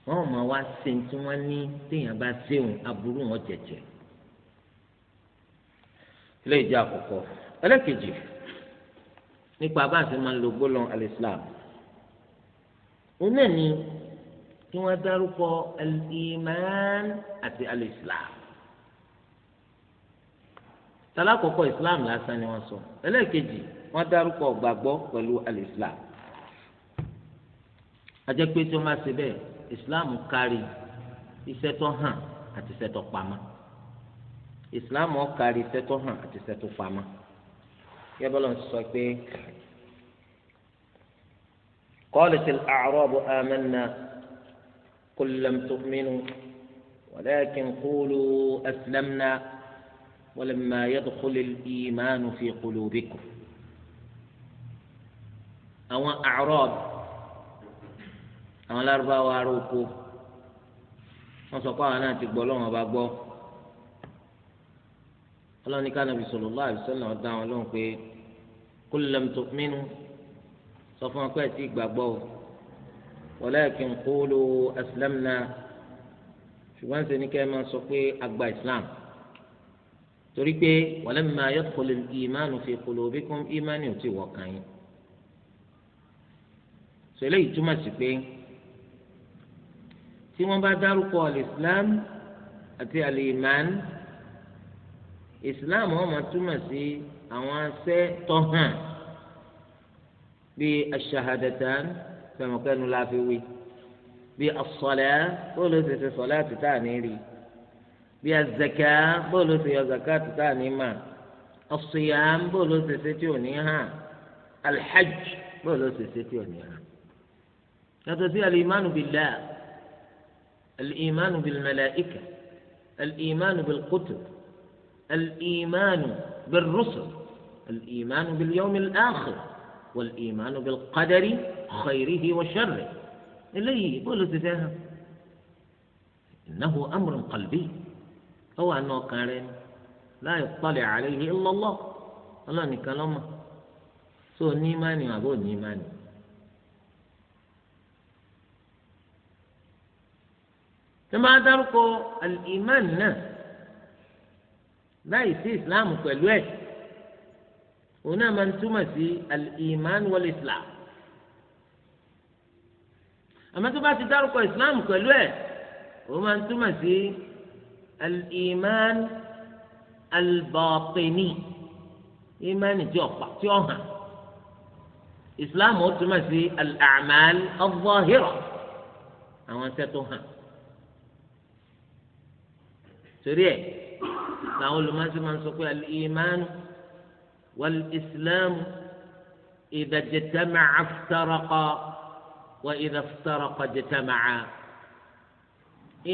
wọ́n máa wá ṣe tí wọ́n ní téèyàn bá ṣéun aburú wọn jẹ̀jẹ̀ ilé ìjẹ àkọ́kọ́ ẹlẹ́kejì nípa bá a ṣe máa ń lo gbólóhùn alìsílámù òun náà ni kí wọ́n dárúkọ alìmán àti alìsílámù talakọkọ islam lásán ni wọ́n sọ ẹlẹ́kejì wọ́n dárúkọ gbàgbọ́ pẹ̀lú alìsílámù ajẹ́ tí wọ́n bá ṣe bẹ́ẹ̀ islam kárí iṣẹ́ tó hàn àti iṣẹ́ tó pamọ́. islam ọkàrí iṣẹ́ tó hàn àti iṣẹ́ tó pamọ́ yẹbọlọ ń sọ pé قالت الأعراب آمنا قل لم تؤمنوا ولكن قولوا أسلمنا ولما يدخل الإيمان في قلوبكم أو أعراب أو الأربعة وعروكو wọ́n sọ pé àwọn náà ti gbọ́ lọ́wọ́n bá gbọ́ ọlọ́ni ká nàbì sallallahu alaihi wasallam dá wọn lóhùn pé kul lam tu'minu sọ fún wọn pé ẹtì gbàgbọ́ o walakin qulu aslamna ṣùgbọ́n ṣe ni kẹ́ ẹ máa sọ pé àgbà islam torí pé walamma yadkhulu al-imanu fi qulubikum ìmánu ti wọ̀ kàn yín sọlẹ́ ìtumọ̀ sí pé tí wọ́n bá dárúkọ al-islam àti al-iman islam ọmọ túmọ̀ sí àwọn asẹ́ tọ́hàn bíi aṣahadatan fẹ̀mọ̀kẹ́nu la fi wí bíi asọ̀lẹ́ bóòlù ti ṣe sọ̀lẹ́ àtúntà ní rí bíi azẹ̀kẹ́ bóòlù ti yọ zaka àtúntà ní mà asiyam bóòlù ti tí ò ní hàn alhajj bóòlù ti tí ò ní hàn. yàtọ̀ sí alìmánu billah alìmánu bilmalaika alìmánu bilkutub. الإيمان بالرسل الإيمان باليوم الآخر والإيمان بالقدر خيره وشره إليه يقول تتاهى إنه أمر قلبي هو أنه كارين لا يطلع عليه إلا الله الله نكلمه سو نيماني أبو نيماني ثم أدركوا الإيمان نفسه láì sí ìsìláàmù pẹ̀lú ẹ̀ òun náà máa ń túmọ̀ sí al-iman wal-islam àmọ́ tó bá ti dárúkọ ìsìláàmù pẹ̀lú ẹ̀ òun máa ń túmọ̀ sí al-iman al-batini ìmánì tí ọ̀pá tí ó hàn ìsìláàmù ó túmọ̀ sí al-a'mal al àwọn iṣẹ́ tó hàn torí ẹ̀ làwọn olùmọ̀ọ́sí máa ń sọ pé al-imanu wal-islamu idha ijtama'a iftaraqa wa idha iftaraqa ijtama'a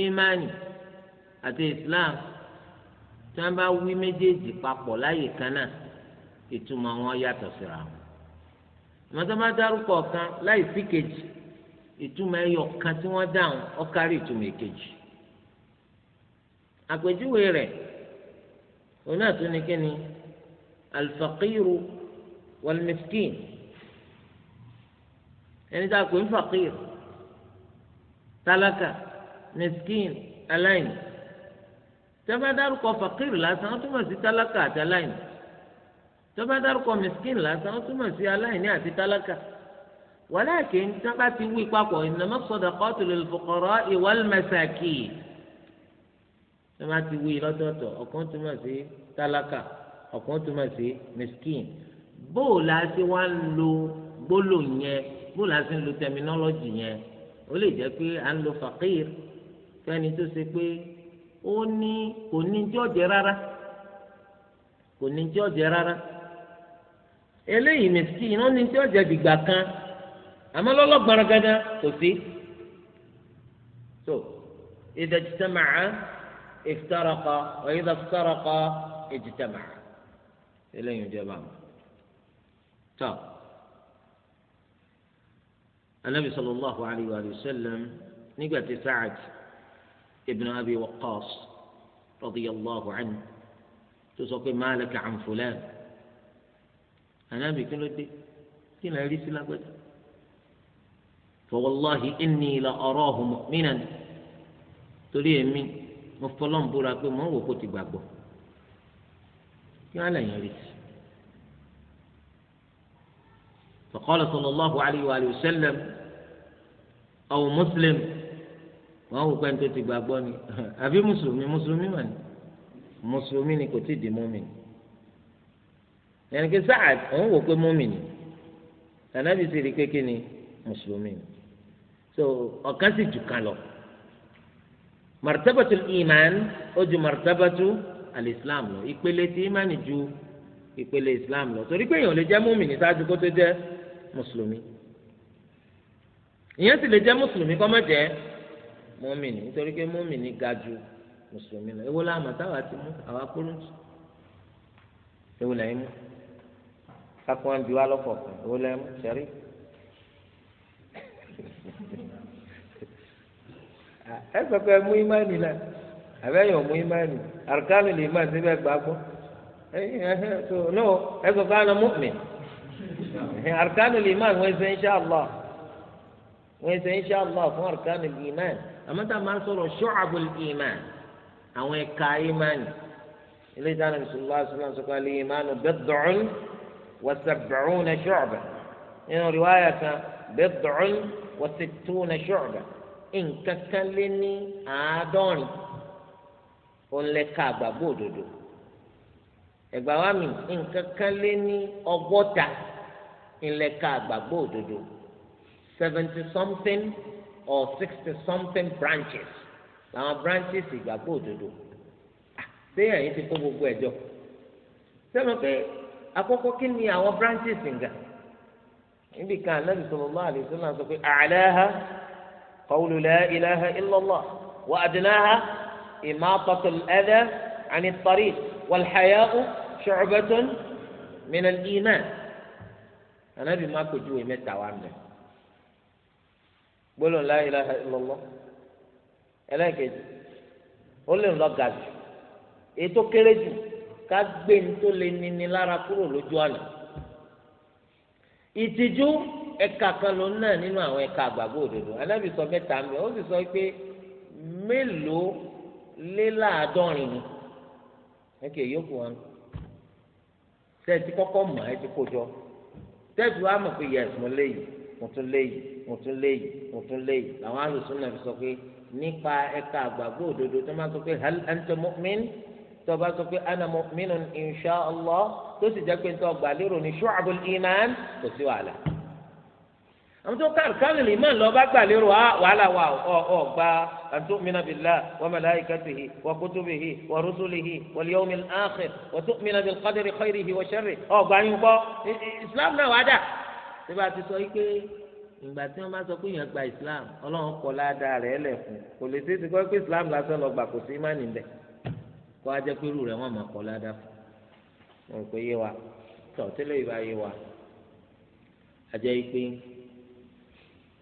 ìmánì àti islam tí wọ́n bá wí méjèèjì papọ̀ láyè kan náà ìtumọ̀ wọn yàtọ̀ síra wọn mọ̀tọ́mọ́ kan láì sí kejì ìtumọ̀ ẹyọ kan tí wọ́n dáhùn ó kárí ìtumọ̀ èkejì àpèjúwe rẹ̀ òun náà tún ní kíni alifakiru wàlmẹsìkìn ẹni tá a pè ń fakir tálákà mẹsìkìn aláìní tẹ́fẹ́ dárúkọ fakir lásán ó túmọ̀ sí tálákà àti aláìní tẹ́fẹ́ dárúkọ mẹsìkìn lásán ó túmọ̀ sí aláìní àti tálákà. ولكن تبات ويقاقو إنما الصدقات للفقراء والمساكين tó bá ti wí lọ́tọ̀ọ̀tọ̀ ọ̀kan túmọ̀ sí tálákà ọ̀kan túmọ̀ sí miskin bóò la ṣe wá ń lo gbólò yẹn bóò la ṣe ń lo tẹminọ́lọ́jì yẹn ó lè jẹ́ pé à ń lo fàkìr fẹ́ni tó ṣe pé ó ní kò ní jọ́jẹ́ rárá kò ní jọ́jẹ́ rárá eléyìí miskin ó ní jọ́jẹ́ dìgbà kan àmọ́ lọ́lọ́gbọ̀nrán gángan kò sí so ìdajì sẹ́màá. افترقا وإذا افترقا اجتمعا إليه جماعة طب النبي صلى الله عليه وآله وسلم نقلت سعد ابن أبي وقاص رضي الله عنه تسوقي لك عن فلان أنا بكل دي كنا يريس فوالله إني لأراه مؤمنا تريه مني mo fọlọ́n búra pé mo ń wò kó ti gbàgbọ́ kí wọ́n lẹ́yìn rí sí. فقال صلى الله عليه وآله وسلم أو مسلم wọ́n wò pé nítorí ti gbàgbọ́ ni àbí mùsùlùmí mùsùlùmí mà ní mùsùlùmí ni kò tí ì di mọ́mìnì ẹnìkan sáà òun wò pé mọ́mìnì tànàbí sì rí pé ni mùsùlùmí so ọ̀kan sì jù kan lọ martabatu iman ó ju martabatu alislam lọ ìpele ti iman ju ìpele islam lọ torí pé èèyàn lè jẹ́ múmìnì ṣáájú kó tó jẹ́ mùsùlùmí ìyẹn sì lè jẹ́ mùsùlùmí kó má jẹ́ múmìnì nítorí pé múmìnì ga ju mùsùlùmí lọ ewu láàmà táwa ti mú àwa kúrú ewu lẹ́yìn mú kápẹ́ wọn bí wá lọ́kọ̀ọ̀kan ewu lẹ́yìn mú sẹ́rí. ẹ sọ pé ẹ mú ìmánì náà àbẹ́yìn ọ̀mú ìmánì àrùkálù lè má síbẹ̀ gbàgbọ́ ẹ sọ pé àná mú mọ́mì àrùkálù lè má wọ́n ṣe inṣàlá wọ́n ṣe inṣàlá fún àrùkálù lè má tá a máa ń sọ̀rọ̀ ṣọ́ọ̀bù ìmánì àwọn ẹ̀ka ìmánì ilé ìdáná bisimilá sọlá sọkọ alẹ́ ìmánì bẹ́ẹ̀ وسبعون شعبة إنه رواية بضع وستون شعبة nǹkan kan lé ní àádọ́rin ònlẹ́ka àgbàgbọ́ òdodo ẹ̀gbà wa mi nǹkan kan lé ní ọgọ́ta ìlẹ́ka àgbàgbọ́ òdodo seventy something or sixty something branches làwọn branches ìgbàgbọ́ òdodo séèyàn ah, yìí ti kó gbogbo ẹ̀jọ́ sẹ́nu pé àkọ́kọ́ kí ni àwọn branches ń ga níbi kan Ànábì sallallahu alaihi wasallam sọ pé a'laha. قول لا إله إلا الله وأدناها إماطة الأذى عن الطريق والحياء شعبة من الإيمان أنا بما كنت جوي متى وعمله قولوا لا إله إلا الله ألا كده قول لهم لا قاعد إيتو kéré jù بنتو لنيني ní tó لجوانا nini ìtìjú ẹ̀ka kan ló náà nínú àwọn ẹ̀ka àgbàgbọ́ òdodo anábì sọ mẹ́ta mi ó sì sọ pé mélòó lé láàádọ́rin ni ẹ̀kẹ́ yókù wọn tẹ́ẹ̀tì kọ́kọ́ mọ̀ ẹ́ ti kó jọ tẹ́ẹ̀tì wa mọ̀ pé yẹ̀s mo léyìí mo tún léyìí mo tún léyìí mo tún léyìí làwọn alùsùn náà fi sọ pé nípa ẹ̀ka àgbàgbọ́ òdodo tó máa sọ pé hal tó bá sọ pé ana mu'minun insha Allah tó sì jẹ́ pé ń tọ́ ní shu'abul iman kò sí wàhálà àwọn tó káàrì káàrì lè má lọ bá gbà lérò ah, wàhálà wa ọ gba àtúmínà bìlá wà màláìkàtìhì wà kútùbìhì wà rúsùlìhì wà lìyọ́mì àkìr wà túmínà bìlá kádìrì khairihi wà sharri ọ gba yín kọ́ islam náà wà dà. síbi àti sọ yìí pé ìgbà tí wọn bá sọ pé èèyàn gba islam ọlọ́run kọ́ ládàá rẹ̀ lẹ̀ fún kò lè ṣeé kọ́ pé islam lásán lọ gbà kò sí má nìbẹ̀ kó a jẹ́ pé irú máa kọ́ ládàá fún wọn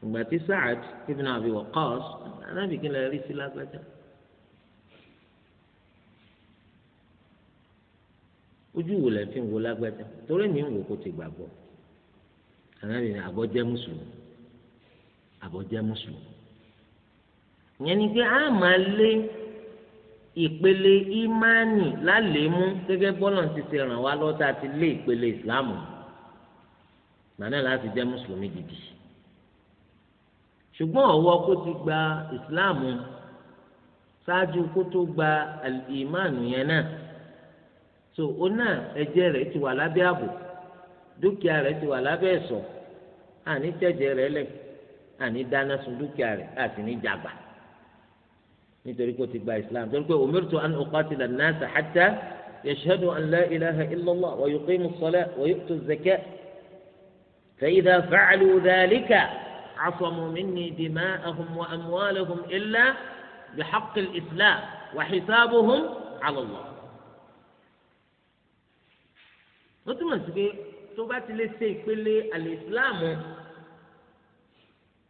ìgbà tí Sa'ad ibn Abi Waqqas anábì kí n lè rí sí lágbájá. ojú wo lẹ fi ń wo lágbájá torí mi ń wò kó ti gbàgbọ́ anábì ní àbọ̀jẹ́ mùsùlùmí àbọ̀jẹ́ mùsùlùmí ìyẹn ni pé a máa lé ìpele ìmánì lálẹ́mú gẹ́gẹ́ bọ́lọ̀ ti ti ràn wá lọ́tà ti lé ìpele ìsìláàmù màánà láti jẹ́ mùsùlùmí gidi. ṣùgbọ́n ọ̀wọ́ kó ti gba ìsìláàmù ṣáájú kó tó gba ìmáànù yẹn náà so ó náà ẹ̀jẹ̀ rẹ̀ ti wà lábẹ́ ààbò dúkìá rẹ̀ ti wà lábẹ́ ẹ̀ṣọ́ àní tẹ̀jẹ̀ rẹ̀ lẹ̀ àní dáná sun dúkìá rẹ̀ àti ní jàgbá nítorí kó ti gba ìsìláàmù torí pé òmìnir tó umirtu an uqatila an-nasa hatta yashhadu an la ilaha illallah wa yuqimu as-salata wa yu'tu az-zakata fa idha fa'alu dhalika. عصموا مني دماءهم وأموالهم إلا بحق الإسلام وحسابهم على الله wọ́n túmọ̀ sí pé tó الإسلام ti lè أبو ìpele àlìsíláàmù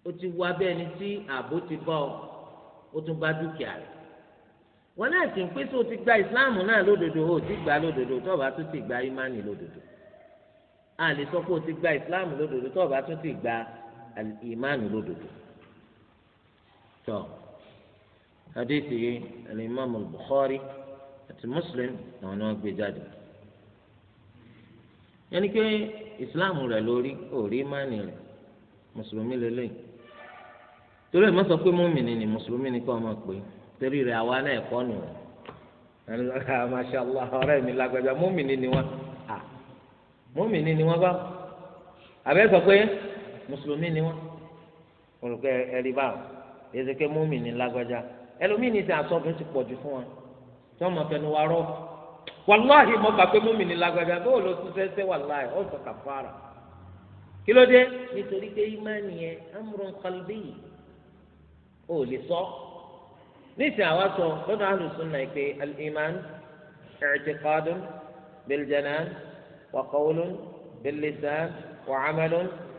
ó ti wá bẹ́ẹ̀ ni tí ààbò ti bọ́ ọ ó tún bá dúkìá rẹ̀ wọn náà sì ń pé tó ti gba ìsìláàmù náà lódodo ó ti gba lódodo tó bá tún ti gba ìmánì lódodo a lè sọ pé ó ti gba ìsìláàmù lódodo tó bá tún ti gba alìmánu lódodo tó hadithi yìí alìmánu Bukhari àti Muslim àwọn ni wọ́n gbé jáde yẹnni pé ìsìláàmù rẹ̀ lórí òrí ìmánì rẹ̀ mùsùlùmí lélẹ́yìn torí ẹ̀ má sọ pé mùmìnì ni mùsùlùmí ni kọ́ ọ máa pè é torí rẹ̀ àwa náà ẹ̀kọ́ nù wọn masha allah ọ̀rẹ́ mi lágbájá mùmìnì ni wọn mùmìnì ni wọn bá abẹ́ sọ pé mùsùlùmí ni wọn olùkọ́ ẹ̀rí báwọn ezeke múmi ní lágbájá ẹlòmíì ní sàn àsọdún ti pọ̀ jù fún wa tí wọ́n mọ̀ fẹnu wa rọ́ wàláhì mọ̀ gbà pé múmi ní lágbájá bó ló tún fẹ́ sẹ́ wàláhì ó sọ kàfàrà kí nítorí pé ìmánì yẹn amúrún kalbi ò lè sọ nísìnyí àwa sọ lọ́dọ̀ àlùsùn náà pé al-iman i'tiqadun bil-janan wa qawlun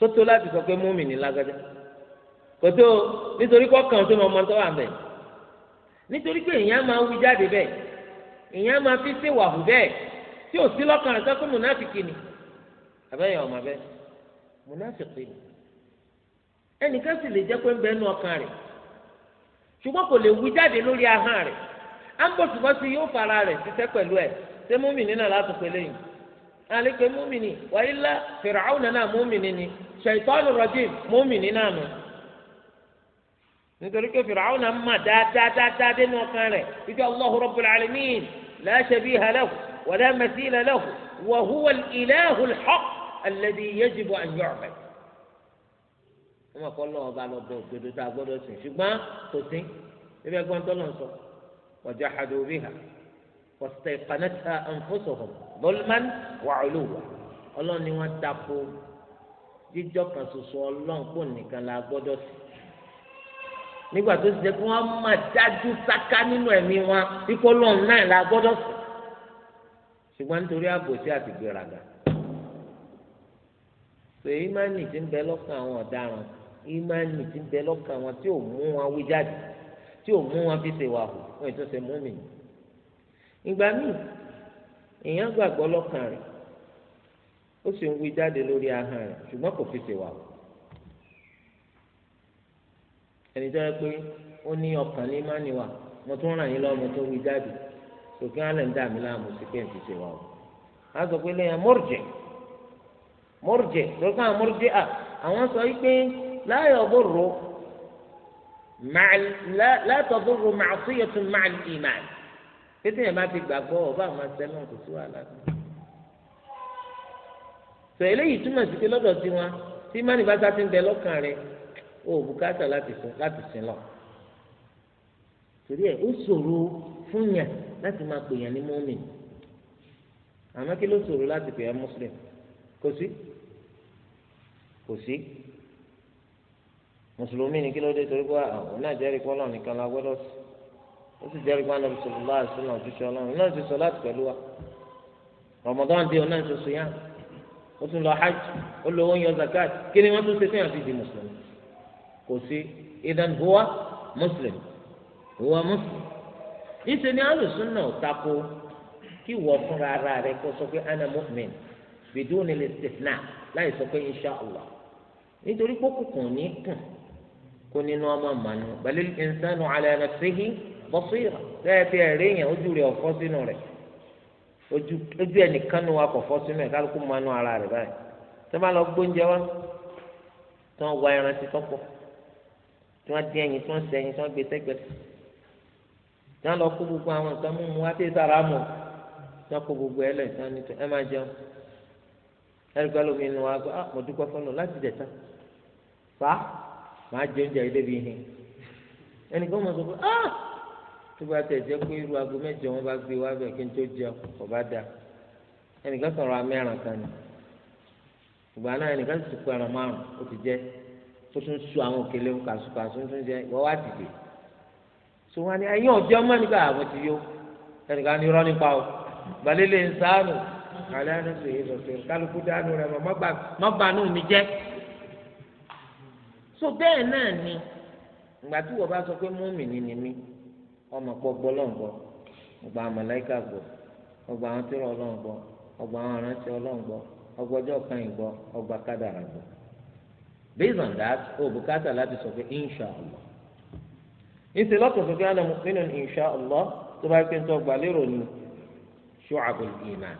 sótó láti sọ pé múmi ní lágbájá kò tó nítorí kọkàn tó mọ ọmọ tó wà mẹ nítorí pé èèyàn máa ń wí jáde bẹ́ẹ̀ èèyàn máa fi ṣe wàhù bẹ́ẹ̀ tí ò sí lọ́kàn rẹ sọkún múnáfìkì ni àbẹyẹ ọmọ bẹ́ẹ̀ múnáfìkì ni ẹnìkan sì lè jẹ pé ń bẹ nú ọkàn rẹ ṣùgbọ́n kò lè wí jáde lórí ahọ́n rẹ á ń bọ̀ ṣùgbọ́n sí yóò fara rẹ̀ ṣiṣẹ́ pẹ̀lú ẹ̀ ṣé múmi nínà látùpẹ́ lẹ́yìn aleke mumini wa ila firaun náà mumini ni ṣètọ́nù rọ́jìm mumini náà nù nítorí pé firaun náà mà dáadáa dénú ọkàn rẹ̀ ibi allahu rabbul alamin la shabiha lahu wala mathila lahu wa huwa ilahu alhaq alladhi yajibu an yu'bad wọ́n mọ̀ kọ́ lọ́wọ́ bá lọ bẹ òdodo tá a gbọ́dọ̀ sìn ṣùgbọ́n kò sí ẹgbẹ́ gbọ́ntọ́ lọ́n sọ wajahadu biha. واستيقنتها أنفسهم ظلما وعلوا ọlọ́run ni wọ́n tako jíjọ́ kan ṣoṣo ọlọ́run kò nìkan la gbọ́dọ̀ sí nígbà tó ti jẹ́ kí wọ́n máa dájú sáká nínú ẹ̀mí wọn ikú ọlọ́run náà la gbọ́dọ̀ sí ṣùgbọ́n nítorí àbòsí àti gbèrágà pé ìmánì ti ń bẹ lọ́kàn àwọn ọ̀daràn ìmánì ti ń bẹ lọ́kàn àwọn tí ò mú wọn wí jáde tí ò mú wọn fi ṣèwà hù wọn ètò ṣe mú mi nìyí ìgbà míì èèyàn gbàgbọ́ lọ́kàn rẹ̀ ó sì ń wí jáde lórí ahọ́n rẹ̀ ṣùgbọ́n kò fi ṣèwà o ẹni tó yẹ pé ó ní ọkàn ní mánìwá mo tún ràn yín lọ́wọ́ mo tún wí jáde sòkè alẹ́ ń dà mí láàmú sí pé n fi ṣèwà o a sọ pé lẹ́yìn mọ́rùjẹ́ mọ́rùjẹ́ lọ́kàn mọ́rùjẹ́ à àwọn sọ yìí pé láyọ̀ bọ̀rọ̀ látọ̀ bọ̀rọ̀ màṣúyẹ̀tún máàlì ìmáàlì pété yẹn bá ti gbàgbọ́ ọba àwọn asẹ́nù kò sí wàhálà kan sọ eléyìí túmọ̀ sí pé lọ́dọ̀ sí wọn tí mánì bá sá ti ń bẹ lọ́kàn rẹ o ò bùkátà láti sin lọ torí ẹ ó ṣòro fún yàn láti máa pè yàn ní mọ́mì àmọ́ kí ló ṣòro láti pè yàn mùsùlùm kò sí kò sí mùsùlùmí ni kí ló dé torí pé àwọn náà jẹ́rìí nìkan la gbọ́dọ̀ sí ó sì jẹ́rìí pé anábì sọ̀rọ̀ láàrin sọ̀rọ̀ ojúṣe ọlọ́run náà ti sọ láti pẹ̀lú wa rọmọdán dé ọ̀nà ìṣoṣo yá ó tún lọ hajj ó lọ oúnjẹ zakat kí ni wọ́n tún ṣe fẹ́yàn fi di mùsùlùmí kò sí idan huwa muslim huwa muslim ìṣe ni alùsùn náà tako kí wọ́ fúnra ara rẹ kó sọ pé ana mu'min biduni listithna láì sọ pé insha allah nítorí pé kòkòrò ní kùn kó nínú ọmọ mànú balil insanu ala nafsihi bọ́sírà bẹ́ẹ̀ bí ẹ̀rí yẹn ojú rẹ̀ ọ̀fọ́ sínú rẹ̀ ojú ẹnìkan nu wa kò fọ́ sínú ẹ̀ kálukú máa nu ara rẹ̀ báyìí tó bá lọ gbóúnjẹ wa tó ń wá ẹran ti tọ́pọ̀ tí wọ́n dín ẹyin tí wọ́n sẹ́yìn tí wọ́n gbé sẹ́gbẹ̀ẹ́ tí wọ́n lọ kó gbogbo àwọn nǹkan mímu wá tẹ̀ sára mọ̀ tí wọ́n kó gbogbo ẹ lẹ̀ tí wọ́n ní tó ẹ máa jẹun ẹnìkan lómi nu wa ah mo dúpẹ́ fọlọ́ láti dẹ̀ tán fa màá jẹ oúnjẹ ilé bí hin ẹnìkan mọ̀ sọ pé ah tó bá tẹ̀ jẹ́ pé irú aago mẹ́jọ wọn bá gbé wá bẹ̀ kí n tó jẹun kò bá da ẹnìkan kan ra mẹ́ràn kan ni ìgbà náà ẹnìkan sì kó ẹran márùn ó ti jẹ ó tún su àwọn òkèlè kàṣùkàṣù tún jẹ ìwọ wá dìde tó wá ní ayé ọjọ́ mọ́ nígbà àwọn ti yó ẹnìkan ní irọ́ nípa o gbalẹ́lẹ̀ ń sáànù kálí àdúgbò yìí lọ́sẹ̀ kálukú dánú rẹ̀ mọ́ mọ́bàánú mi jẹ́ so bẹ́ẹ̀ náà ni ìgbà tí wọ́n bá sọ pé mọ́mì ni ni mí. ọmọ pọ ọgbọ ọgbà àmàlẹ́kà gbọ ọgbà àwọn tìrọ ọlọ́ǹgbọ ọgbà àwọn aránṣẹ́ ọlọ́ǹgbọ ọgbà kádàrà gbọ. based on that o bukata láti sọ pé insha allah lọ́tọ̀ sọ pé ana mu'minun insha allah tó bá pé ń tọ́ gbà lérò iman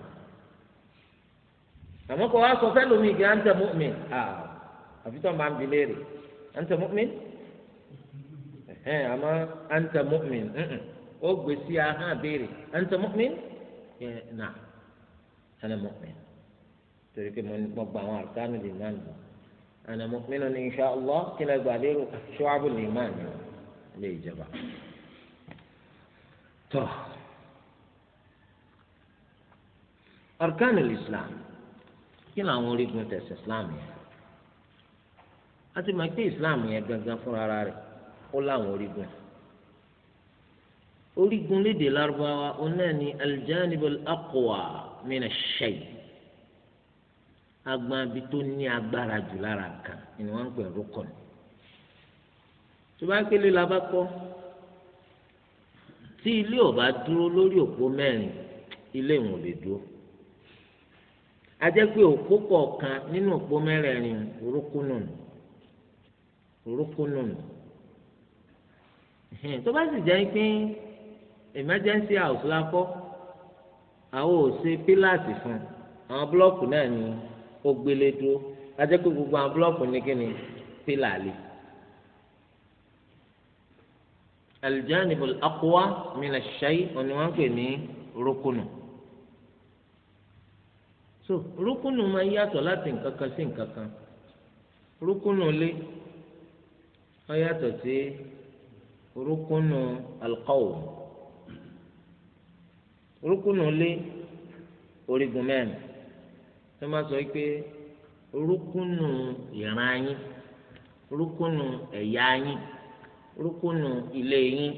àmọ́ kò wá sọ fẹ́ lómi ah, ń bi léèrè ẹ àmọ́ anta mu'min ó gbé sí ahọ́n àbèrè anta mu'min ẹ nà ana mu'min torí pé mo gba àwọn àrùkánù lè máa nù ana mu'min ní insha Allah kí lè gbà lérò ṣọ́ọ́bù lè máa nù ilé ìjọba tó àrùkánù islam kí làwọn orígun tẹ̀sí islam yẹn a ti máa islam yẹn gangan fúnra rẹ̀ ó láwọn orígun orígun lédè lárúbáwá òun náà ni aljanibul aqwa mina shay agbanbi tó ní agbára jù lára kan ni wọn ń pè rúkọ̀nù tó bá kélé la bá kọ́ tí ilé ò dúró lórí òpó mẹ́rin ilé ìwọ̀n lè dúró a pé òpó kọ̀ọ̀kan nínú òpó mẹ́rẹ̀ẹ̀rin rúkúnù rúkúnù tó bá sì jẹ́ pé emergency house la kọ́ àwọn ò ṣe pílàsì fún àwọn búlọ́ọ̀kù náà ni ó gbélé dúró ajẹ́ pé gbogbo àwọn búlọ́ọ̀kù ní kí ni pílà lè. aljanibul aqwa mina shayi òní wọ́n pè ní rukunu so rukunu máa yàtọ̀ láti nǹkan kan sí nǹkan kan rukunu lé ó yàtọ̀ sí rúkúnù alqaw rúkúnù lé orígun mẹ́rin tó máa sọ pé rúkúnù ìran yín rúkúnù ẹ̀yà yín rúkúnù ilé yín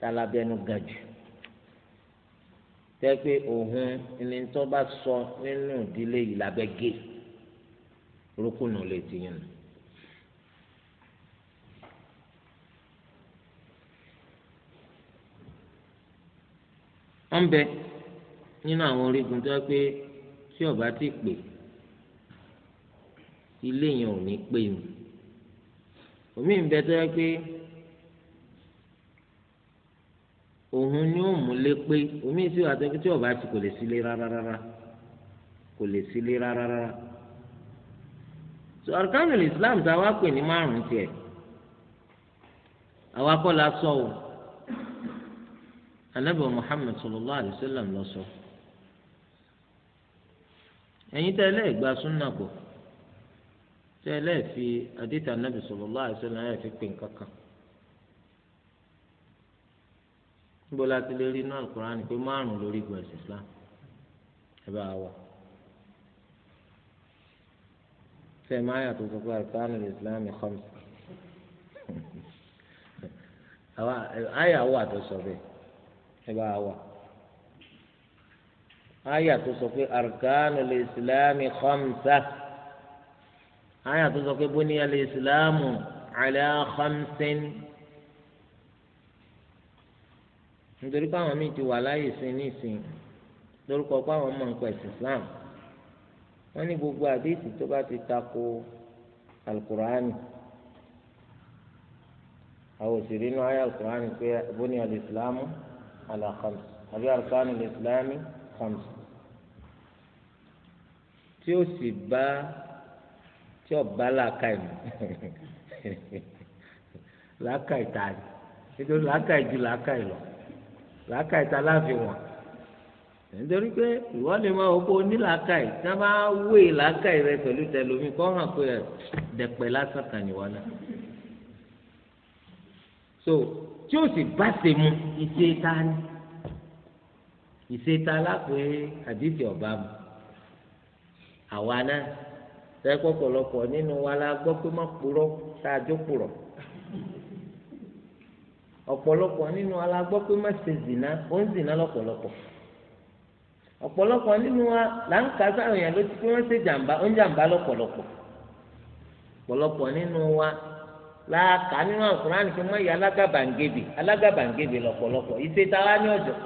talabẹnu gàjù tẹ́ pé òun ẹni tó bá sọ nínú ìdílé yìí lábẹ́ gé rúkúnù lè ti yín nù. wọn bẹ nínú àwọn orígun tó yẹ pé tí ọba ti pè ilé yẹn ò ní pè mí omi ń bẹ tó yẹ pé ni ó mú lé pé omi sì wà tó yẹ pé tí ti kò lè sílé kò lè sílé islam tá a wá pè ní sọ o anábọ̀ Muhammad sallallahu alaihi wasallam lọ sọ ẹ̀yin tẹ́ ẹlẹ́ẹ̀ gba súnà gbọ́ tẹ́ ẹlẹ́ẹ̀ fi àdìtà anábì sallallahu alaihi wasallam ẹ̀ fi pè kankan níbo la ti lè rí inú àlùkùránì pé márùn lórí ìgbà ẹ̀sìn Islam ẹ bá wà tẹ́ ẹ máa yàtọ̀ sọ pé àrùkùránì lè Islam ẹ̀ khamsa àyà wà tó sọ bẹ́ẹ̀. ẹ bá wà. àyà tó sọ pé arkanul islami khamsa àyà tó sọ pé buniyal islamu ala khamsin. nítorí pé àwọn míì ti wà láyè sí nísìn lórúkọ pé àwọn ọmọ nǹkan ẹ̀sìn Islam wọ́n ní gbogbo àdéhìí tó bá ti tako alukur'ani àwọn rínú ayé alukur'ani pé bóni alìsílámù على خمس أبي أركان الإسلام خمس tí ó sì bá tí ó bá làákà ìmọ̀ làákà ìta ni nítorí làákà ìju làákà ìlọ làákà ìta láfiwọ̀n nítorí pé ìwọ lè máa wọ pé o ní làákà yìí tí wọn bá wé làákà yìí rẹ pẹ̀lú tẹlomi kọ́ hàn pé dẹ̀pẹ̀ lásán kan náà tí o sì bá ṣe mu ìṣe ta ni ìṣe ta lápẹ́ àdìsí ọ̀bá mu àwa náà sẹ́kọ̀ pọ̀lọpọ̀ nínú wa la gbọ́ pé má purọ́ a nínú wa la gbọ́ pé má ṣe zina ó ń zina lọ́pọ̀lọpọ̀ ọ̀pọ̀lọpọ̀ nínú wa là ń láàkà nínú àkùránì fi mọ́ ìyá alágàbàǹgebè alágàbàǹgebè lọ́pọ̀lọpọ̀ ìṣe táwa ní ọ̀jọ̀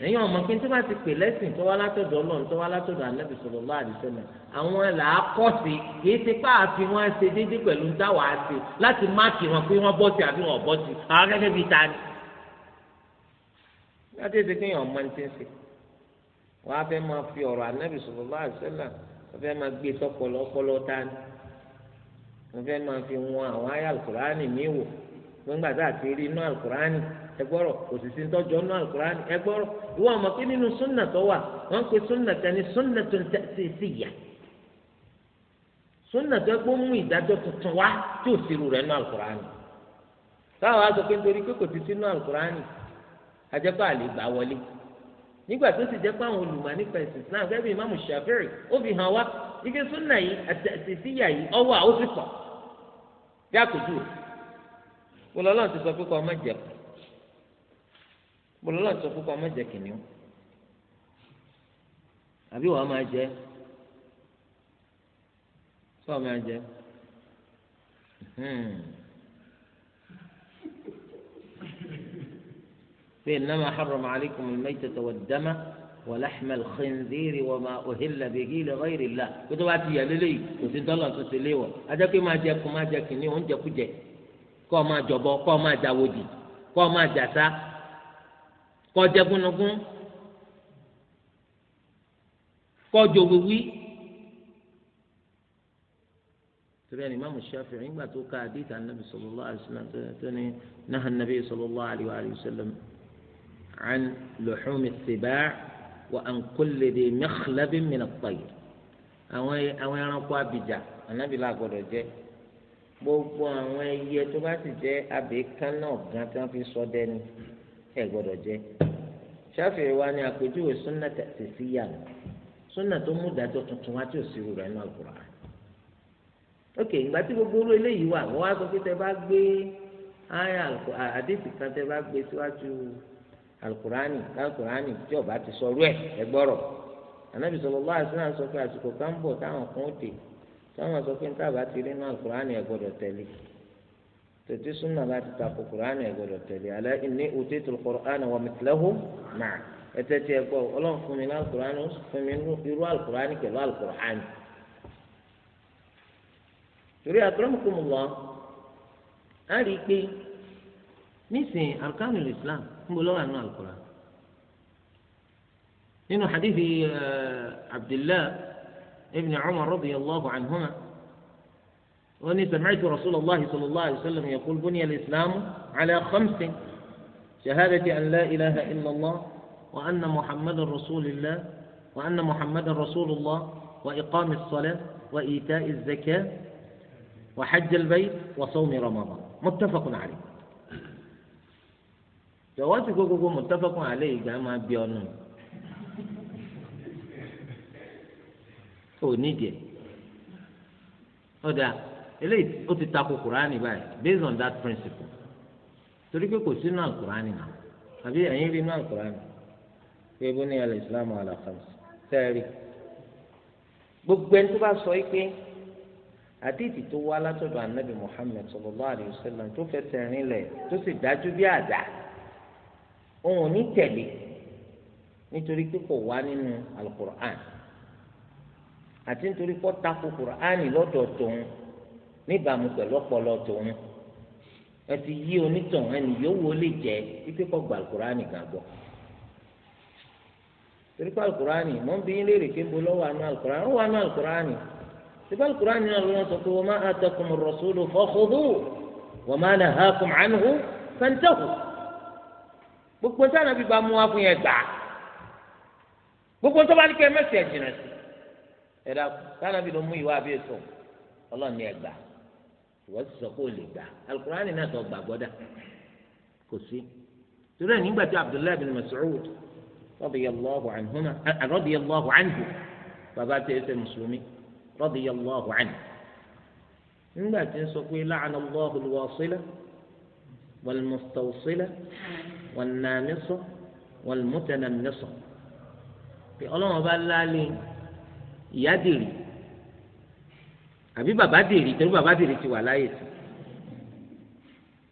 lẹ́yìn ọmọ pé tó bá ti pè lẹ́sìn tó wá látọ̀dọ̀ ọlọ́run tó wá látọ̀dọ̀ anábì sallallahu alaihi wasallam àwọn làákọ́sí kì í ti pa àfi wọn ṣe déédéé pẹ̀lú táwa ṣe láti máàkì wọn pé wọ́n bọ́sì àbí wọn bọ́sì àwọn gẹ́gẹ́ bíi ta ni. láti ṣe kéèyàn ọmọ ní ti ń ṣe wọ́n á fẹ́ máa fi ọ̀rọ̀ anábì sallallahu alaihi wasallam wọ́n fẹ́ máa gbé tọpọlọ ọpọlọ ta ni. mo fẹ́ máa fi wọn àwọn ayé alukurani mi wò gbọ́ngbà a ti rí inú alukurani ẹgbọ́rọ̀ kò sì sí tọ́jọ́ inú alukurani ẹgbọ́rọ̀ ìwọ ọmọ pé nínú súnà tó wà wọ́n pe súnà kan súnà tó ń tẹ̀sí sí yà súnà tó gbó mú ìdájọ́ tuntun wá tí ò sí irú rẹ̀ inú alukurani pé nítorí pé kò ti sí inú alukurani àlè gbà wọlé nígbà tó àwọn olùmọ̀ nípa ìsìn Islam gẹ́gẹ́ bí ike súnà yìí àtẹ̀síyà yìí ọwọ́ àwọn ti sọ bí àkójú rẹ̀ bọ́lọ́lọ́ ti sọ pé kọ́ ọmọ jẹ bọ́lọ́lọ́ ti sọ pé ọmọ jẹ kìnìún àbí wàá máa jẹ sọ máa jẹ hmm. pé innama harrama alaykum al-maytata dama ولحم الخنزير وما أهل به لغير الله كتبات يا للي وسيد الله تسليوا أجاك ما جاك ما جاك ني وانت كجي كو ما جبو كو ما جاودي كو ما جاسا كو جاكونكون كو جوغوي تبين الإمام الشافعي ما توقع حديث عن النبي صلى الله عليه وسلم نهى النبي صلى الله عليه وآله وسلم عن لحوم السباع wa an kulli dhi mikhlabin min at-tayr àwọn àwọn ẹranko abìjà ànábì la gbọ́dọ̀ jẹ gbogbo àwọn ẹyẹ tó bá ti jẹ abèékán náà gan tí wọn fi sọ dẹni ẹ gbọ́dọ̀ jẹ Ṣáfi'í wa ni àpèjúwe súnà tẹsí sí yàrá súnà tó mú ìdájọ́ tuntun wá tí ò sí rẹ náà gbọrọ ok ìgbà tí gbogbo orú eléyìí wà wọn wá sọ pé tẹ bá gbé àdéhùn kan tẹ bá gbé síwájú. Si alukurani alukurani tí ọba ti sọrú ẹ ẹgbọrọ anabi sallallahu alaihi wasallam sọ pé àsìkò kan bọ̀ táwọn kan ó dé táwọn sọ pé níta bá ti rí náà alukurani ẹ gbọ́dọ̀ tẹ̀lé tètè súnà bá ti takò kurani ẹ gbọ́dọ̀ tẹ̀lé ala inni utitul qur'ana wa mithlahu ma'a ẹtẹ tí ẹ gbọ́ Ọlọ́run fún mi ní alukurani fún mi irú alukurani pẹ̀lú alukurani torí akramakumullah á rí i pé nísìnyí arkanu islam. أنواع القرآن àánú حديث آه، عبد الله ابن عمر رضي الله عنهما وأني سمعت رسول الله صلى الله عليه وسلم يقول بني الإسلام على خمس شهادة أن لا إله إلا الله وأن محمد رسول الله وأن محمد رسول الله وإقام الصلاة وإيتاء الزكاة وحج البيت وصوم رمضان متفق عليه wọ́n sì gbogbo mọ̀tọ́fọ́kùn alẹ́ ìgbà máa bí ọ̀nà ò nídìí ọ̀dà eléyìí ó ti takò kùránì báyìí based on that principle torí pé kò sínú àkùránì náà àbí ẹ̀yin rí inú àkùránì pé bó ní alẹ́ ìsìlámù àlàkàmù sẹ́ẹ̀rì gbogbo ẹni tó bá sọ yìí pé àdéhìí tó wá látọ̀dọ̀ ànábì Muhammad sallallahu alaihi wasallam tó fẹsẹ̀ rinlẹ̀ tó sì dájú bí àdá òun ò ní tẹ̀lé nítorí pé kò wá nínú alukur'an àti nítorí pé tako kur'an lọ́dọ̀ tòun níbàámu pẹ̀lú ọpọlọ tòun ẹ ti yí onítàn ẹni yòówó lè jẹ wípé kò gba alukur'an gan gbọ́ torí pé alukur'an mọ̀ bí yín léèrè pé ń lọ́wọ́ àánú alukur'an ó wà ní alukur'an síbẹ̀ alukur'an náà ló sọ pé wa ma atakumur rasulu fakhudhu wa ma nahakum anhu fantahu. gbogbo tí ànábì bá mú wá fún gbaa gbogbo tó bá ní kẹ́ mẹ́sì ẹ̀ jìnà sí ẹ ló mú ìwà àbí èso ọlọ́ọ̀ni ẹ̀ gbà ìwọ sì sọ pé lè gbà alukurani náà sọ gbà kò sí torí nígbà tí abdullahi bin mas'ud radiyallahu anhuma radiyallahu anhu bàbá tẹ̀ ẹ́ sẹ́ mùsùlùmí radiyallahu anhu nígbà tí ń sọ pé la'ana wannamisu walmutanamisu pé ọlọ́run bá láàlẹ́ ìyá dèrè àbí bàbá dèrè torí bàbá dèrè ti wà láyè sí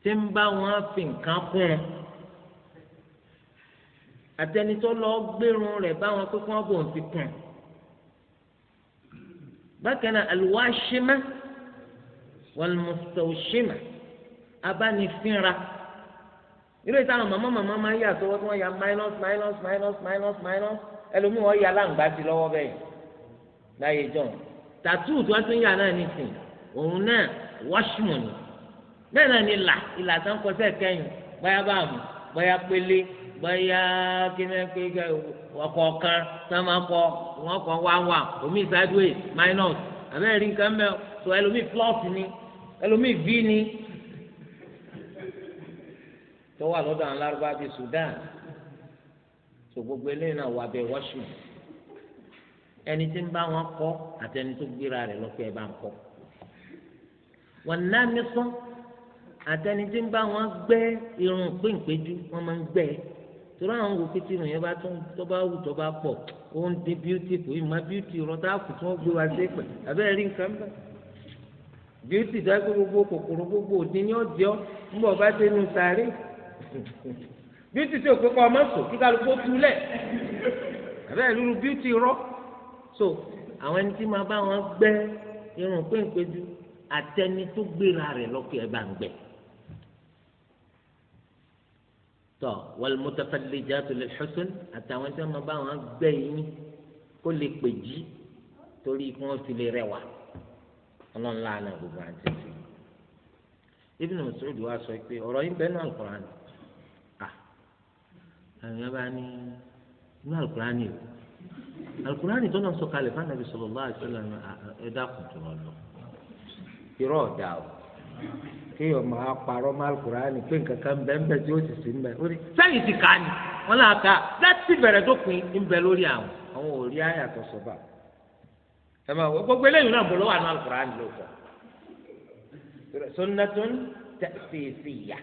tí ń bá wọn fi nǹkan kún un àtẹnitọ́ lọ gbérun rẹ̀ báwọn pé kí wọ́n bò ń fi kún un bákan náà alwashima walmustawshima abánifínra irú ìta àwọn màmá màmá máa ń yà sọ́wọ́ tí wọ́n ya minus minus minus minus minus ẹlòmíì wọ́n ya láǹgbá sí lọ́wọ́ bẹ́ẹ̀ láyé john tattoo tí wọ́n tún yà náà nìsín òun náà washmu ni bẹ́ẹ̀ náà ni là ìlà sáńkọsẹ́ kẹ́yìn báyà bá mú báyà pélé báyà kínákíná ọ̀kọ̀ọ̀kan sámakọ wọn kọ wá wà omi sideways minus àbẹ́rẹ́ nǹkan mẹ́ọ̀ tó ẹlòmíì plus ni ẹlòmíì v ni tó wà lọ́dọ̀ àwọn lárúbá bíi Sudan tó gbogbo eléyìí náà wà bẹ́ẹ̀ wọ́ṣù ẹni tí ń bá wọn kọ́ àti ẹni tó gbéra rẹ̀ lọ́pẹ́ ẹ bá ń kọ́ wọn ná mi sán àti ẹni tí ń bá wọn gbẹ́ irun péńpéjú wọn máa ń gbẹ́ torí àwọn wò pé tí irun yẹn bá tún tó bá wù tó bá pọ̀ ó ń di bíútìfù ìmọ̀ bíútì rọ́tà kù tí wọ́n gbé wá sí pẹ̀ abẹ́rẹ́ rí nǹkan bẹ́ẹ̀ bíútì dágbé gbogbo kòkòrò gbogbo òdin ni ó di ọ́ ń bọ̀ bá dénú sáré bíútì tí òpè pa ọmọ sò kí kálukú ó túlẹ̀ àbẹ́rẹ́ lulu bíútì rọ́ so àwọn ẹni tí máa bá wọn gbẹ́ irun péńpéjú àtẹni tó gbéra rẹ̀ lọ́kọ̀ ẹ̀ bá ń gbẹ. tọ walmutafallijatu lilhusn àtàwọn tí wọn bá wọn gbẹ́ yín kó lè pè jí torí kí wọn fi lè rẹwà ọlọ́run láàánú gbogbo àti ìsìn. Ibn Mas'ud wa sọ pé ọ̀rọ̀ yín bẹ́ẹ̀ náà Al-Qur'an àwọn yẹn bá ní inú alukurani o alukurani tó náà sọ̀kalẹ̀ fún anabi sallallahu alaihi wasallam ẹ̀dá kùtùrọ̀ lọ irọ́ ọ̀dà o kéèyàn máa parọ́ má alukurani pé nǹkan kan bẹ́ẹ̀ bẹ́ẹ̀ tí ó sì sí ń bẹ̀ ó ní sẹ́yìn ti kà á ní wọn là ká láti bẹ̀rẹ̀ tó pin ń lórí àwọn àwọn ò rí àyà tó sọ bá ẹ máa wọ gbogbo eléyìí náà bọ̀ lọ́wọ́ àná alukurani ló kọ́ sunnatun ta'sisiyya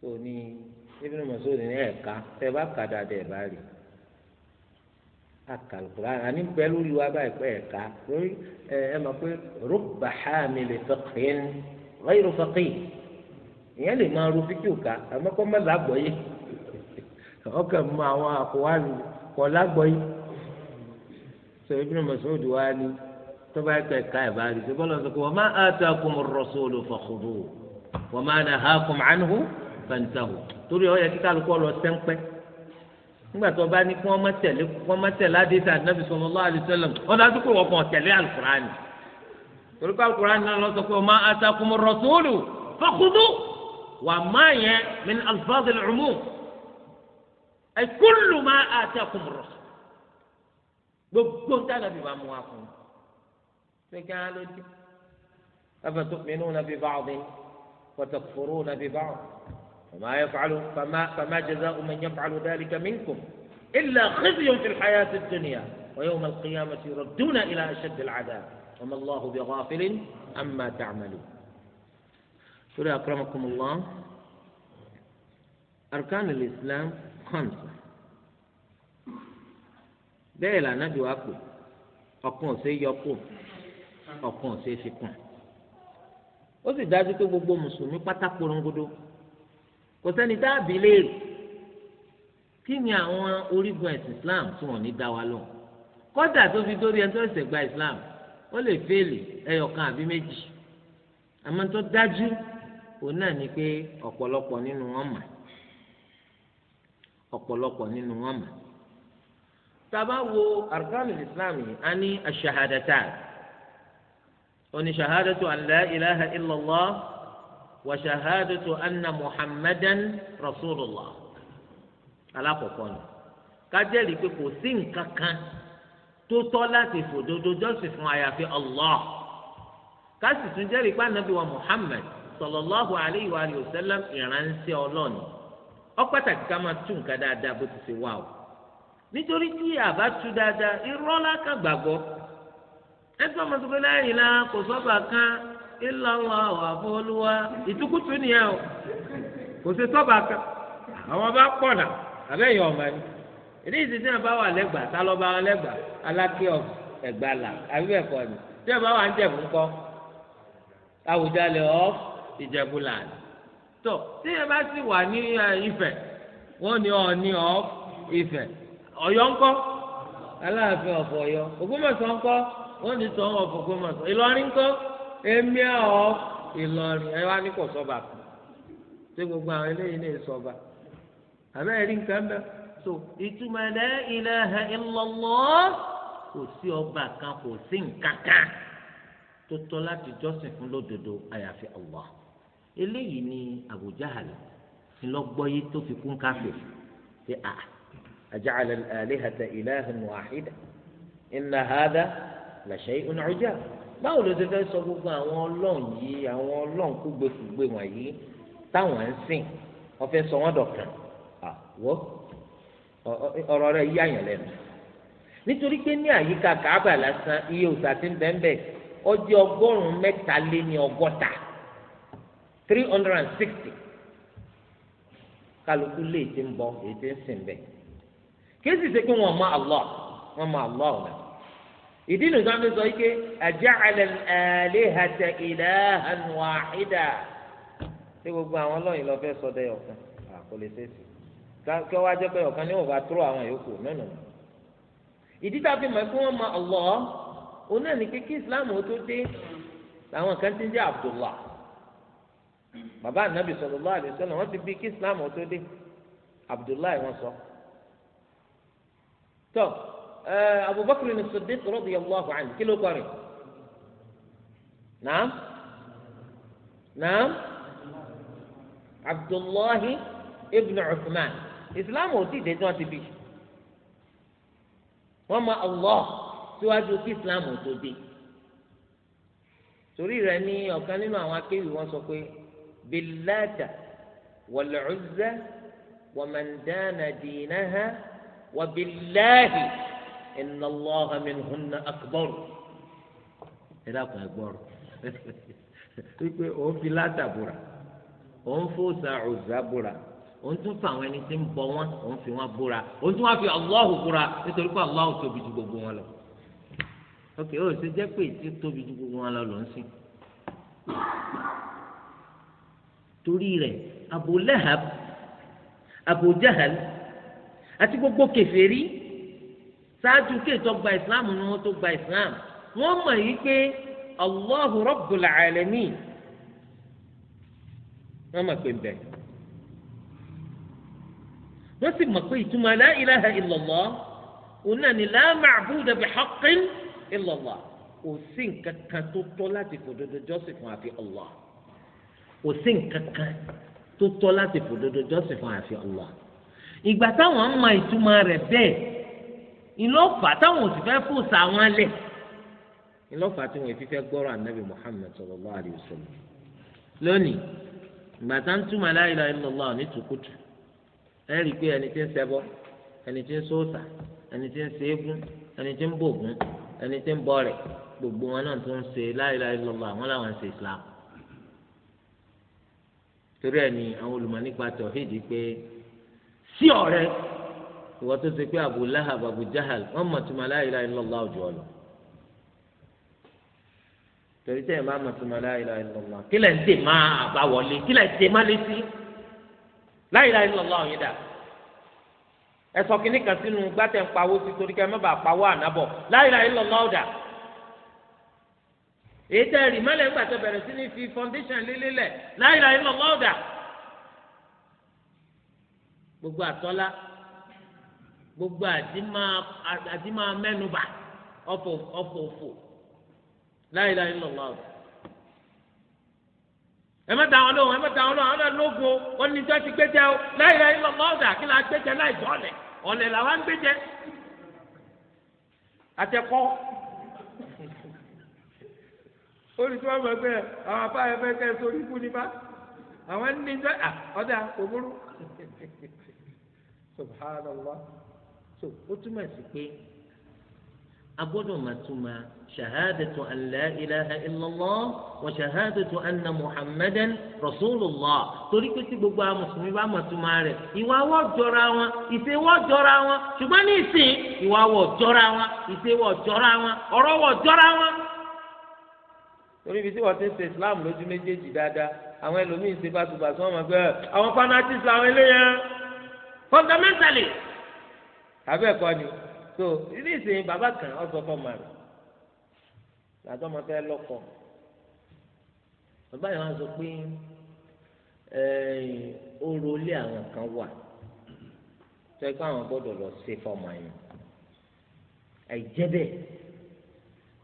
so ní. Ibn Mas'ud ní ẹ̀ka tẹ bá kà dáadáa ẹ̀ bá rí akalukura àní pẹ̀lú ìwà báyìí pé ẹ̀ka lórí ẹ ẹ mọ̀ pé rubba hamil fiqhin ghayru faqih ìyẹn lè máa ro fíkì òkà àmọ́ kọ́ mọ́ làgbọ́ yìí ọkàn mọ àwọn àkọ́wálù kọ́ làgbọ́ yìí sọ Ibn Mas'ud wá ní tọ́ba ẹ̀ka ẹ̀ka ẹ̀ bá rí ṣe bọ́lá sọ pé wa ma atakumur rasulu fakhudhu wa ma nahakum anhu fantahu torí ọ yẹ kí kálukú ọ lọ sẹ́ńpẹ́ nígbà tó bá ní kí wọ́n má tẹ̀lé wọ́n má tẹ̀lé adéta nàbì sallallahu alaihi wasallam ọ̀dà àdúgbò wọ̀ kàn tẹ̀lé alukurani torí pé alukurani náà lọ sọ pé ma atakumu rasulu fakhudhu wà má yẹ min alfazil umum ẹ kullu ma atakumu rasul gbogbo ń tànà bí ba mú wa fún un ṣé kí á ló dé afa tu'minuna bi ba'd wa takfuruna bi ba'd. فما يفعل فما فما جزاء من يفعل ذلك منكم إلا خزي في الحياة الدنيا ويوم القيامة يردون إلى أشد العذاب وما الله بغافل عما تعملون سورة أكرمكم الله أركان الإسلام خمسة بيلا là أكو wa سي يقو ṣe سي kù ọ̀kan ṣe fi kù ó sì dájú kò sẹ́ni tá a bìlẹ̀ kí ni àwọn orígun ẹ̀sìn islam tí wọ́n ní dá kọ́dà tó fi dórí gba islam ó lè fẹ́ẹ̀lì ẹyọkan àbí méjì àmọ́ tó dájú òun náà ni pé ọ̀pọ̀lọpọ̀ nínú wọn mà ọ̀pọ̀lọpọ̀ wo arkanu islam yìí a ní aṣahadata oní shahadatu an ilaha illallah. وشهادة أن محمدا رسول الله alákọ̀ọ́kọ́ ni ká jẹ́rìí pé kò sí nǹkan kan tó tọ́ láti fòdodo jọ́sìn fún àyàfi Allah ká sì tún jẹ́rìí pé ànábì wa Muhammad sallallahu alayhi wa sallam ìránṣẹ́ ọlọ́ọ̀ni ó pàtàkì ká máa tún nǹkan dáadáa bó ti ṣe wà o nítorí tí àbá tú dáadáa irọ́ lákàgbàgbọ́ ẹgbẹ́ ọmọ tó fẹ́ láyìn la kò sọ́ba kan ilà wọn àwọn àbọ̀ olúwa ìtukùtù nìyẹn o kò sí sọ́ba kan àwọn bá pọ̀ nà àbẹ́yẹ ọ̀mọ ni ìdí ìsinsìnyí náà bá wà lẹ́gbàá tá lọ́ba wọn lẹ́gbàá aláké ẹ̀gbà là àbí ẹ̀kọ́ ni tí ẹ̀ bá wà ń jẹ̀bù ńkọ́ àwùjalè ọ́ ìjẹ̀bù là ni tó tí ẹ̀ bá sì wà ní Ifẹ̀ wọ́n ní ọ̀ ní ọ́ Ifẹ̀ Ọ̀yọ́ ńkọ́ Aláàfin ọ̀fọ̀ Ọ̀yọ́ Ògbómọ̀ṣọ́ ńkọ́ wọ́n ní sọ ọ̀fọ̀ Ògbómọ̀ṣọ́ Ìlọrin ńkọ́ èmi ọ̀ ìlọrin ẹ wá ní kò sọ́ba kù ṣé gbogbo àwọn eléyìí lè sọ́ba àbẹ́ ẹ̀rí nǹkan bẹ́ẹ̀ so ìtumọ̀ ẹ̀dẹ́ ilaha illallah kò sí ọba kan kò sí nǹkan kan tó tọ́ láti jọ́sìn fún lódodo àyàfi Allah eléyìí ni Abu Jahal ńlọgbọ́yé tó fi kún káfíń pé a aja'ala al-alihata ilahan wahida inna hadha la shay'un 'ujab. báwo ló ṣe fẹ́ sọ gbogbo àwọn ọlọ́run yìí àwọn ọlọ́run kúgbèkúgbè wọ̀nyí táwọn ń sìn wọ́n sọ wọ́n dọ̀kan àwọ̀ ọ̀rọ̀ rẹ̀ yí àyàn lẹ́nu nítorí pé ní àyíká kàábà lásán iye òòṣà ti ń ọjọ́ ọgọ́rùn-ún mẹ́ta ìdí nìyí tó ń sọ yìí pé aja'ala al-alihata ilahan wahida ṣé gbogbo àwọn ọlọ́yin lọ fẹ́ sọ dẹ́yọ̀ kan kò lè ṣe é sí kí wọ́n wá jẹ́ pé ọ̀kan ní òun bá tó àwọn yòókù nínú ìdí tá a fi mọ̀ pé wọ́n mọ Allah òun náà ní pé kí tó dé làwọn kan ti ń jẹ́ Abdullah bàbá anabi sallallahu alaihi wasallam wọ́n ti bí kí Islam tó dé Abdullah wọ́n sọ. آه، أبو بكر الصديق رضي الله عنه كله قاري نعم نعم عبد الله ابن عثمان إسلام وتي دي توتي بي وما الله سوى جوك إسلام وتي سوري راني أو كان ما واكي وانسوكي باللات والعزة ومن دان دينها وبالله inna Allaha minhunna akbar ẹ dákun ẹ gbọ́rọ̀ wípé òun fi látàbúrà òun fòsà òzàbúrà òun tún fa àwọn ẹni tí ń bọ wọn òun fi wọn búra òun tún wá fi Allahu búra nítorí pé Allahu tóbi ju gbogbo wọn lọ ok ó ṣe jẹ́ pé tí tóbi ju gbogbo wọn lọ ló ń sìn torí rẹ̀ Abu Lahab àti gbogbo kèfèrí ṣáájú kéètò gba islam ni wọ́n tó gba islam wọ́n mọ̀ yìí pé allahu rabbul alamin wọ́n mọ̀ pé bẹ́ẹ̀ wọ́n sì mọ̀ pé ìtumọ̀ la ilaha illallah òun náà ni la ma'buda bihaqqin illallah kò sí nǹkan kan tó tọ́ láti fòdodo jọ́sìn fún àfi allah kò sí nǹkan tó tọ́ láti fòdodo jọ́sìn fún àfi allah ìgbà táwọn mọ ìtumọ̀ rẹ̀ bẹ́ẹ̀ ìlọ́fà táwọn ò sì fẹ́ fòsà wọn lẹ̀ ìlọ́fà tí wọn fi fẹ́ gbọ́rọ̀ ànábì Muhammad sallallahu alaihi wasallam lónìí ìgbà tá ń túmọ̀ la ilaha illallah ní tùkùtù ẹ rí i pé ẹni tí ń ṣẹbọ ẹni tí ń sóòsà ẹni tí ń ṣeégún ẹni tí ń bògún ẹni tí ń bọ̀rẹ̀ gbogbo wọn náà tó ń ṣe la ilaha illallah àwọn làwọn ń ṣe Islam torí ẹni àwọn olùmọ̀ nípa tọ̀hídìí pé ìwọ tó Abu Lahab Abu Jahal wọn mọ̀ tó máa la ilaha illallah òjò ọ̀lọ́ torí tẹ́ ẹ̀ máa mọ̀ tó máa la ilaha kí ń tè má kí ń tè má la ilaha dà ẹ sọ kan sínú ń pawó sí torí ẹ má bàa la èyí ẹ bẹ̀rẹ̀ sí ní fi la ilaha illallah gbogbo àtọ́lá gbogbo àti máa mẹ́nuba ọ̀pọ̀ òfò láìláì lọ́wọ́ àwọn. ẹ má ta wọn lóhùn ẹ má ta wọn lóhùn àwọn náà lógo wọn ní tí wọn ti gbẹjẹ o láìláì lọ́wọ́ ọ̀dà kí la gbẹjẹ láì jọ ọ̀lẹ̀ ọ̀lẹ̀ làwọn ń gbẹjẹ àtẹkọ́ olùtọ́ ọmọ ẹgbẹ́ àwọn afáyẹ fẹ́ kẹ́ sórí ikú nípa àwọn ẹni ní ọ̀dà òmùrú subhanallah so ó túmọ̀ sí pé a gbọ́dọ̀ máa túmọ̀ shahadatu an la ilaha illallah wa shahadatu anna muhammadan rasulullah torí pé tí gbogbo àwọn mùsùlùmí bá máa túmọ̀ rẹ̀ ìwà wọ́ jọra wọn ìṣe wọ́ jọra wọn ṣùgbọ́n ní ìsìn ìwà wọ́ jọra wọn ìṣe wọ́ jọra wọn ọ̀rọ̀ wọ́ jọra wọn torí ibi tí wọ́n ti ń ṣe islam lójú méjèèjì dáadáa àwọn ẹlòmíín ṣe báṣubàṣu wọn máa gbé eh, àwọn fanatics làwọn eléyẹn fundamentally abẹ́ẹ̀kọ́ ni so ilé ìsìn bàbá kan ọ̀sọ̀ fọmọ rẹ̀ làtọ́ ọmọ fẹ́ lọ́kọ bàbá yẹn wá sọ pé oró ilé àwọn kan wà tó ẹ pé àwọn gbọ́dọ̀ lọ sí fọmọ yẹn àìjẹ́ bẹ́ẹ̀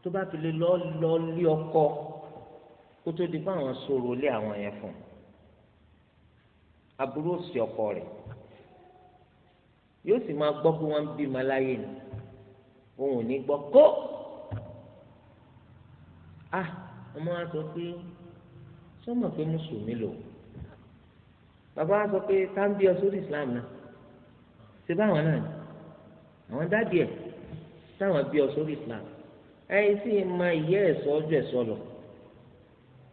tó bá fi lè lọ lọ lé ọkọ kó tó di pé àwọn sọ̀rọ̀ ilé àwọn yẹn fún aburú òsì ọkọ rẹ̀ yóò sì máa gbọ́ pé wọ́n ń bímọ láyé ni òun ò ní gbọ́ kó a ah, ọmọ wa sọ pé sọmọ pé mùsùlùmí lò bàbá wa sọ pé táǹbì ọsọdún islam náà ṣe báwọn náà ni àwọn dádìí ẹ táwọn bí ọsọdún islam ẹ̀yin sì máa ìyẹ ẹsọ ọjọ́ ẹsọ lọ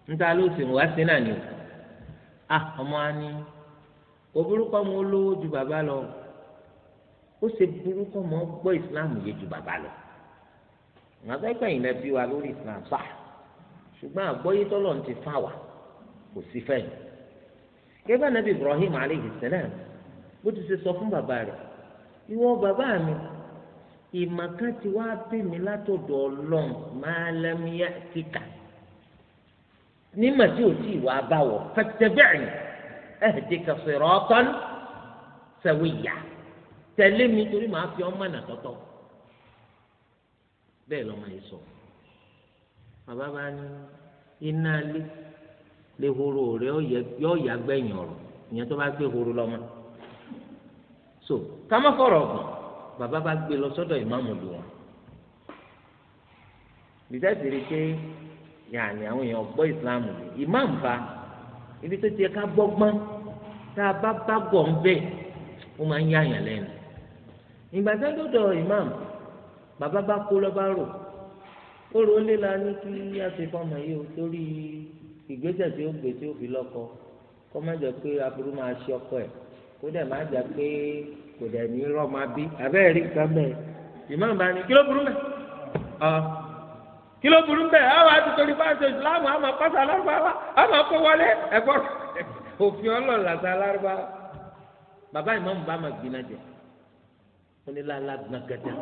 níta ló sì wá sí náà ni ah, ọmọ wa ni òbúrúkọ mo lówó ju bàbá lọ ó ṣe burú kọ́ mọ́ gbọ́ ìsìláàmù yé ju bàbá lọ màtá ìgbẹ̀yìn lẹ bí wa lórí ìsìláàmù fà ṣùgbọ́n àgbọ́yé tọ́lọ̀ ń ti fà wá kò sí fẹ́yìn kébà nàbí Ibrahim aleyhi salam bó ti ṣe sọ fún bàbá rẹ̀ ìwọ bàbá mi ìmọ̀ ti wá bí mi látọ̀dọ̀ ọlọ́run máa lẹ́míyà kíkà nímọ̀ tí ò tí wá bá wọ̀ fattabi'ni ahdika siratan sawiyya tẹ̀lé mi torí màá fi ọmọ nà tọ́tọ́ bẹ́ẹ̀ lọ́mọ yìí sọ bàbá bá ní iná lé lè horo rẹ yọ ya gbẹ̀yìn ọ̀rọ̀ ìyẹn tó bá gbé horo lọ́mọ so kámọ́kọ̀rọ̀ ọ̀gbọ̀n bàbá bá gbé lọ sọ́dọ̀ ìmáàmù lù wọn bìtẹ́sì rí i pé yàní àwọn èèyàn gbọ́ ìsìláàmù rẹ̀ ìmáàmù bá ibi tó ti yẹ ká gbọ́gbọ́n tá a bá bá gọ̀ ń bẹ̀ ó máa ń yáyàn lẹ́nu ìgbà tó dọ̀dọ̀ imam bàbá bá kó lọ́ba rò ó rò ó lé la ní kí á ṣe fọmọ yìí o torí ìgbésẹ̀ tí ó gbé tí ó fi lọ́kọ kó má jẹ́ pé aburú máa ṣe ọkọ ẹ̀ kó dẹ̀ má jẹ́ pé kò dẹ̀ ní rọ́ọ̀mà bí abẹ́rẹ́ rí nǹkan bẹ́ẹ̀ imam bá ní kí ló burú mẹ́ kí ló burú mẹ́ àwọn àti torí bá ṣe ìsìlámù àmọ́ pásá lárúbáwá àmọ́ kó wọlé ẹ̀kọ́ òfin ọlọ́ọ̀lá sa lárúbáwá bàbá imam bá máa onílàlà gbàgàdà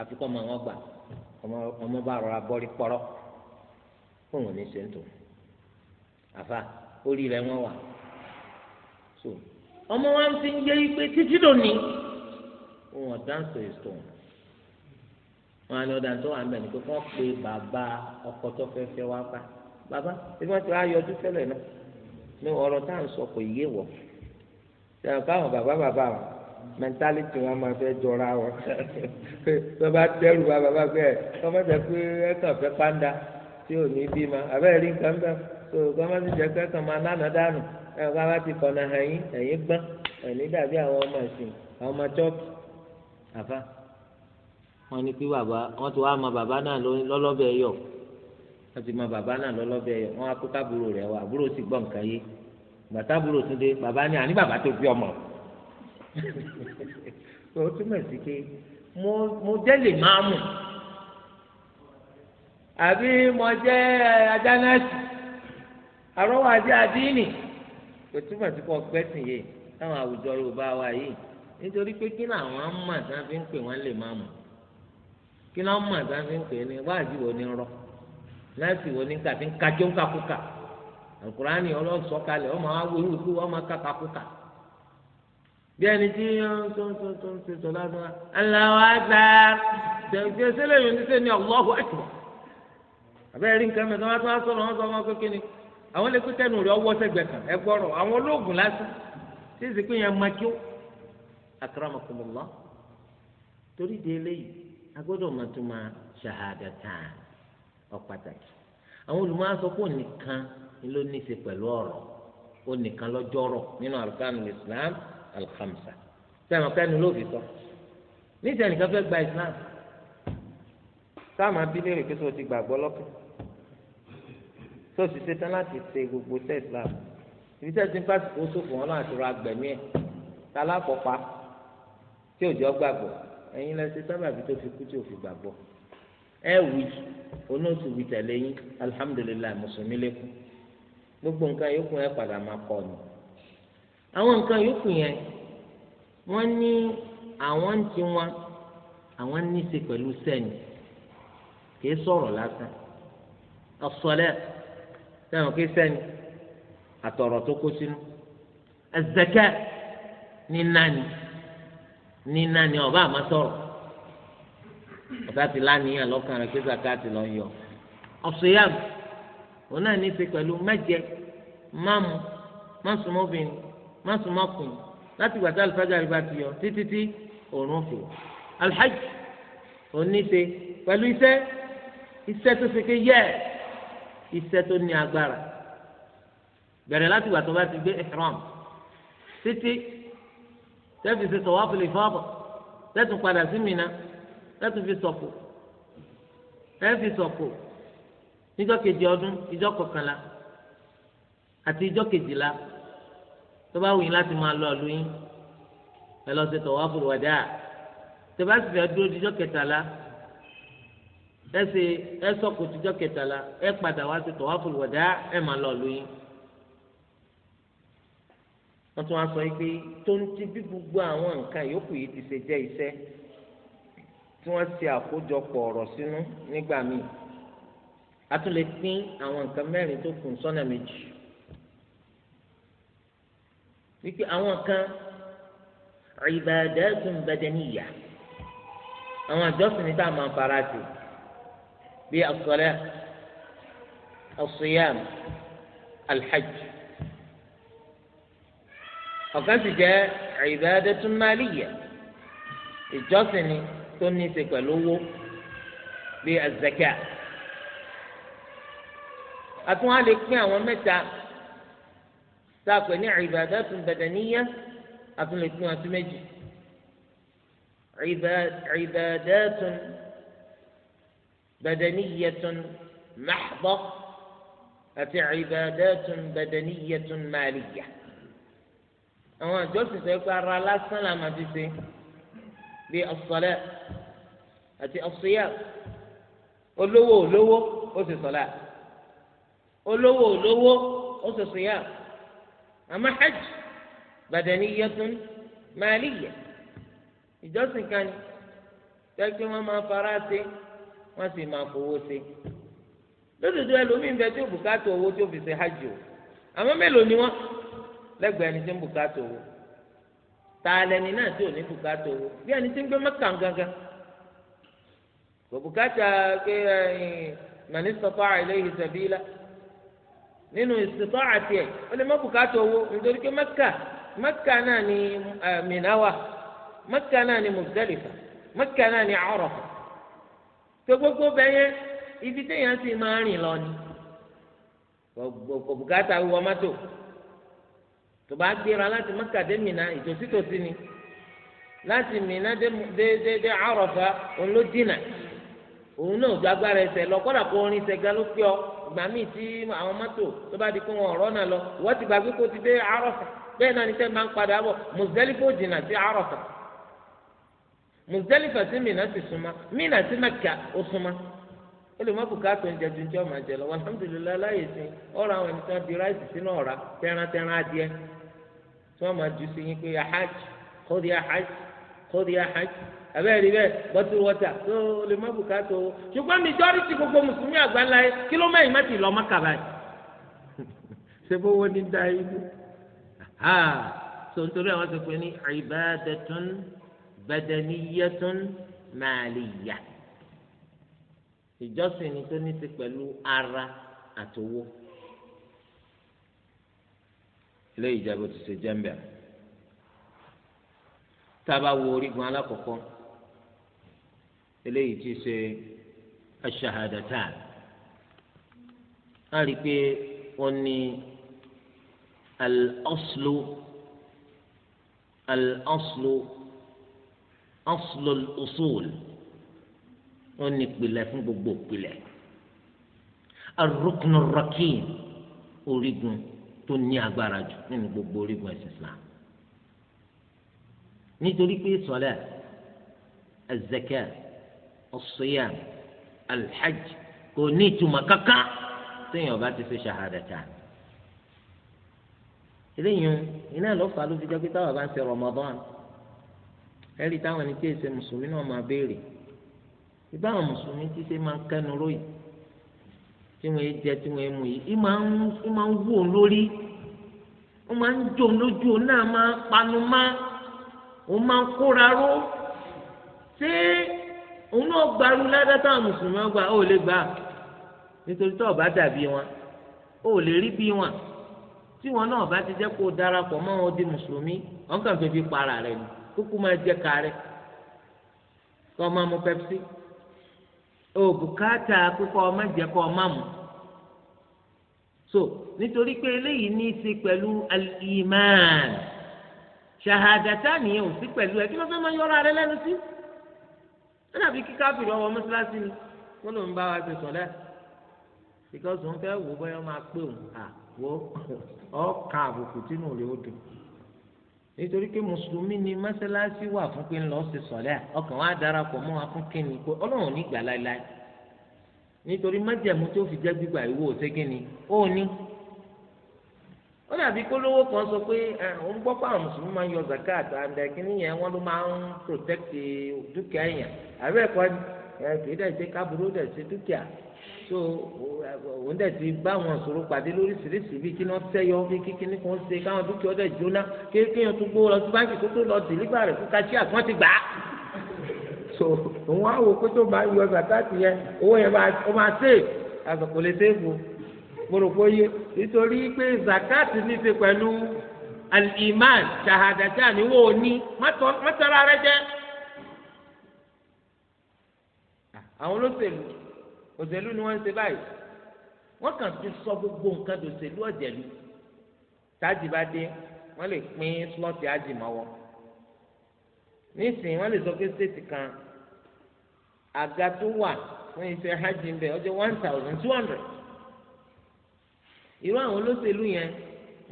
àfikún ọmọ wọn gbà ọmọ bá rọra bọ́rí pọ́rọ́ fún òun ní sèǹtò àfa orí rẹ wọn wà so ọmọ wa ti ń yé ipe títí lónìí òun ọ̀dáǹsọ̀ èso wọn ni ọ̀dà tó wà ń bẹ̀ ni pé wọ́n pe bàbá ọkọ tó fẹ́ fẹ́ wá bá bàbá ebi wọn ti wá yọjú tẹ́lẹ̀ náà ní ọ̀rọ̀ tá à ń sọ kò yé wọ̀ ṣe àwọn bàbá bàbá wọn mẹntálítì wọn máa fẹ́ jọra wọn tọba tẹrù wa bàbá bẹ́ẹ̀ kọmọtẹ pé ẹkàn fẹ́ pàǹdà tí ò ní bí ma àbẹ rí nǹkan bẹ tó kọmọtẹ jẹ pé ẹkàn máa nánà dànù ẹkàn bá ti kọnà ẹ̀yìn ẹ̀yìn gbọ́n ẹ̀yìn dàbí àwọn ọmọ ẹ̀sìn àwọn ọmọ chọọkì àfa wọn ní pé bàbá wọn ti wá ma bàbá náà lọlọbẹ yọ wọn ti ma bàbá náà lọlọbẹ yọ wọn akó kábúrò rẹ wá àbúrò sì gbọ́ nǹkan yé bàtà àbúrò bàbá ní àní bàbá tó bí ọmọ. tó o túmọ̀ sí pé mo jẹ́ lè máa mú àbí mo jẹ́ ajánásì àrọ́wọ́ àti àdínì kò túmọ̀ sí pé ọgbẹ́sìn yìí táwọn àwùjọ Yorùbá wa yìí nítorí pé kí làwọn á mọ̀ tí wọ́n fi ń pè wọ́n lè máa kí wo ni rọ láti wo ni fi ń bí ẹni tí ń tó ń tó lásán aláwọ àgbà ni ọlọ́hu ẹ̀tọ́ abẹ́rẹ́ rí nǹkan mẹ́ta wọ́n á sọ̀rọ̀ wọ́n sọ wọn kékeré ni àwọn lè pété nù rẹ̀ ọwọ́ sẹ́gbẹ̀ kan ẹ gbọ́rọ̀ àwọn olóògùn lásán tí ì sì pé yẹn torí di alhamsa sẹ́wọ̀n kẹ́nu ló fi sọ níta nìkan fẹ́ gba islam sáàmù abílẹ̀rẹ̀ pé sọ ti gbàgbọ́ lọ́kàn tó sì ṣetán láti ṣe gbogbo sẹ́ islam ibi tẹ́ ti ń pàṣípò sófò wọn láti ra gbẹ̀mí ẹ̀ ta lápọ̀pá tí òjò gbàgbọ́ ẹ̀yin lẹ́sẹ̀ sábàbí tó fi kú tí ò gbàgbọ́ ẹ wí onótù wí tẹ̀lé yín alihamudulilayi mùsùlùmí lẹ́kùn gbogbo nǹkan yòókù ẹ padà máa kọ́ ni. àwọn nǹkan yòókù yẹn wọ́n ní àwọn ń ti wọn àwọn ní í ṣe pẹ̀lú sẹ́ni kì í sọ̀rọ̀ lásán ọ̀sọ̀lẹ̀ sẹ́wọ̀n kì í àtọ̀rọ̀ tó kó sínú ẹ̀zẹ̀kẹ́ ọba àmọ́ sọ̀rọ̀ ọba ti lánìyàn lọ́kàn rẹ̀ pé zakati lọ yọ ọ̀sọ̀yàm òun náà ní í ṣe pẹ̀lú mẹ́jẹ má sùn má kùn láti gbàtà alifájà rẹ bá ti yọ títí tí òórùn fi alhaj oníṣe pẹ̀lú iṣẹ́ iṣẹ́ tó ṣe ké yẹ iṣẹ́ tó ní agbára bẹ̀rẹ̀ láti gbàtà bá ti gbé ihram títí tẹ́fì ṣe tọ̀wá fìlè fọ́ọ̀bọ̀ tẹ́tùn padà sí Mínà tẹ́tùn fi sọ̀kò tẹ́fì sọ̀kò níjọ́ kejì ọdún ìjọ́ kọkànlá àti ìjọ́ kejìlá tó bá wù yín láti máa lọ ọ̀lú yín ẹ lọ sí tawaful wadaa tó bá sì fẹ́ dúró dijọ́ kẹtàlá ẹ ṣe ẹ sọ̀kò dijọ́ kẹtàlá ẹ padà wá sí tawaful wadaa ẹ máa lọ ọ̀lú yín wọ́n tún wá sọ yìí pé tó bí gbogbo àwọn nǹkan yòókù yìí ti ṣe jẹ́ iṣẹ́ tí wọ́n ti àkójọpọ̀ ọ̀rọ̀ sínú nígbà míì a tún lè pín àwọn nǹkan mẹ́rin tó kù sọ́nà méjì wípé àwọn kan ìbàdàtun badaniyya àwọn àjọsìn ní tá a máa fara sí bíi as-salat as-siyam al-hajj ọ̀kan sì jẹ́ ìbàdàtun maliyya ìjọsìn ni táwọn maa ní í alhaj okan owó bíi az-zakat àtúnwá lè azakia zakat àwọn mẹ́ta. táàpẹ ní ibadatun badaniyya àtúnlẹ̀kùn àti méjì bàdàníyà tún mahdha àti tún bàdàníyà tún màlìyà. àwọn àjọ ti sọ pé ara lásán là máa ti ṣe bíi as-salat àti as-siyam olówó olówó sọlá olówó olówó ó sì olowo olowo o ti sola olowo olowo o ti sọ̀yà. àmọ́ hajj badaniyatun màálíyà ìjọsìn kan ní tẹ́kí wọ́n máa fara ṣe wọ́n sì máa fowó ṣe lódodo ẹlòmíín bẹ tí ó bùkátà owó tí ó fi ṣe hajj o àmọ́ mélòó ni wọ́n lẹ́gbẹ̀ẹ́ ẹni tí ń bùkátà owó ta lẹni náà tí ò ní bùkátà owó bí ẹni tí ń gbé mẹ́kàn gangan kò bùkátà pé ẹ̀ ẹ̀ mẹ́ni sọ́kọ́ àìlẹ́yìn nínú ìsìtọ́ àti ẹ̀ ó lè má bùkátà owó nítorí pé mẹ́kà mẹ́kà náà ni Mínà wà mẹ́kà náà ni Muzdalifa mẹ́kà náà ni Àràfà tó gbogbo bẹ́yẹ ibi téèyàn sì máa rìn lọ ni kò bùkátà wíwọ mọ́tò tó bá gbéra láti mẹ́kà dé Mínà ìtòsítòsí ni láti Mínà dé Àràfà òun ló dínà. òun náà ju agbára lọ kọ́dà kó orin ló ọ ìgbà míì tí àwọn mọ́tò tó bá di pé wọn ọ̀rọ̀ náà lọ wọ́n ti gbàgbé kó ti dé Àrọ́fà bẹ́ẹ̀ náà ni sẹ́ máa ń padà bọ̀ Muzdalifa jìnnà sí Àrọ́fà Muzdalifa sí Mínà sì súnmọ́ Mínà sí Mẹ́kà ó súnmọ́ ó lè alhamdulilayi sí ọ̀rọ̀ àwọn àbẹ́rẹ́ bẹ́ẹ̀ bottle water tó o lè má bùkátà o ṣùgbọ́n majority gbogbo mùsùlùmí àgbáńlá yẹn kílómítà yìí má ti lọ mọ́kà báyìí ṣé bó wo ní da ibi sọ̀tọ́rọ̀ àwọn sọ pé ní ibadatun badaniyatun màlìyà ìjọsìn ni tó ní ti pẹ̀lú ara àtowó ilé ìjàgbọ́ ti ṣe jẹ́ńbẹ̀rẹ̀ tá a bá wo orígun alákọ̀ọ́kọ́ eléyìí ti ṣe aṣahadatan a rí i pé wọ́n ní al-aslu al-aslu aslu al-usul wọ́n ní ìpìlẹ̀ fún gbogbo ìpìlẹ̀ arukunu rakim orígun tó ní agbára jù nínú gbogbo orígun ẹ̀sìn Islam nítorí pé sọlẹ azẹkẹ as-siyam al-hajj kò ní ìtumọ̀ kankan téèyàn bá ti fi ṣahadatan eléyìí iná lọ́fà ló fi jẹ́ pé táwọn bá ń ṣe Ramadan ẹ̀rí táwọn ẹni tí èsè mùsùlùmí náà máa béèrè ìbáwọn mùsùlùmí ti ṣe máa ń kẹnu róyìn tí wọ́n jẹ tí wọ́n mu yìí ìmọ̀ ń wò lórí wọ́n máa ń jò lójú náà máa panu má òun máa ń kóra ró ṣé òun náà gbarú ládàá táwọn mùsùlùmí ọgbà ó lè gbà nítorí tó ọba dàbí wọn ó lè rí bí wọn tí wọn náà bá ti jẹ́ kó darapọ̀ mọ́ wọn di mùsùlùmí wọn kàn fẹ́ fi para rẹ̀ ni kúkú máa jẹ kárẹ̀ kọ́ máa mu pepsi oògùn káàtà kíkọ́ ọmọ jẹ́ kọ́ ọmọ mu so nítorí pé eléyìí ní í ṣe pẹ̀lú al-iman ṣahadata nìyẹn ò sí pẹ̀lú ẹ kí ló fẹ́ máa yọra rẹ lẹ́nu sí ó dàbí kí káfíìrì ọwọ́ mọ́ṣáláṣí ni wọ́n lòún bá wa ṣe sọ̀lẹ́ because òun fẹ́ wò bóyá máa pé òun à wò ọ̀ọ́kà àbùkù tínú rẹ̀ ó dùn nítorí pé mùsùlùmí ni mọ́ṣáláṣí wà fún pé ń lọ ṣe sọ̀lẹ́ ọkàn wa darapọ̀ mọ́ wa fún kíni pé ọlọ́run ní gbà láéláé nítorí májẹ̀mú tó fi jẹ́ gbígbà ìwò òṣèkínni ó ní ó dàbí kólówó kan sọ pé ó ń gbọ́ pé àwọn mùsùlùmí máa ń yọ zakat àdàkí nìyẹn wọ́n ló máa ń protect dúkìá èèyàn àbẹ́ ẹ̀kọ́ kì í dẹ̀ ṣe kábúrú dẹ̀ ṣe dúkìá so òun dẹ̀ ti bá àwọn ìṣòro pàdé lóríṣiríṣi bíi kí wọ́n tẹ́yọ bí kíkíní kan ṣe káwọn dúkìá dẹ̀ jóná kéèkéèyàn tó gbówó lọ sí báńkì kó tó lọ dìlígbà rẹ̀ fún kàṣíà kí wọ́n ti gbà á so òun á wò pé tó bá yọ zakat yẹn owó yẹn ó máa gbòrògbòye nítorí pé zakat ní í ṣe pẹ̀lú al-iman ṣahadata níwò ní mọ́tara rẹ jẹ́. àwọn olóṣèlú òṣèlú ni wọ́n ń ṣe báyìí wọ́n kàn ti sọ gbogbo nǹkan dòṣèlú ọ̀jẹ̀lú tájì bá dé wọ́n lè pín slọ́ọ̀tì ájì mọ́wọ́ nísìnyí wọ́n lè sọ pé stéètì kan àga tó wà fún iṣẹ́ hajj ń bẹ ọjọ́ one thousand two hundred irú àwọn olóṣèlú yẹn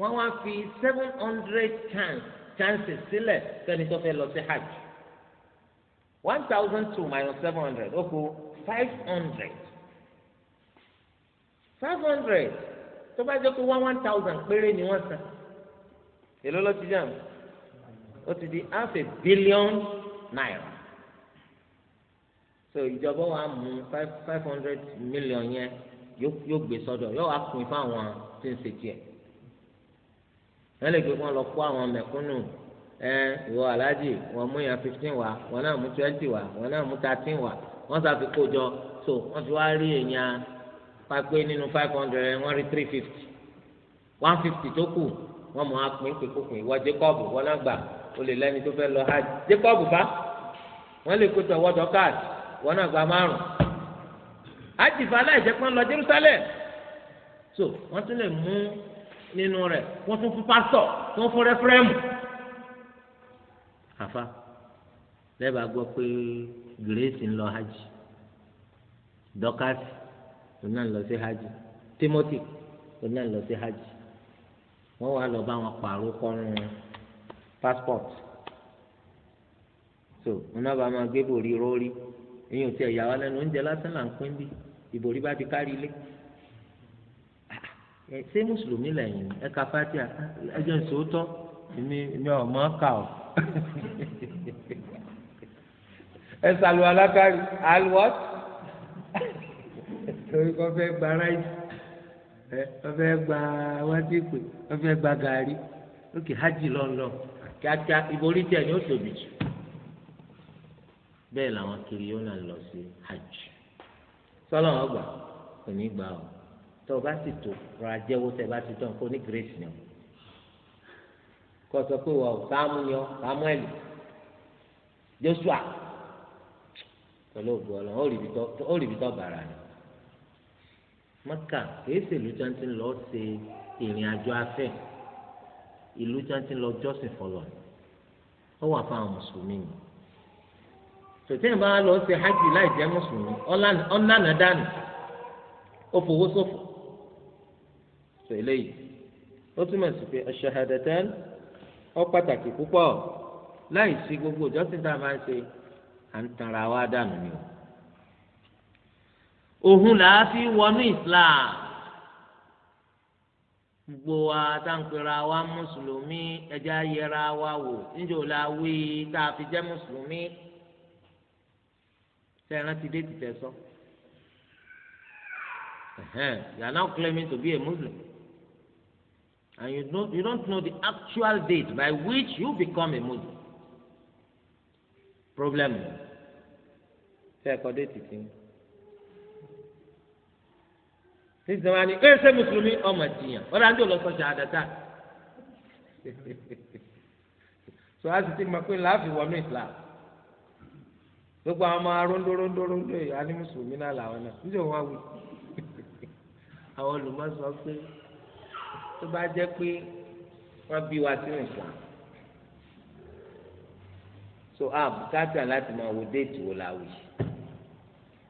wọ́n wá fi seven hundred chance chances sílẹ̀ fẹ́ni tó fẹ́ lọ sí hajj one thousand two minus seven hundred ó kó five hundred five hundred tó bá jẹ́ pé one one thousand péré ni wọ́n san èló ló ti jẹun ó ti di half a billion naira so ìjọba wa mú five five hundred million yẹn yóò gbé sọ́dọ̀ yóò wá pin fáwọn tí ń ṣe tiẹ̀ wọ́n lè gbé wọn lọ kó àwọn mẹ̀kúnnù ẹ ìwọ aláàjì wọ́n mú yàn fifteen wá wọ́n náà mú twenty wá wọ́n náà mú thirteen wá wọ́n sàfi kó jọ so wọ́n ti wá rí èèyàn pàgbé nínú five hundred wọ́n rí three fifty one fifty tó kù wọ́n mọ̀ á pín pínpín ìwọ jacob wọ́n náà gbà ó lè lẹ́ni tó fẹ́ lọ hajj jacob bá wọ́n lè kó tọwọ́ dọ́kàt wọ́n náà gba márùn-ún àjìfà aláìjẹpọn lọ Jerusalem so wọ́n tún lè mú nínú rẹ̀ wọ́n tún fún pásítọ̀ wọ́n fún rẹfúrẹmù àfa lẹ́ẹ̀bà gbọ́ pé gírèsì ń lọ hajj dọ́kásì òun náà ń lọ sí hajj timothy òun náà ń lọ sí hajj wọ́n wá lọ bá wọn pààrọ̀ kọ́run passport so òun náà bá máa gbé bòrí rórí èyí ò tiẹ̀ yà wá oúnjẹ lásán là ń pín bí ìbòrí bá ti kárí ilé ah, ṣé mùsùlùmí lẹ́yìn ẹ ka fati ẹjọ́ ìṣòótọ́ èmi mi ò mọ̀ ká o ẹ sàlù alákàrí alwọt torí kò fẹ́ gba ráìsì ẹ kò fẹ́ gba wátípè kò fẹ́ gba gàrí ókè hajj lọ́nlọ́ kíákíá ìbòrí tiẹ̀ ni ó tóbi jù bẹ́ẹ̀ làwọn kiri yóò náà lọ sí hajj sọlọ wọn gbà kò ní gbà o tó o bá sì tó rọra jẹ́wọ́ tẹ bá ti tán kó ní grace ni o kó o sọ pé wà o sáàmù ni ọ Samuel Joshua pẹ̀lú ògbó Ọlọ́run ó rí ibi tó bàrà ni mọ́kà kìí ṣèlú tí wọ́n ti lọ ṣe ìrìn àjò afẹ́ ìlú tí wọ́n lọ jọ́sìn fọlọ́ ọ wà fáwọn mùsùlùmí ni. sòtẹ́yìn bá lọ ṣe hajj láì jẹ́ mùsùlùmí ọ̀nàna dànù ó fowó ṣòfò sọ eléyìí ó túmọ̀ sí pé aṣahadatan ó pàtàkì púpọ̀ láì sí gbogbo ìjọsìn tá a máa ń ṣe à ń tanra wa dànù ni o òhun làá fi wọnú Islam gbogbo wa táǹpẹ̀rẹ̀ wa mùsùlùmí ẹja yẹra wa wò níjọ́ la wí tá a fi je mùsùlùmí. ṣe rántí dé tìtẹ sọ you are now claiming to be a muslim and you don't you don't know the actual date by which you become a muslim problem ṣe ẹkọ dé tìtì sísè wani ẹ ṣe mùsùlùmí ọmọ tìyàn ọ̀rọ̀ àti olùsọ̀jà àdàtà so as you a sì ti mọ̀ pé láàfin wọnú islam gbogbo àwọn ọmọ aróńdó róńdó róńdó yìí á ní mùsùlùmí náà làwọn náà níjẹ́ wọn wí àwọn olùmọ̀sọ pé tó bá jẹ́ pé wọ́n bí wa sínú ìsìlám so a bùkátà láti máa wo déètì wo la wí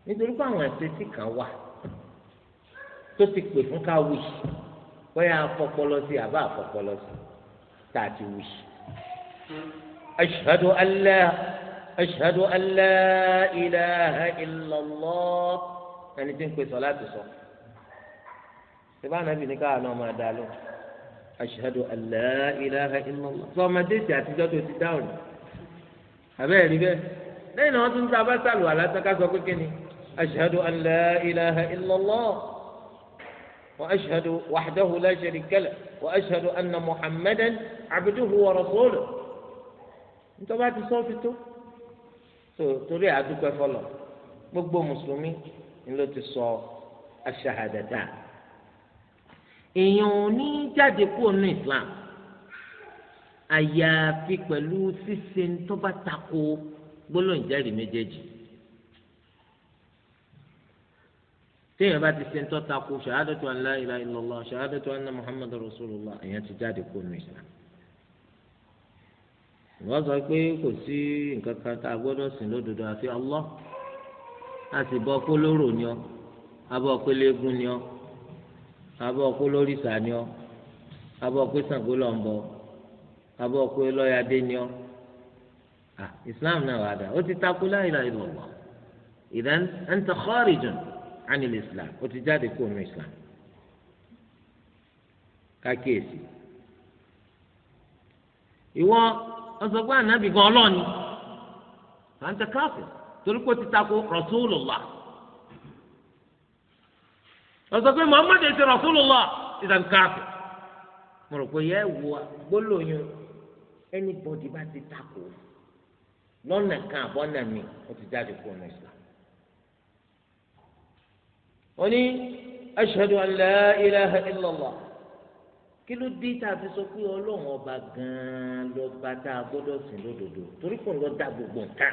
nítorí pé àwọn àṣetì kan wà tó ti pè fún ká wí bóyá afọpọlọ sí àbá afọpọlọ sí tá a ti wí. ashhadu an أشهد أن لا إله إلا الله أنا تنكو صلاة صلاة تبع نبي نكاة نوما دالو أشهد أن لا إله إلا الله صلاة ما ديتي أتجد وتتاوني أبي أريد لأنه أنت أبسل ولا تكاسو كني أشهد أن لا إله إلا الله وأشهد وحده لا شريك له وأشهد أن محمدا عبده ورسوله أنت بعد صوفته so torí àdúpẹ́ fọlọ gbogbo mùsùlùmí ni ló ti sọ aṣahadata èèyàn ò ní jáde kúrò ní islam àyàfi pẹ̀lú ṣíṣe tó bá tako gbólóhùn jẹ́rìí méjèèjì téèyàn bá ti ṣe ń tako ṣahadatu an la ilaha illallah ṣahadatu anna muhammadur rasulullah èèyàn ti jáde kúrò ní islam. ìwọ sọ pé kò sí nǹkan kan tá a gbọ́dọ̀ sìn lódodo àfi Allah a sì bọ pé lóró ni ọ abọ pé léegun ni ọ abọ pé lórìṣà ni ọ abọ pé Ṣàngó lọ ń bọ abọ pé lọ́yàdé ni ọ Islam náà wà dá ó ti takú la ilaha illallah idan anta kharijun anil Islam ó ti jáde kó nu Islam kákíyèsí ìwọ wọ́n sọ pé ànábì gan ọlọ́ọ̀ni fanta káfí torí pé ó ti tako rasulullah wọ́n sọ pé muhammad ti rasulullah ìdàn káfí mo rò pé yẹ wo gbólóyún anybody bá ti tako lọ́nà kan àbọ̀nà mi ó ti jáde kúrò ní islam wọ́n ní ashhadu an la ilaha illallah kí ló dé tá a fi sọ pé ọlọ́run ọba gan-an lọ́ba tá a gbọ́dọ̀ sìn lódodo torí kò ń lọ dá gbogbo nǹkan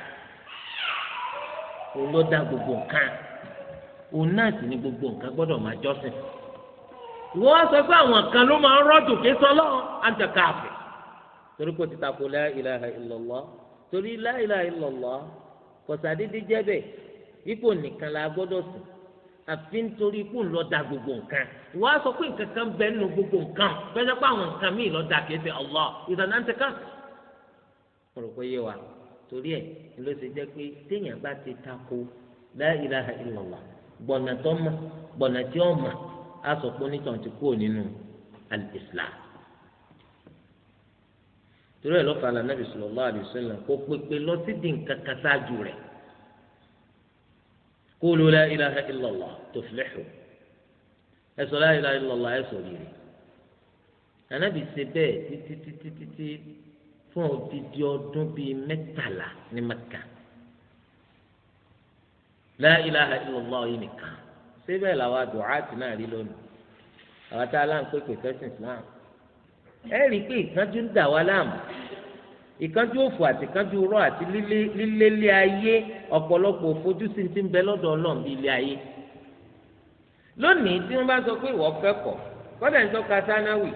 kò ń lọ dá gbogbo nǹkan òun náà sì ni gbogbo nǹkan gbọ́dọ̀ máa jọ́sìn ìwọ wá sọ pé àwọn kan ló máa ń rọ́jò ké sọlọ́ àjàkáàfẹ́ torí kò ti tako la ilaha illallah torí la ilaha illallah kọ̀sádédé jẹ́ bẹ́ẹ̀ ipò nìkan la gbọ́dọ̀ sìn àfi nítorí ikú ńlọ da gbogbo nǹkan ìwọ á sọ pé nǹkan kan bẹ nínú gbogbo nǹkan bẹ́ẹ̀ pé àwọn nǹkan míì lọ da kìí ṣe Allah ìdáná ń tẹ́ka. mo rò pé yé wa torí ẹ̀ ló ṣe jẹ́ pé téèyàn bá ti tako la ilaha illallah gbọ̀nà tó mọ̀ gbọ̀nà tí ó á sọ pé onítàn ti kúrò nínú al-Islam torí ẹ̀ lọ́fà lànà Nabi sallallahu alaihi wasallam kó pépé lọ sí di nǹkan kan ṣáájú rẹ̀ kúlù la ilaha illallah tuflihu ẹ sọ la ilaha illallah ẹ sọ rírì ànábì ṣe bẹ́ẹ̀ títí títí títí fún odidi ọdún bíi mẹ́tàlá ní Mẹ́kà la ilaha illallah yìí nìkan síbẹ̀ làwọn àdùáàtì náà rí lónìí àwọn tá a láǹpẹ̀ pẹ̀sẹ̀ Islam ẹ rí i pé ìkánjú ń dà wá láàmú ìkánjú òfò àti ìkánjú rọ àti lílé lé ayé ọ̀pọ̀lọpọ̀ òfojúsí ti ń bẹ lọ́dọ̀ ọlọ́run bí ilé ayé lónìí tí wọ́n bá sọ pé ìwọ kẹ́kọ̀ọ́ kọ́dà ń tọ́ka sánáwì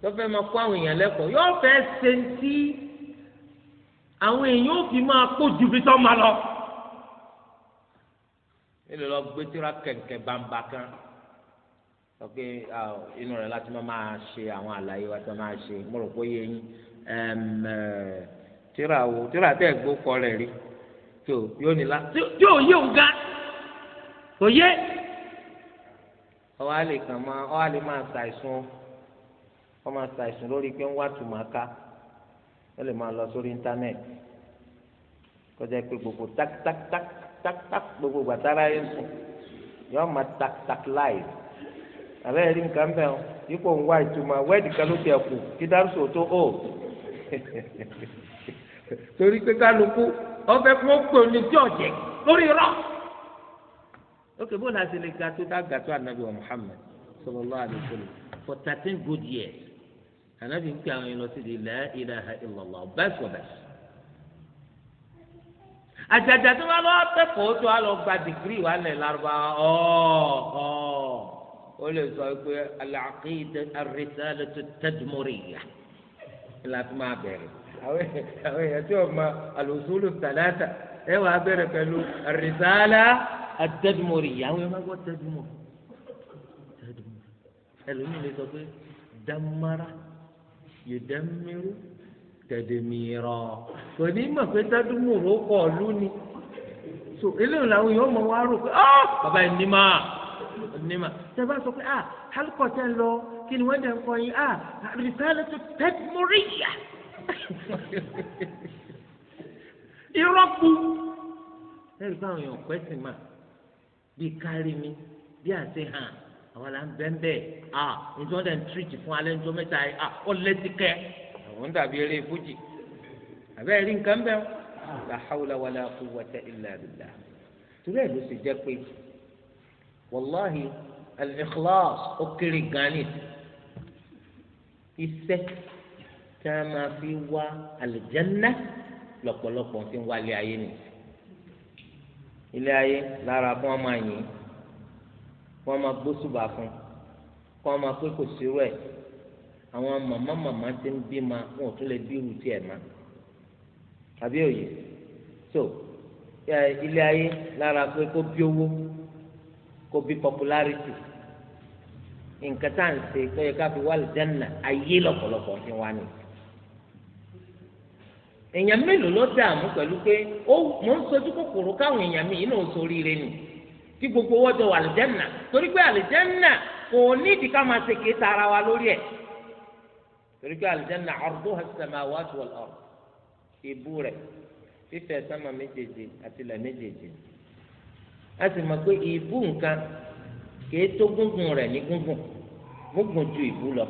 tó fẹ́ máa kó àwọn èèyàn lẹ́kọ̀ọ́ yóò fẹ́ ṣe ń tí àwọn èèyàn ò fi máa kó ju bí tọ́ máa lọ. nílò lọ gbé tíra kẹ̀kẹ́ bàǹbà kan sọ pé ah, inú rẹ̀ láti máa ṣe àwọn àlàyé wa tí máa ṣe mo rò yẹ yín tíra wo tíra tẹ́ gbó kọ rẹ̀ rí tó yóò nílá tí ò yé òun gan kò yé ọwọ́ àlè kàn máa ọwọ́ àlè máa ṣàìsùn ọ máa ṣàìsùn lórí pé ń wá tùmọ̀ọ́ká ó lè máa lọ sórí íńtánẹ́ẹ̀tì kọjá pé gbogbo tak tak tak tak tak gbogbo gbàtàrà yẹn sùn yọ ọ máa tak tak láì àbẹ́rẹ́ rí nǹkan bẹ́ẹ̀ o dípò ń wá ìtumọ̀ wẹ́ẹ̀dì kan ló ti ẹ̀kú kí dárúsọ tó o. Oh, torí pé kálukú ọ̀fẹ́ kó pè ní jọ̀jẹ̀ lórí rọ. ókè bó la ṣe lè ga tó dá ga tó ànábì wa Muhammad sallallahu alaihi wasallam for thirteen good years ànábì ń pè àwọn yẹn lọ sí di la ilaha illallah bẹ́ẹ̀ sọ bẹ́ẹ̀ àjàjà tó bá lọ́wọ́ akẹ́kọ̀ọ́ tó a lọ gba dìgírì wà lẹ̀ lárúbáwá ọ̀ ọ̀ ó lè sọ pé al-aqida ar la fi máa bẹ̀rẹ̀ àwọn èèyàn tí wọ́n ma alùsùlù tàlátà ẹ wà á bẹ̀rẹ̀ pẹ̀lú rìsálà àtẹ́dùmọ̀rì àwọn èèyàn máa gbọ́ tẹ́dùmọ̀ ẹlòmíì lè sọ pé dámárà yòdámẹ́rù tẹ̀dẹ̀mìíràn kò ní mọ̀ pé tẹ́dùmọ̀rì ó kọ̀ ọ̀lú ni so eléyìí làwọn èèyàn mọ̀ wá rò pé ọ́ ah, bàbá ẹ̀ ní mà ní mà tẹ́ bá sọ pé ah hálùkọ̀ tẹ́ lọ kí ni wọ́n dẹ̀ ń kọ́ yín ah risalatu tadmuriya irọ́pù lẹ́yìn báwọn èèyàn pẹ́ sí mà bíi kárí mi bí àti hàn àwọn là ń bẹ́ẹ̀ bẹ́ẹ̀ ah ǹjọ́ dẹ̀ ń tírìtì fún alẹ́ ǹjọ́ mẹ́ta yìí ah ó létí kẹ́ àwọn dàbí eré fújì àbẹ́ rí nǹkan bẹ́ẹ̀ la hawla wala quwwata illa billah torí ẹ̀ ló sì jẹ́ pé wàláhi al ó kéré gan-an iṣẹ́ tí wọ́n máa fi wá àlùjánnà lọ́pọ̀lọpọ̀ fi ń wá ilé ayé nì. ilé ayé lára kí wọ́n máa yìn kí wọ́n máa gbósùbà fún kí wọ́n máa pé kò sírú ẹ̀ àwọn màmá màmá ti ń bí ma wọn ò tún lè bí irú tiẹ̀ ma àbí òye so ilé ayé lára pé kó bí owó kó bí popularity. nǹkan tá à ń ṣe tó ká fi wá àlùjánnà ayé lọ́pọ̀lọpọ̀ fi wá ni. èèyàn mélòó ló dààmú pẹ̀lú pé ó mò ń sojú kòkòrò gbogbo wọ́n jọ wà àlùjánnà torí pé àlùjánnà kò nídìí ká máa ṣe kéta ara wa lórí ẹ̀ torí pé àlùjánnà arduha as-samawati wal rẹ̀ fífẹ̀ sánmà méjèèjì àti ilẹ̀ méjèèjì a kèé tó gúngùn rẹ̀ ní gúngùn gúngùn ju ìbú lọ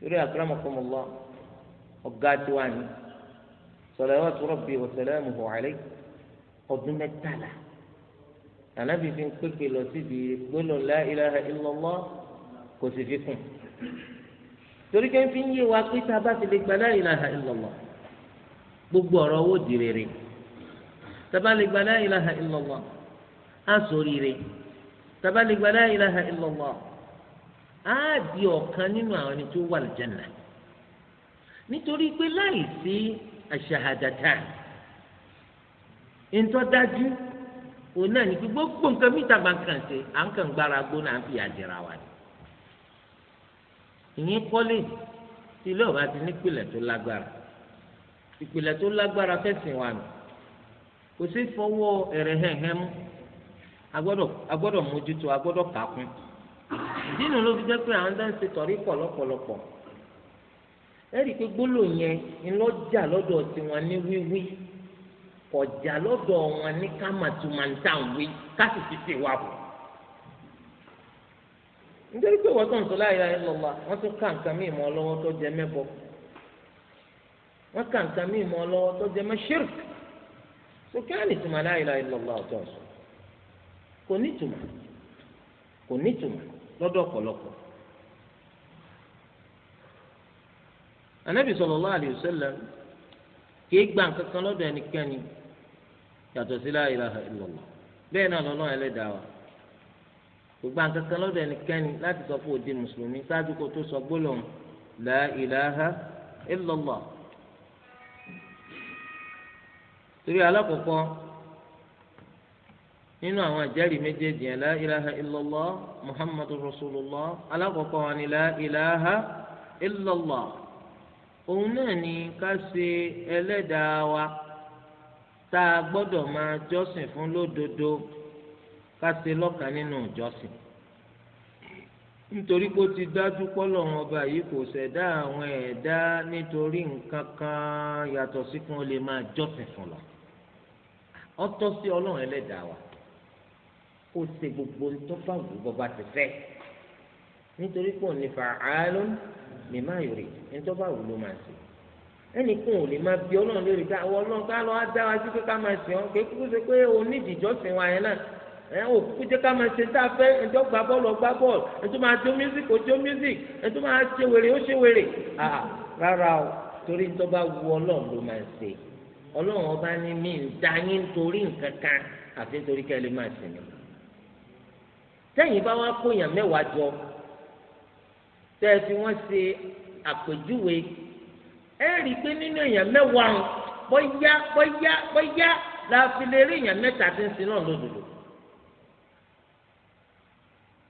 torí akramakumullah ọ̀gá tiwa ni salawatu rabbi wa salamuhu alayhi ọdún mẹ́tàlá nànàbí fi ń pèpè lọ síbi gbólóhùn la ilaha kò sì fi kùn torí pé ń fi ń yé wa pé tá a bá ti lè gba la ilaha gbogbo ọ̀rọ̀ owó di rere tá a bá lè gba la ilaha á sọ rere tabaligba la ilaha illallah á di ọ̀kan nínú àwọn ẹni tó wà lìjẹ́nà nítorí pé láì sí àṣàhàdàtà ntọ́dájú òun náà ní pé gbogbo nǹkan mìta máa ń kàn ṣe à ń kàn gbára gbóná à àjẹrà wa ni ìyẹn kọ́lé tí ilé ọba ti nípìnlẹ̀ tó lágbára ìpìlẹ̀ tó lágbára fẹ̀sìn wa nù kò sí fọwọ́ ẹ̀rẹ̀ hẹ̀hẹ̀ mú agbọdọ agbọdọ mójútó agbọdọ kàkún ìdínà ló fi jẹ́ pé àwọn dáhùn ṣe tọ̀rí pọ̀ lọ́pọ̀lọpọ̀ ẹ̀rí pé gbólóò yẹn ńlọ́jà lọ́dọ̀ tiwọn ní wíwí kọjá lọ́dọ̀ wọn ní wà nítorí pé wọ́n tó ń sọ la ilaha illallah wọ́n tún ká nǹkan míì mọ́ lọ́wọ́ tó jẹ mẹ́bọ wọ́n ká nǹkan míì mọ́ lọ́wọ́ tó jẹ mọ́ sókè kò nítumọ̀ kò nítumọ̀ lọ́dọ̀ ọ̀pọ̀lọpọ̀ anabi sallallahu alayhi wa sallam kìí gba nǹkan kan lọ́dọ̀ sí ilaha illallah náà lọ́nà ẹlẹ́dàá wa kò gba nǹkan láti sọ fún òde mùsùlùmí ṣáájú kó tó ilaha torí alákọ̀ọ́kọ́. nínú àwọn àjẹ́rìí méjèèjì yẹn la ilaha illallah muhammadu rasulullah alákọ̀ọ́kọ́ wa ni la ilaha illallah òun náà ni ká ṣe ẹlẹ́dàá wa tá a gbọ́dọ̀ máa jọ́sìn fún lódodo ká ṣe lọ́kàn nínú jọ́sìn. nítorí kó ti dájú pọ́lọ̀ wọn ọba yìí kò ṣẹ̀dá àwọn ẹ̀dá nítorí nǹkan kan yàtọ̀ sí kí wọ́n lè máa jọ́sìn fún lọ ọtọ́ sí ọlọ́run ẹlẹ́dàá wa kó ṣe gbogbo ntọ́fà wù bọ́ba ti fẹ́ nítorí pọ̀ ní fàáàlú ní má yòrè ntọ́fà wù ló máa ṣe ẹnì kan ò lè máa bí ọlọ́run lórí ká àwọn ọlọ́run ká lọ́ọ́ dá wa sí pé ká máa sìn ọ́ pé ṣe pé onídìíjọ́sìn wa yẹn náà ẹ ò kúkú jẹ́ ká máa ṣe tá a fẹ́ ẹjọ́ gba bọ́ọ̀lù ọgbà bọ́ọ̀lù ẹjọ́ máa jó music ó jó music ẹjọ́ máa ṣe wèrè ó ṣe wèrè rárá o torí tó bá wu ọlọ́run ló máa ṣe ọlọ́run ọba ní mí ń dá yín torí nǹkan kan àfi nítorí kẹ́lẹ́ máa sìn mí sẹ́yìn bá wọn kó yàn mẹ́wàá jọ tẹ́ ẹ fi wọ́n ṣe àpèjúwe ẹ rí i pé nínú èèyàn mẹ́wàá bọ́yá bọ́yá bọ́yá la fi lè rí èèyàn mẹ́ta tí ń sin náà lódodo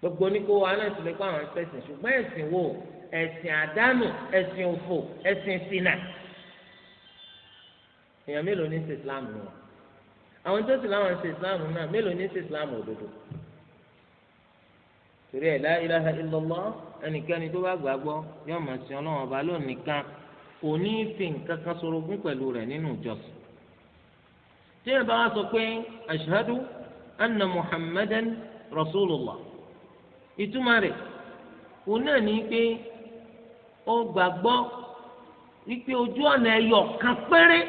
gbogbo oníkó wa náà ti lè kó àwọn ẹ̀sìn ṣùgbọ́n ẹ̀sìn wo ẹ̀sìn àdánù ẹ̀sìn òfò ẹ̀sìn ṣìnà èèyàn mélòó ní ṣe islam àwọn tó sì láwọn ṣe náà mélòó ní ṣe òdodo torí ẹ̀ la ilaha illallah ẹnikẹ́ni tó bá gbàgbọ́ yóò máa sin ọlọ́run ọba lónìí kan kò ní í fi nǹkan kan sorogún pẹ̀lú rẹ̀ nínú ìjọsìn. tí ẹ bá wá sọ pé ashhadu anna muhammadan rasulullah ìtumọ̀ rẹ̀ òun náà ní pé ó gbàgbọ́ wípé ojú ọ̀nà ẹyọ kan péré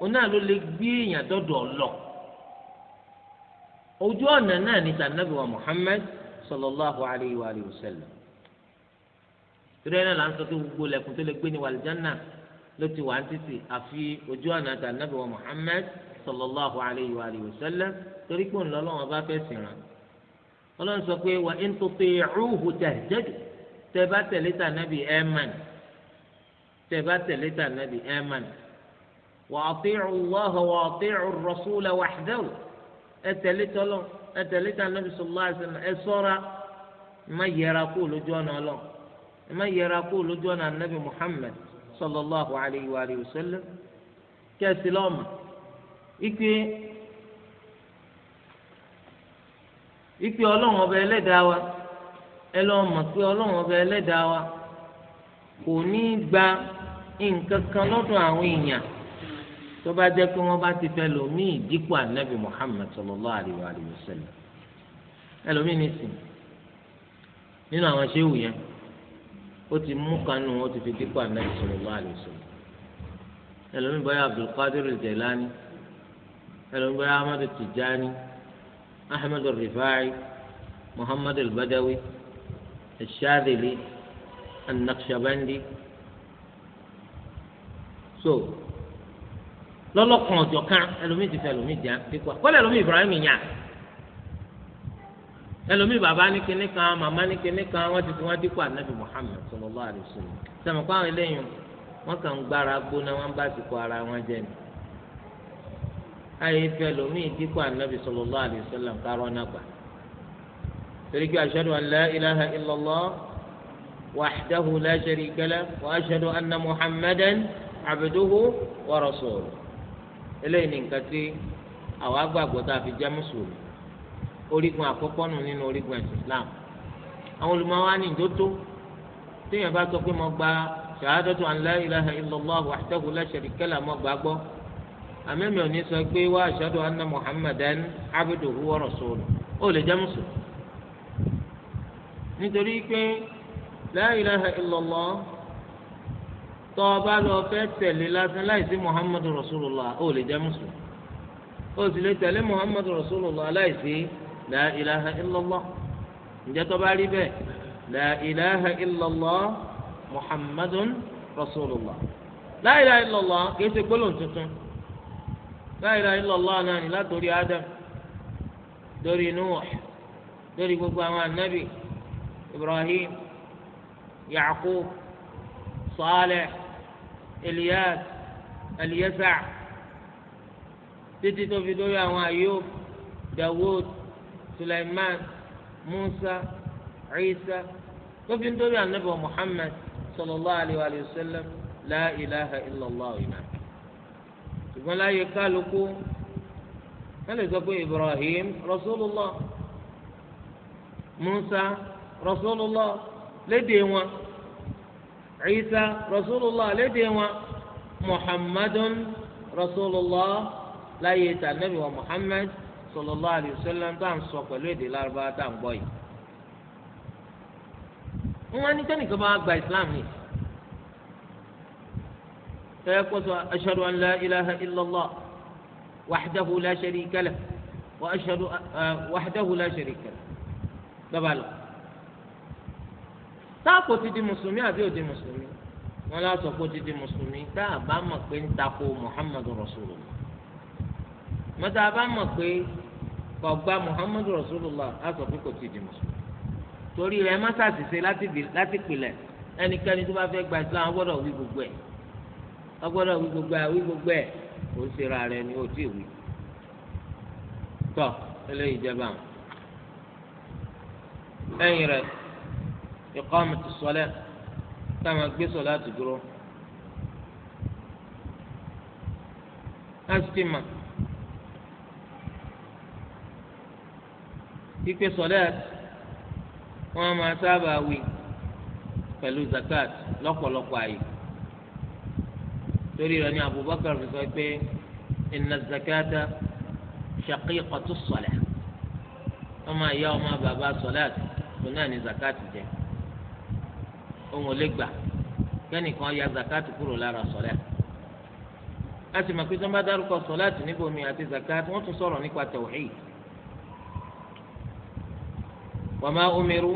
òun náà ló lè gbé èèyàn dọ́dọ̀ lọ ojú ọ̀nà náà ní sànàbí wa Muhammad sallallahu alayhi wa alihi wa sallam torí ẹ̀ náà là ń sọ pé gbogbo lẹ́kùn tó lè gbé ní wàlìjánà ló ti wà á títì àfi ojú ọ̀nà sànàbí wa Muhammad sallallahu alayhi wa alihi wa sallam torí pé ńlọ́lọ́wọ́n bá fẹ́ sìn rán ọlọ́run sọ pé wa in tuti'uhu tahtadu tẹ bá tẹ̀lé sànàbí ẹ̀ẹ́mán tẹ bá tẹ̀lé sànàbí ẹ̀ẹ́mán wa ati'u Allah wa ati'u ar-rasul wahdahu ẹ tẹ̀lé tọ́lọ́ ẹ tẹ̀lé tà nàbì sallallahu alaihi wasallam ẹ sọ́ra ẹ má yẹra kó lójú ọ̀nà ọlọ́ ẹ má yẹra kó lójú ọ̀nà nàbì Muhammad sallallahu alaihi wa alihi wasallam kẹ́sì lọ́ọ̀mà ikpe ikpe ọba wa pé ọba wa kò ní í gba nǹkan kan àwọn èèyàn. tó bá jẹ́ pé wọ́n bá ti fẹ́ lò mí ìdíkù ànábì Muhammad sallallahu alayhi wa sallam ẹlòmíì ní sìn nínú àwọn ṣéwù yẹn ó ti mú kanú ó ti fi díkù ànábì sallallahu alayhi wa sallam ẹlòmíì báyà Abdulkadir Jilani ẹlòmíì báyà Ahmadu Tijani Ahmadu Rifai Muhammadu Al-Badawi al so lọ́lọ́kan ọ̀jọ̀ kan ẹlòmíì ti fẹ́ ẹlòmíì jà ti kọ́ kọ́lẹ̀ ẹlòmíì Ibrahim yàn ẹlòmíì bàbá ní kinní kan màmá ní kinní kan wọ́n ti fi wọ́n dínkù ànábì Muhammad sallallahu alaihi wasallam sẹ́mi kọ́ àwọn eléyìí wọ́n kàn ń gbára gbóná wọ́n bá ti kọ́ ara wọn jẹ ni ayé fẹ́ ẹlòmíì dínkù ànábì sallallahu alaihi wasallam kárọ́ náà torí kí ashhadu an ilaha illallah wahdahu la sharika lahu anna Muhammadan abduhu wa rasuluhu eléyìí ni nǹkan tí àwa gbàgbọ́ tá a fi jẹ́ mùsùlùmí orígun àkọ́kọ́ nù nínú orígun ẹ̀sìn Islam àwọn olùmọ̀wá ní ìdótó téèyàn bá sọ pé mo gba shahadatu an la ilaha illallah wahdahu la sharika lahu mo gbà gbọ́ àmẹ́mi ò ní sọ pé wa ashhadu anna muhammadan abduhu wa rasuluhu ó lè jẹ́ mùsùlùmí nítorí pé la ilaha illallah tọ́ ọ bá lọ fẹ́ tẹ̀lé lásán láìsí muhammadu rasulullah ó lè jẹ́ mùsùlùmí ó sì lè tẹ̀lé muhammadu rasulullah láìsí la ilaha illallah ǹjẹ́ tó bá rí bẹ́ẹ̀ la ilaha illallah muhammadun rasulullah la ilaha illallah kìí ṣe gbólóhùn tuntun la ilaha illallah náà ni látòrí adam dórí nuwah dórí gbogbo àwọn anabi ibrahim yaakub saleh. Elias Eliyasa títí tó fi dórí àwọn Ayub Dawud Sulaiman Musa Isa tó fi dórí anabi Muhammad sallallahu alayhi wa sallam la ilaha illallah ìmà ṣùgbọ́n láyé kálukú wọ́n lè sọ pé Ibrahim rasulullah Musa rasulullah lédè wọn. عيسى رسول الله lédè wọn muhammadun رسول الله láyé ta nabi wa muhammad sallallahu alayhi wa sallam tá à ń sọ pẹ̀lú èdè lárúbáwá tá à ń gbọ́ yìí. wọ́n ní sẹ́nìkan bá gba islam ni. tẹ́lẹ̀ kó sọ ashadu an la ilaha illallah wahdahu la sharika lah wa ashadu wahdahu la sharika lah. bàbá lọ. táàpù ti di mùsùlùmí àbí òdi mùsùlùmí wọn lọ sọ ti di mùsùlùmí tá a bá mọ̀ pé ń muhammadu rasulullah mọ́tà a bá mọ̀ pé gba muhammadu rasulullah sọ ti di mùsùlùmí torí rẹ má ṣàṣìṣe láti pilẹ̀ ẹnikẹ́ni tó bá fẹ́ gba islam wí gbogbo ẹ̀ ọgbọ́dọ̀ wí gbogbo ni ó ti iqamati ssalah táwọn gbé sọ̀láàtì dúró. láti mà pípé sọ̀láàtì wọ́n máa sábà wí pẹ̀lú zakat lọ́pọ̀lọpọ̀ àyè torí rẹ̀ ni Abubakar fi sọ pé inna zakata shaqiqatu ssalah ọmọ ìyá ọmọ bàbá sọ̀láàtì tó náà ní zakat jẹ́ òun ò lè gbà kẹ́nìkan ya zakati kúrò lára sọ̀lẹ́ a sì mọ̀ pé tó ń bá dárúkọ sọ̀láàtì níbomi àti zakati wọ́n tún sọ̀rọ̀ nípa tawhid wa ma umiru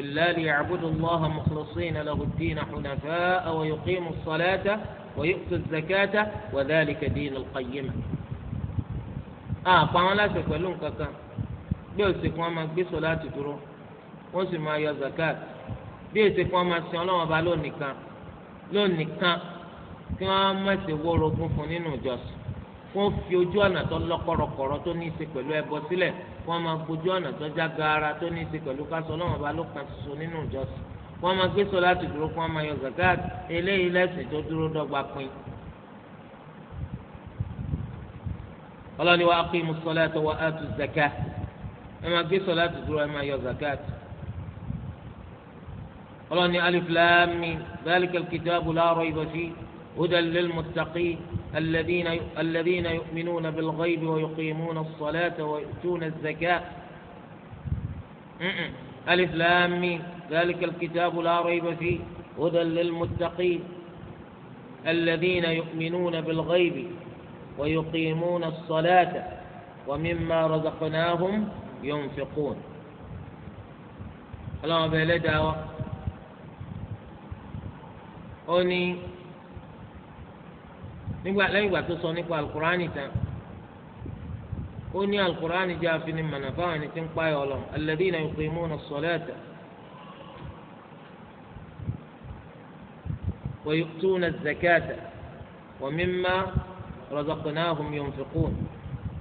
illa liya'budu allaha mukhlisina lahu ad-dina hunafa'a wa yuqimu as zakata wa dhalika dinu al-qayyimah àpá wọn láti pẹ̀lú nǹkan kan bí òsèkú máa gbé sọ̀láàtì dúró wọ́n sì máa yọ zakati bí èsì fún ọmọ sí ọlọ́wọ́n ọba lónìkan lónìkan kí wọ́n má ṣe wórogún fún nínú ìjọsìn kó fi ojú ọ̀nà tó lọ́kọ̀rọ̀kọ̀rọ̀ tó ní í ṣe pẹ̀lú ẹbọ sílẹ̀ kó wọ́n máa gbójú ọ̀nà tó já gaara tó ní í ṣe pẹ̀lú ká sọ ọlọ́wọ́n ọba ló kan ṣoṣo nínú ìjọsìn kó wọ́n máa gbé sọ láti dúró kó wọ́n máa yọ zakat eléyìí lẹ́sìn tó dúró dọ́gba pin. ọlọ́ni wa aqimu salata wa atu zakat ẹ máa gbé sọ láti dúró ẹ máa yọ قرآن ألف لام ذلك الكتاب لا ريب فيه هدى للمتقين الذين الذين يؤمنون بالغيب ويقيمون الصلاة ويؤتون الزكاة ألف لام ذلك الكتاب لا ريب فيه هدى للمتقين الذين يؤمنون بالغيب ويقيمون الصلاة ومما رزقناهم ينفقون الله بلا ó ní nígbà lẹ́yìn ìgbà tó sọ nípa alukur'ani tán ó ní alukur'ani jẹ́ afinimọ̀nà fáwọn ẹni tí ń pààyàn ọlọ́run alladhina yuqimuna as-salata. ويؤتون الزكاة ومما رزقناهم ينفقون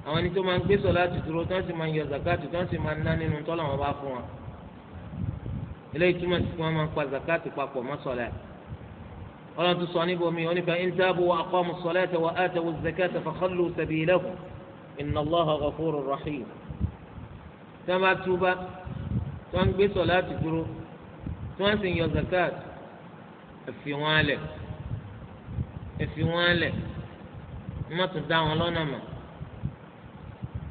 àwọn ẹni tó máa ń gbé sọ láti dúró tí wọ́n sì máa ń yọ zakati tí wọ́n sì máa ń ná nínú tọ́lọ̀ wọn bá fún wọn eléyìí túmọ̀ sí pé wọ́n máa ń pa zakati papọ̀ mọ́ sọ̀lá yìí ọlọ́run tún sọ níbo mi onífẹ́ ìntàbù wa aqamu salata wa atawu zakata fa khallu sabilahum inna allaha ghafurur rahim. tí wọ́n bá túbá tí wọ́n ń gbé sọ̀láàtì dúró tí wọ́n sì ń yọ zakat ẹ̀fì wọn alẹ̀ ẹ̀fì wọn alẹ̀ wọ́n dá wọn lọ́nà mọ́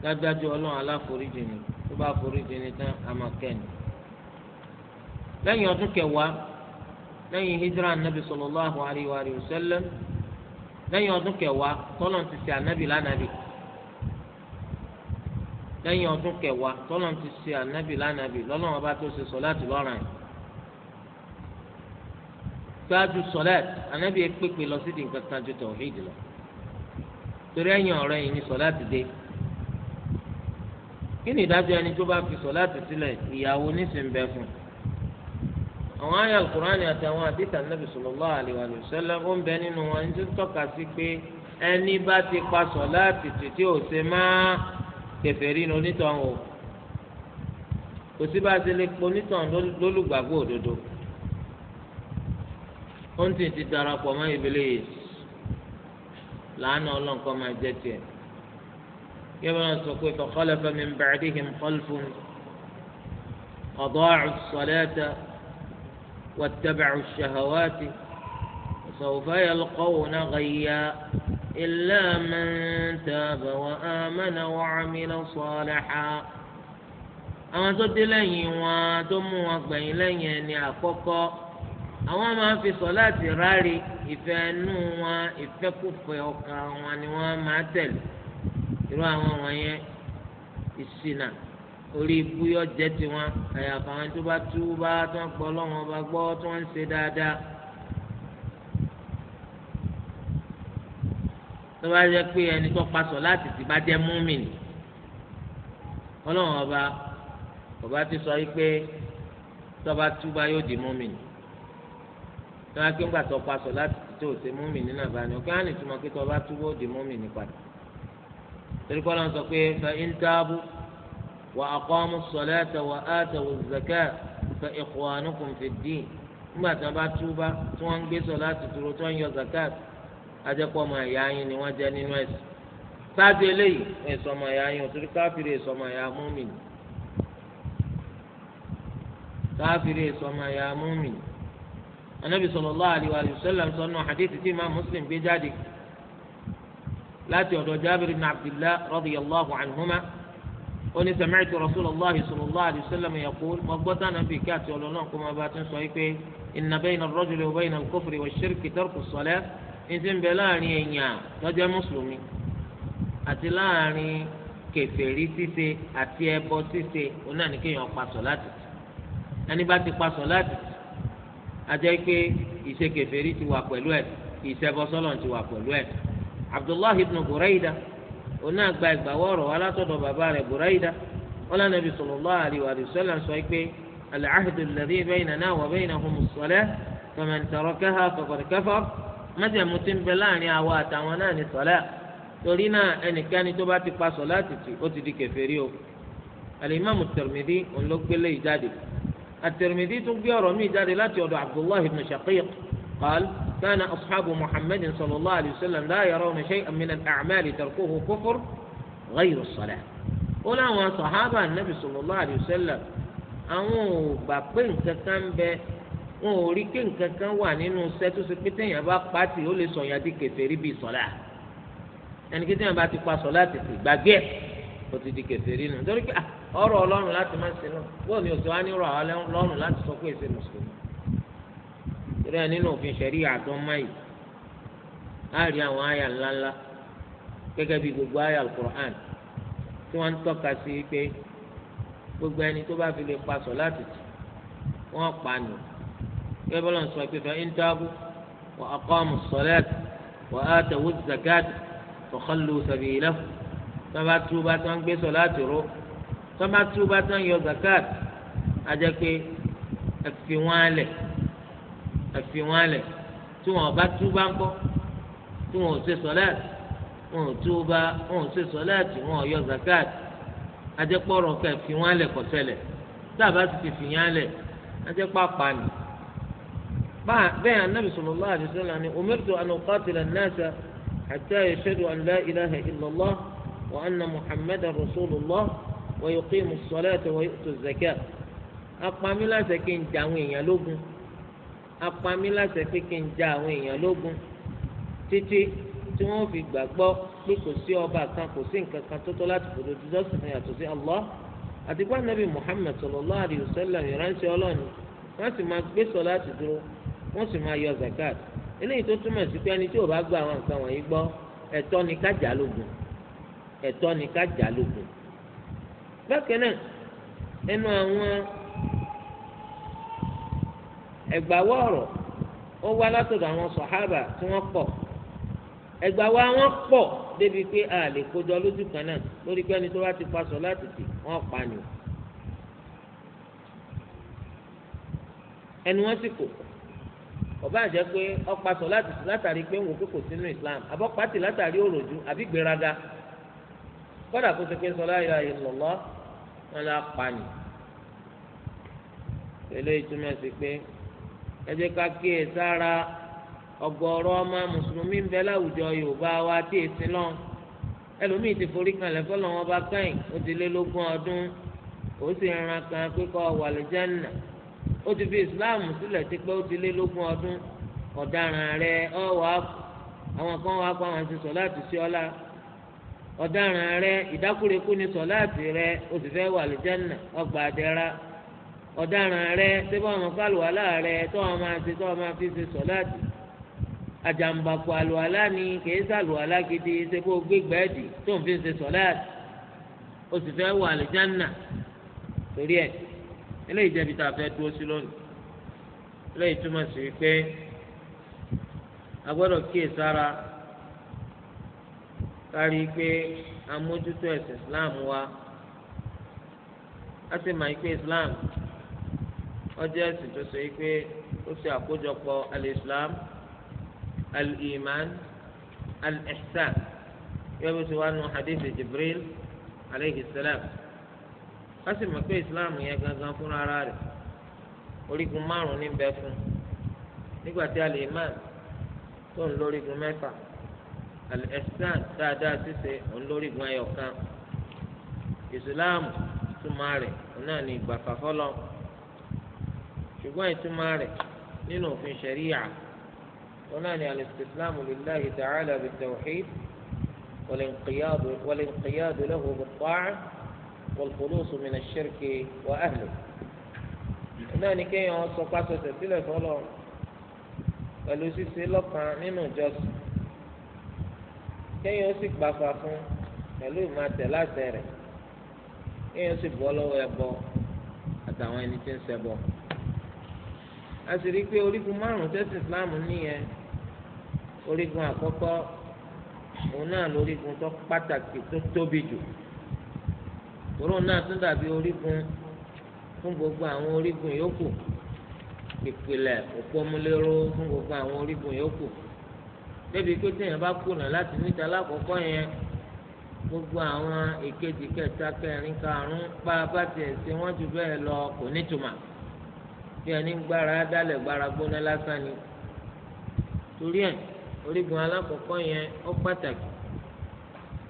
dájúdájú ọlọ́run aláforíjì ni tó bá foríjì ni tán àmọ́ kẹ́ni lẹ́yìn ọdún kẹwàá lẹ́yìn hijra anabi sallallahu alayhi wa sallam lẹ́yìn ọdún kẹwàá tọ́lọ̀ ti ṣe anabi lánàbì lẹ́yìn ọdún kẹwàá tọ́lọ̀ ti ṣe anabi lánàbì lọ́lọ́wọ́n bá tó ṣe sọ̀láàtì lọ́ràn yìí gbáàdù anabi yẹn lọ sí nǹkan kan ju tọ̀hídì lọ torí yìí ni sọ̀láàtì dé kí ni ìdájọ́ ẹni tó bá fi sọ̀láàtì sílẹ̀ ìyàwó nísìnyí fún un. àwọn àyà alukur'ani àtàwọn àdìsá nàbì sallallahu alaihi wa sallam ó ń bẹ nínú wọn ní tó tọ́ka sí pé ẹni bá ti pa sọ̀láàtì títí ò ṣe má kèfèrí ní onítàn o kò sí bá a ṣe lè po onítàn lólùgbàgbọ́ òdodo ó ń tì darapọ̀ mọ́ Ìbílísì làánà ọlọ́nkọ́ máa jẹ́ tiẹ̀ kí wọ́n sọ pé fa khalafa min ba'dihim khalfun adā'u as-salāta. واتبعوا الشهوات سوف يلقون غيا إلا من تاب وآمن وعمل صالحا àwọn tó dé lẹ́yìn wọn tó mú wọn gbẹ̀yìn lẹ́yìn ẹni àkọ́kọ́ àwọn máa ń fi sọ̀láàtì rárí ìfẹ́ inú wọn ìfẹ́kùfẹ́ ọkàn wọn ni wọ́n máa tẹ̀lé irú àwọn wọ̀nyẹn ìṣìnà orí ibú yọ jẹ tiwọn àyàfà àwọn tó bá tú bá tó ń gbọ́ lọ́wọ́ bá gbọ́ tó ń ṣe dáadáa. tó bá yẹ pé ẹni tó pasọ̀ láti ti bá jẹ́ múmìnì ọlọ́run ọba ọba ti sọ yìí pé tó bá tú bá yóò di múmìnì tó bá kéwòn gbà tó pasọ̀ láti ti tó ṣe múmìnì náà bá ní ọkẹ́ àná ìtumọ̀ pé tó bá tú bó di múmìnì padà torí kọ́ ló ń sọ pé fẹ́ ń وأقاموا الصلاة وآتوا الزكاة فإخوانكم في الدين nígbà tí wọn bá túbá tí wọn ń gbé sọlá tuntun tí wọn yọ zakat ajẹpọ ọmọ ẹ̀yà yín ni wọn jẹ nínú ẹ̀sìn sáájú eléyìí ẹsọ ọmọ ẹ̀yà yín òtúrú káfíìrì ẹsọ ọmọ ẹ̀yà múmìnì káfíìrì ẹsọ ọmọ ẹ̀yà múmìnì anabi sallallahu alaihi wa sallam sọnù hadithi tí imaam muslim gbé jáde láti ọ̀dọ̀ jábìrì ibn abdillah radiyallahu anhuma oni sami'tu rasulullahi sallallahu alayhi wa sallam yaqul mo gbọ́ tán nàbì kí àti ọlọ́nà kó máa bá ti ń sọ yìí pé inna bayna ar-rajuli wa bayna al-kufri wa ash-shirki tarku as-salah ní ti ń bẹ láàrin èèyàn tó jẹ́ mùsùlùmí àti láàrin kèfèrí ṣíṣe àti ẹbọ ṣíṣe oní àníkéèyàn pa sọ̀láàtì ẹni ti pa sọ̀láàtì ajẹ́ pé ìṣe kèfèrí ti wà pẹ̀lú ẹ̀ ìṣẹ́bọ sọ́lọ̀ ti wà pẹ̀lú ẹ̀ Abdullahi ibn Burayda oní àgbà ìgbàwọ́ ọ̀rọ̀ wa látọ̀dọ̀ bàbá rẹ̀ Burayda wọn lànà ibi sallallahu alaihi wa sallam sọ pé al-ahdu alladhi baynana wa baynahum as-salah faman tarakaha faqad kafar májàmú ti ń bẹ láàrin àwa àtàwọn náà ní sọlá torí náà ẹnikẹ́ni tó bá ti pa sọlá títì ó ti di kèfèrí o alimami Tirmidhi ònlógbélé ìjáde at-Tirmidhi tún gbé ọ̀rọ̀ mi jáde láti ọ̀dọ̀ Abdullahi ibn Shaqiq qala. كان أصحاب محمد صلى الله عليه وسلم لا يرون شيئا من الأعمال تركوه كفر غير الصلاة ولا صحابة النبي صلى الله عليه وسلم أو ò gbà pé nǹkan kan ń bẹ wọn ò rí pé nǹkan kan wà nínú iṣẹ́ tó ṣe pé téèyàn bá pàtì ó lè sọyàn di kèfèrí bíi sọlá ẹni kí téèyàn bá ti pa sọlá tètè gbàgbé ẹ ó ti di kèfèrí nù nítorí pé ọ̀rọ̀ Ọlọ́run láti má ṣe náà bóun ni òṣèwá ní rọ àwọn lọ́rùn láti sọ pé èsè mùsùlùmí torí ẹ nínú òfin ṣẹ̀rí àdánmáyì á rí àwọn àyà ńláńlá gẹ́gẹ́ bí gbogbo àyà alukur'an tí wọ́n ń tọ́ka sí pé gbogbo ẹni tó bá fi lè pa sọ láti tì wọ́n pa nù gẹ́gẹ́ bọ́lá ń sọ pé fẹ́ ń dáàbò wa aqamu ssalat wa atawu zakat fa khallu sabilahu tọ́ba túbà tó ń gbé sọ láti ró tọ́ba túbà tó ń yọ zakat á jẹ́ pé ẹ̀fì wọn lẹ̀ tí wọn bá túbá ń kọ́ tí wọn ò ṣe sọ́láàtì wọn ò túbá wọn ò ṣe sọ́láàtì wọn ò yọ zakat ajẹ́pọ̀rọ̀ kẹfì wọn lẹ̀ kọ́sẹ̀lẹ̀ táàbà sì ti fìyà lẹ̀ ajẹ́pọ̀ àpààní. bẹ́ẹ̀ anábì sallallahu alaihi wasallam ni umirtu an nasa hatta yashhadu an ilaha illallah wa anna muhammadan rasulullah wa yuqimu as-salata wa yu'tu az-zakata apamílàṣẹ kí n jà àwọn èèyàn lógun apami láṣẹ pé kí n ja àwọn èèyàn lógun títí tí wọ́n fi gbàgbọ́ pé kò sí ọba kan kò sí nǹkan kan tó tọ́ láti fòdò dídọ́ sí fún yàtọ̀ sí Allah àti pé anabi Muhammad sallallahu alayhi wa sallam ìránṣẹ́ ọlọ́ọ̀ni wọ́n sì máa gbé sọ láti dúró wọ́n sì máa yọ zakat eléyìí tó túmọ̀ sí pé ẹni tí ò bá gba àwọn nǹkan wọ̀nyí gbọ́ ẹ̀tọ́ ni ká jà lógun ẹ̀tọ́ ni ká jà lógun bákan náà ẹnu àwọn ẹgbàáwọ̀ ọ̀rọ̀ ó wá látọ̀dọ̀ àwọn sọ̀hábà tí wọ́n pọ̀ ẹgbàáwọ̀ àwọn pọ̀ débi pé a lè kójọ lójú kan náà lórí pé ẹni tó bá ti pa sọ láti tì wọ́n pa ni. ẹnu wọn sì kò ọba àjẹ pé ọpa sọ láti tì látàrí pé òun kò sínú Islam abọ́pàtì látàrí òròjú àbí gbéraga kódà kó sọ pé sọ láyé ayé lọ́lọ́ wọn lọ́ọ́ pa ni. eléyìí túmọ̀ sí pé ẹ jẹ́ ká kíyè sára ọ̀gọ̀ọ̀rọ̀ ọmọ mùsùlùmí ń bẹ láwùjọ yorùbá wa tí èsì náà ẹlòmíì ti forí kanlẹ̀ fọlọ́ wọn bá káyìn ó ti lé lógún ọdún ó sì ran kan pé kọ́ wà lẹ́jẹ̀nà ó ti fi islam sílẹ̀ ti pé ó ti lé lógún ọdún ọ̀daràn rẹ ọ wà àwọn kan wà pa àwọn ti sọ láti ṣe ọ́lá ọ̀daràn rẹ ìdákùrẹ́kù ni sọ láti rẹ ó sì fẹ́ wà lẹ́jẹ̀nà ọgbà àdẹ́ra. ọ̀daràn rẹ sẹ́fọ́ ọmọ kálùwàlá rẹ tó máa ṣe tó máa fi ṣe láti. àjàmbàpọ̀ àlùwàlá ni kìí gidi sẹ́fọ́ gbégbẹ́ẹ̀dì tó ń fi ṣe sọ̀láàtì o sì fẹ́ wà torí ẹ̀ eléyìí jẹ́bi tá a fẹ́ dúró sí lónìí eléyìí túmọ̀ sí pé a gbọ́dọ̀ kíyè sára Islam wa a sì máa Islam. ọjọ́ ẹ̀sìn tó ṣe pé ó ṣe àkójọpọ̀ al-islam al-iman al-ihsan yóò bí ṣe wá nu hadith jibril aleyhi salam ká sì mọ̀ pé islam yẹn gangan fúnra ara rẹ̀ orígun márùn-ún ní bẹ fún nígbà tí al-iman tó ń lórígun mẹ́fà al-ihsan dáadáa ṣíṣe ń lórígun ẹyọ islam túmọ̀ rẹ̀ náà ní ìgbà fàfọ́lọ́ ṣùgbọ́n ìtumọ̀ rẹ̀ nínú òfin ṣẹ̀ríyà wọn náà ní alìsìlámù lillahi ta'ala bit-tawhid wal-inqiyadu lahu bit-ta'a wal-khulusu min ash-shirki wa ahlihi. náà ní kéèyàn sọ pásọsẹ̀ sílẹ̀ fọlọ́ pẹ̀lú ṣíṣe lọ́kàn nínú ìjọsìn kéèyàn sì gbàfà fún pẹ̀lú ìmọ̀tẹ̀ láṣẹ rẹ̀ kéèyàn sì bọ́ lọ́wọ́ ẹbọ àtàwọn ẹni tí ń ṣẹbọ a sì rí i pé orígun márùn tẹ̀sìn islam nìyẹn orígun àkọ́kọ́ òun náà lórígun tó pàtàkì tó tóbi jù tòun náà tún dàbí orígun fún gbogbo àwọn orígun yòókù ìpìlẹ̀ òpómúléró fún gbogbo àwọn orígun yòókù débi pé téèyàn bá kùnà láti níta lákọ̀ọ́kọ́ yẹn gbogbo àwọn èkejì kẹta kẹrin karùn-ún pa bá tiẹ̀ ṣe wọ́n jù bẹ́ẹ̀ lọ kò nítumọ̀ bí ẹni ń gbára dálẹ̀ gbára gbóná lásán ni torí ẹ̀ orígun alákọ̀ọ́kọ́ yẹn ó pàtàkì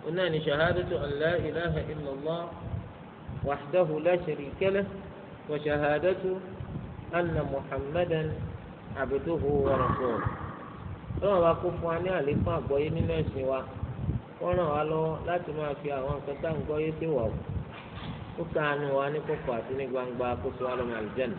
ó náà ní shahadatu an la ilaha illallah wahdahu la sharika lah wa shahadatu anna muhammadan abduhu wa rasuluhu lọ́wọ́ bá kó fún wa ní àlékún àgbọ́yé nínú ẹ̀sìn wa wọ́n ràn wá lọ́wọ́ láti máa fi àwọn nǹkan tá à ń gbọ́yé sí wà ó kó wa ní kọ̀kọ̀ àti ní gbangba kó sọ wá lọ́mọ àlùjànnà.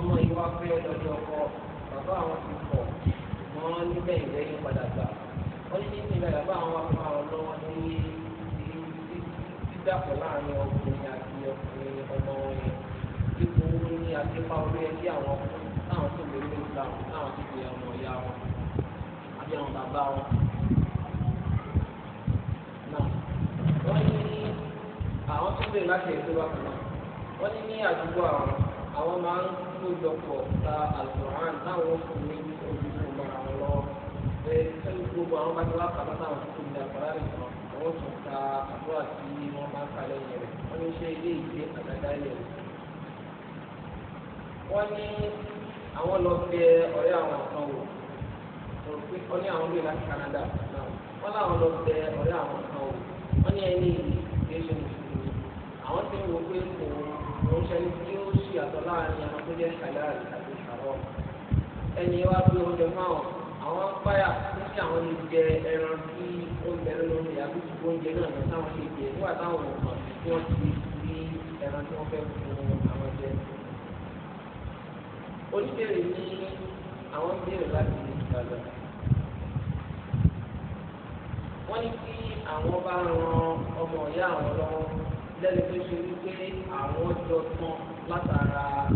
ọmọ yìí wá pé lọ́jọ́ ọkọ bàbá àwọn ti pọ̀ mọ́ níbẹ̀ ìwé ní padà gbà wọ́n ní bàbá àwọn wá fún àwọn lọ́wọ́ ní dídàpọ̀ láàrin ọkùnrin àti ọkùnrin ọmọ ipò wọn ní orí ẹbí àwọn ọkùnrin táwọn tó lè lè gbà wọn táwọn ti ọmọ ìyá wọn àbí àwọn bàbá wọn. wọ́n ní àwọn tó lè láti wọ́n àkójọpọ̀ ta àlùkòrán táwọn fún mi ní ojúṣe ọgbọ̀n àwọn lọ pé sẹ́yìn gbogbo àwọn bá ti wá kàtà táwọn fún mi ní àkàrà rẹ̀ kan àwọn tún ta àdúrà tí wọ́n bá ń kalẹ̀ yẹn rẹ̀ wọ́n ní ṣe ilé ìgbé àdáda yẹn rẹ̀. wọ́n ní àwọn lọ bẹ ọ̀rẹ́ àwọn kan wò wọ́n ní àwọn lóye láti Canada náà wọ́n lọ bẹ ọ̀rẹ́ àwọn kan wò wọ́n ní ẹni ìgbésẹ̀ mùsùlùmí àwọn tí ń pé kò ń ṣẹ́ni tí ó kó sí àtọ̀ láàrin àwọn tó jẹ́ halal àti haram ẹni wá gbé oúnjẹ fáwọn àwọn apáyà tó sì àwọn lè jẹ ẹran tí oúnjẹ ló lórí àbúkù oúnjẹ náà lọ táwọn lè jẹ nígbà táwọn ò mọ̀ tí wọ́n ti rí ẹran tí wọ́n fẹ́ fún àwọn jẹ. oníbèrè ní àwọn béèrè láti lè gbàgbọ́ wọ́n ní kí àwọn bá ran ọmọ ìyá àwọn lọ́wọ́ lẹ́nu tó ṣe wípé àwọn jọ tán látara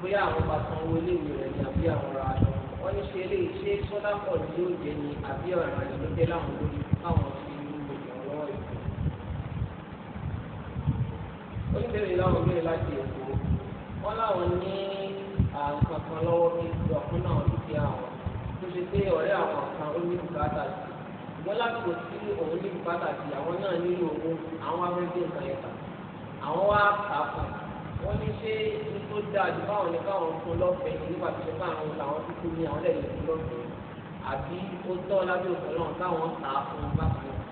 bóyá àwọn bá san owó iléèwé rẹ̀ ni àbí àwọn ra aṣọ wọ́n ní ṣe eléyìí ṣé sọ́dá pọ̀ ní yóò jẹ́ ni àbí ọ̀ràn ni ló dé láwọn lórí káwọn fi irú ìrànlọ́wọ́ yìí. ó ní bèrè láwọn bèrè láti èkó wọ́n láwọn ní àǹkan kan lọ́wọ́ bí ìdọ̀kún náà dúkìá àwọn tó ṣe pé ọ̀rẹ́ àwọn kan ó ní bùkátà sí wọ́n lásìkò tí òun ní bùkátà sí àwọn náà nílò owó àwọn afẹ́fẹ́ nǹkan yẹn àwọn wá kàkọ́ wọ́n ní ṣé tó dáa ju báwọn ní káwọn fún lọ́fẹ̀ẹ́ nígbà tó ṣe káwọn làwọn tó kú ní àwọn lẹ́yìn fún lọ́fẹ̀ẹ́ àbí ó tọ́ lábẹ́ òṣèlú ọ̀hún káwọn kà á fún bákan náà.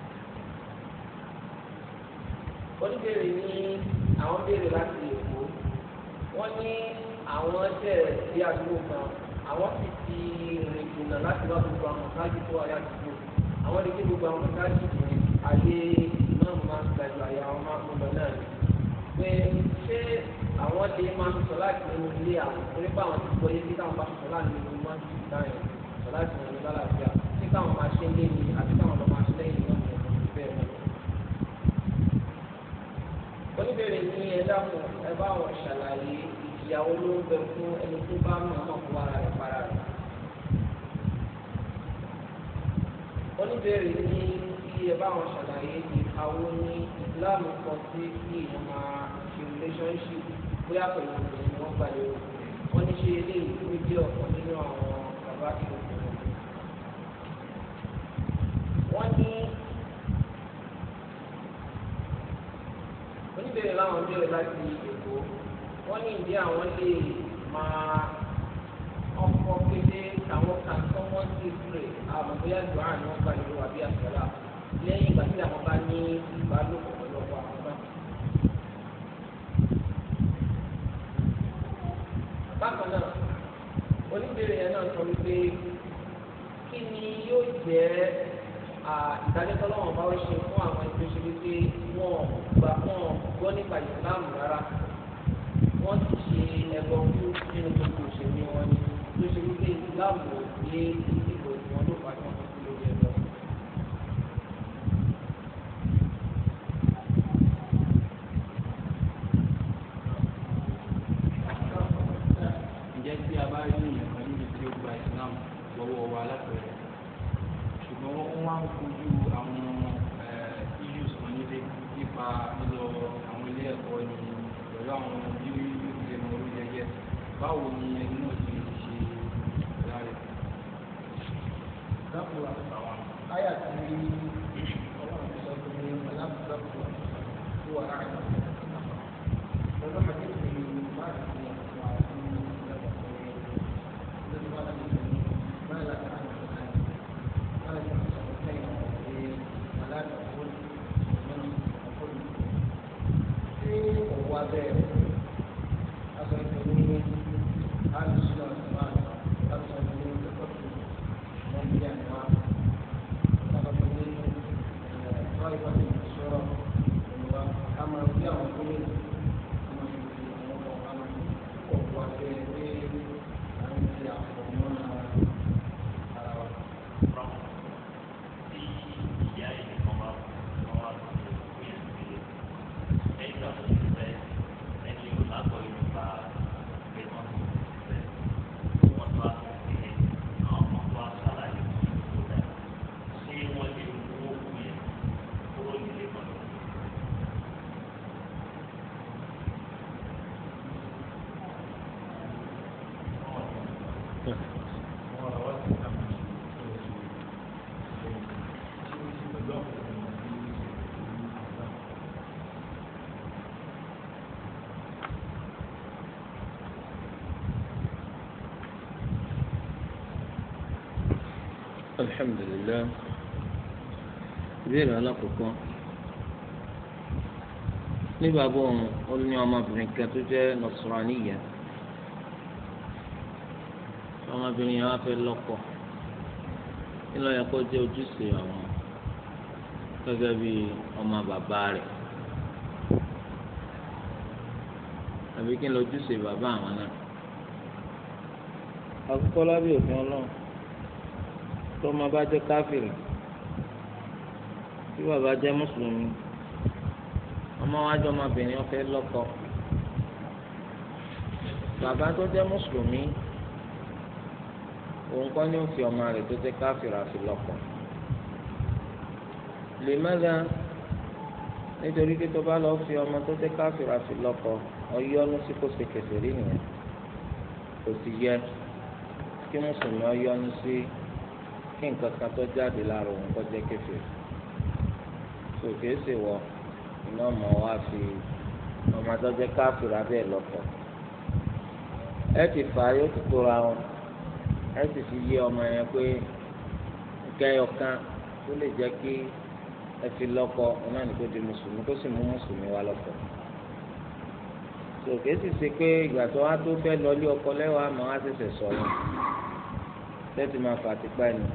oníbèrè ní àwọn béèrè láti èkó wọ́n ní àwọn ẹsẹ̀ sí àdúgbò kan àwọn sì ti rìn jìnnà láti wá gbogbo àwọn mọ̀sáàjì tó wáyé àdúgbò àwọn lè gbé gbogbo àwọn mọ̀sáàjì àyè ìmáàmù máa ń gbàgbọ́ àyà àwọn máa ń gbọ́ náà pé ṣé àwọn lè máa sọ láti nínú ilé àwọn onípa àwọn ti gbọ́ yé kí táwọn bá sọ láti nínú ilé máa ń sùn dáhùn sọ láti nínú ilé lálàáfíà kí táwọn máa ṣe lé ní àti táwọn lọ máa ṣe lẹ́yìn náà ní ọdún bẹ́ẹ̀ náà. oníbèrè ní ẹ dákun ẹ bá wọn ṣàlàyé ìyàwó ló ń bẹ fún ẹni tó bá mọ̀ ọ́n fún ara rẹ̀ para rẹ̀. oníbèrè ní kí ẹ bá wọn ṣàlàyé ìkàwó ní ìsìláàmù kan sí kí ìmọ̀ ṣe relationship bóyá pẹ̀lú obìnrin ni wọ́n gbà lérò wọ́n ní ṣe eléyìí tó jẹ́ ọ̀kan nínú àwọn bàbá kí obìnrin. wọ́n ní oníbèrè láwọn bẹ̀rẹ̀ láti èkó wọ́n ní ìdí àwọn lè máa ọkọ̀ kéde àwọn kan tó wọ́n ti pè àmọ́ bóyá ìgbà àná gbà lérò àbí àṣàlà lẹ́yìn ìgbà tí àwọn bá ní ìbálòpọ̀ pẹ̀lú ọkọ àwọn náà. bákan náà oníbèrè yẹn náà sọ wípé kí ni yóò jẹ́ ìdájọ́ lọ́wọ́ bá ṣe fún àwọn ẹgbẹ́ ṣe wípé wọ́n gbà wọ́n gbọ́ nípa ìsìláàmù rárá wọ́n ti ṣe ẹ̀gbọ́n fún nínú gbogbo òṣèlú wọn ni tó ṣe wípé ìsìláàmù ò gbé lọ́wọ́ wa lápẹ̀rẹ̀ ṣùgbọ́n wọ́n wá ń kojú àwọn issues kan nílé nípa lílọ àwọn ilé ẹ̀kọ́ ni pẹ̀lú àwọn bí yóò ṣe mọ orí ẹyẹ báwo ni ẹni náà ṣe ṣe ìlà rẹ̀. dákùn àwọn àyà tí ọlọ́run sọ pé aláàbò dákùn tó wà láàrin ọlọ́run alhamdulillah ìbéèrè alákọ̀ọ́kọ́ ní bàbá òun ó ní ọmọbìnrin kan tó jẹ́ nọ̀sọ̀rànìyà ọmọbìnrin yẹn wá fẹ́ lọ́kọ nílò yẹ kó jẹ́ ojúṣe àwọn gẹ́gẹ́ bí ọmọ bàbá rẹ̀ àbí kí n lọ ojúṣe bàbá àwọn náà àkọ́kọ́ lábẹ́ òfin ọlọ́run tó ọmọ bá jẹ́ káfíìrì tí bàbá jẹ́ mùsùlùmí ọmọ wa jọ ọmọbìnrin ọfẹ lọ́kọ bàbá tó jẹ́ mùsùlùmí òun kọ́ ni ó fi ọmọ rẹ̀ tó jẹ́ káfíìrì àfi lọ́kọ lè mẹ́ta nítorí pé tó bá lọ fi ọmọ tó jẹ́ káfíìrì àfi lọ́kọ ọyọ́nu sí kò ṣe kẹsìrì nìyẹn kò sì yẹ kí mùsùlùmí ọyọ́nu sí. Si kí nǹkan kan tó jáde lára òun kọ́ jẹ́ kẹfẹ́ so kìí ṣe wọ iná ọmọ wa fi ọmọ tó jẹ́ káfíìrì abẹ́ lọ́kọ̀ ẹ ti fà á yóò ti tóra wọn ẹ sì fi yé ọmọ yẹn pé kẹyọkan tó lè jẹ́ kí ẹ fi lọ́kọ ọ̀nà ní kó di mùsùlùmí kó sì mú mùsùlùmí wá lọ́kọ so kìí ṣe pé ìgbà tó wá tó fẹ́ lọ lé ọkọ lẹ́wọ̀ àmọ́ wá ṣẹ̀ṣẹ̀ sọ̀rọ̀ tẹ́tì máa fà á ti pẹ́ ni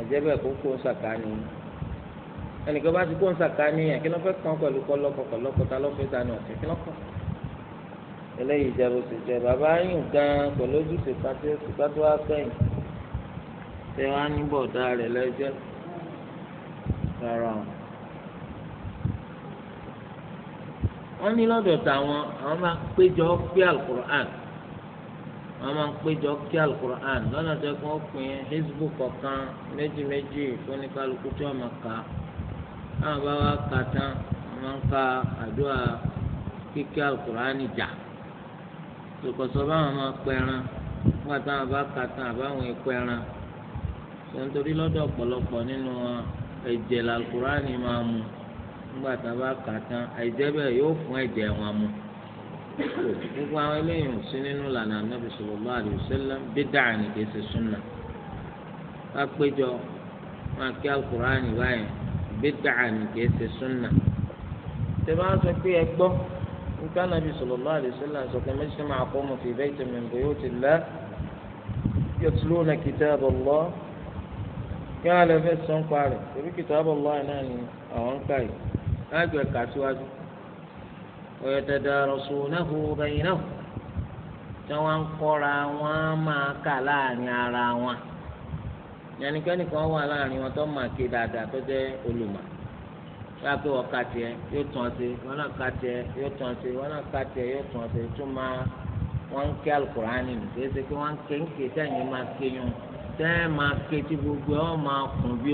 àjẹbẹ kó kó sàkání ẹnìkan bá ti kó sàkání yẹn kí ló fẹ́ kàn pẹ̀lú kọlọkọ kọlọkọ ta ló fẹ́ ta ni ọsẹ kí ló kàn eléyìí ìjẹbù sì jẹ bàbá yìí gan pẹ̀lú ojúṣe pàtó pàtó wá kẹ́yìn tẹ wá níbọ dá rẹ lẹ́jọ́ rárá o wọn ní lọ́dọ̀ tàwọn àwọn máa péjọ pé alukur'an. wọn máa ń péjọ kí alukur'an lọ́nà tó kọ́ pin hezbo kọ̀ọ̀kan méjì méjì fún ní kálukú tí wọ́n máa kà á bá tán wọ́n máa ń ka àdúrà kíkí alukur'an jà tòkòsọ́ báwọn máa pẹran nígbà táwọn bá kà tán àbáwọn lọ́dọ̀ ọ̀pọ̀lọpọ̀ nínú mu nígbà táwọn bá tán fún ẹ̀jẹ̀ wọn mu. gbogbo àwọn eléyìí sí nínú lànà anábì sallallahu alaihi wasallam bid'ah ni kìí ṣe súnà ká péjọ máa kí alukur'ani báyìí bid'ah ni kìí ṣe súnà tẹ̀bá sọ pé ẹ gbọ́ nǹkan anábì sallallahu alaihi wasallam sọ pé majtama qawmun fi baytin min buyutillah yatluna kí lè torí ni àwọn ń kà ويتدارسونه بينهم تwọn kọ́ra wọn máa kà láàrin ara kan wà láàrin wọn tó máa ké dáadáa tó jẹ́ olùmọ̀ pé yóò ọ wọn náà ka tiẹ̀ yóò tún ọ wọn náà ka tiẹ̀ yóò tún ọ sí máa wọn ń ké alukurani nù kéésì pé wọn ń ké ń ké sẹ́yìn máa ké yún sẹ́yìn máa ké tí gbogbo ọ máa kùn bí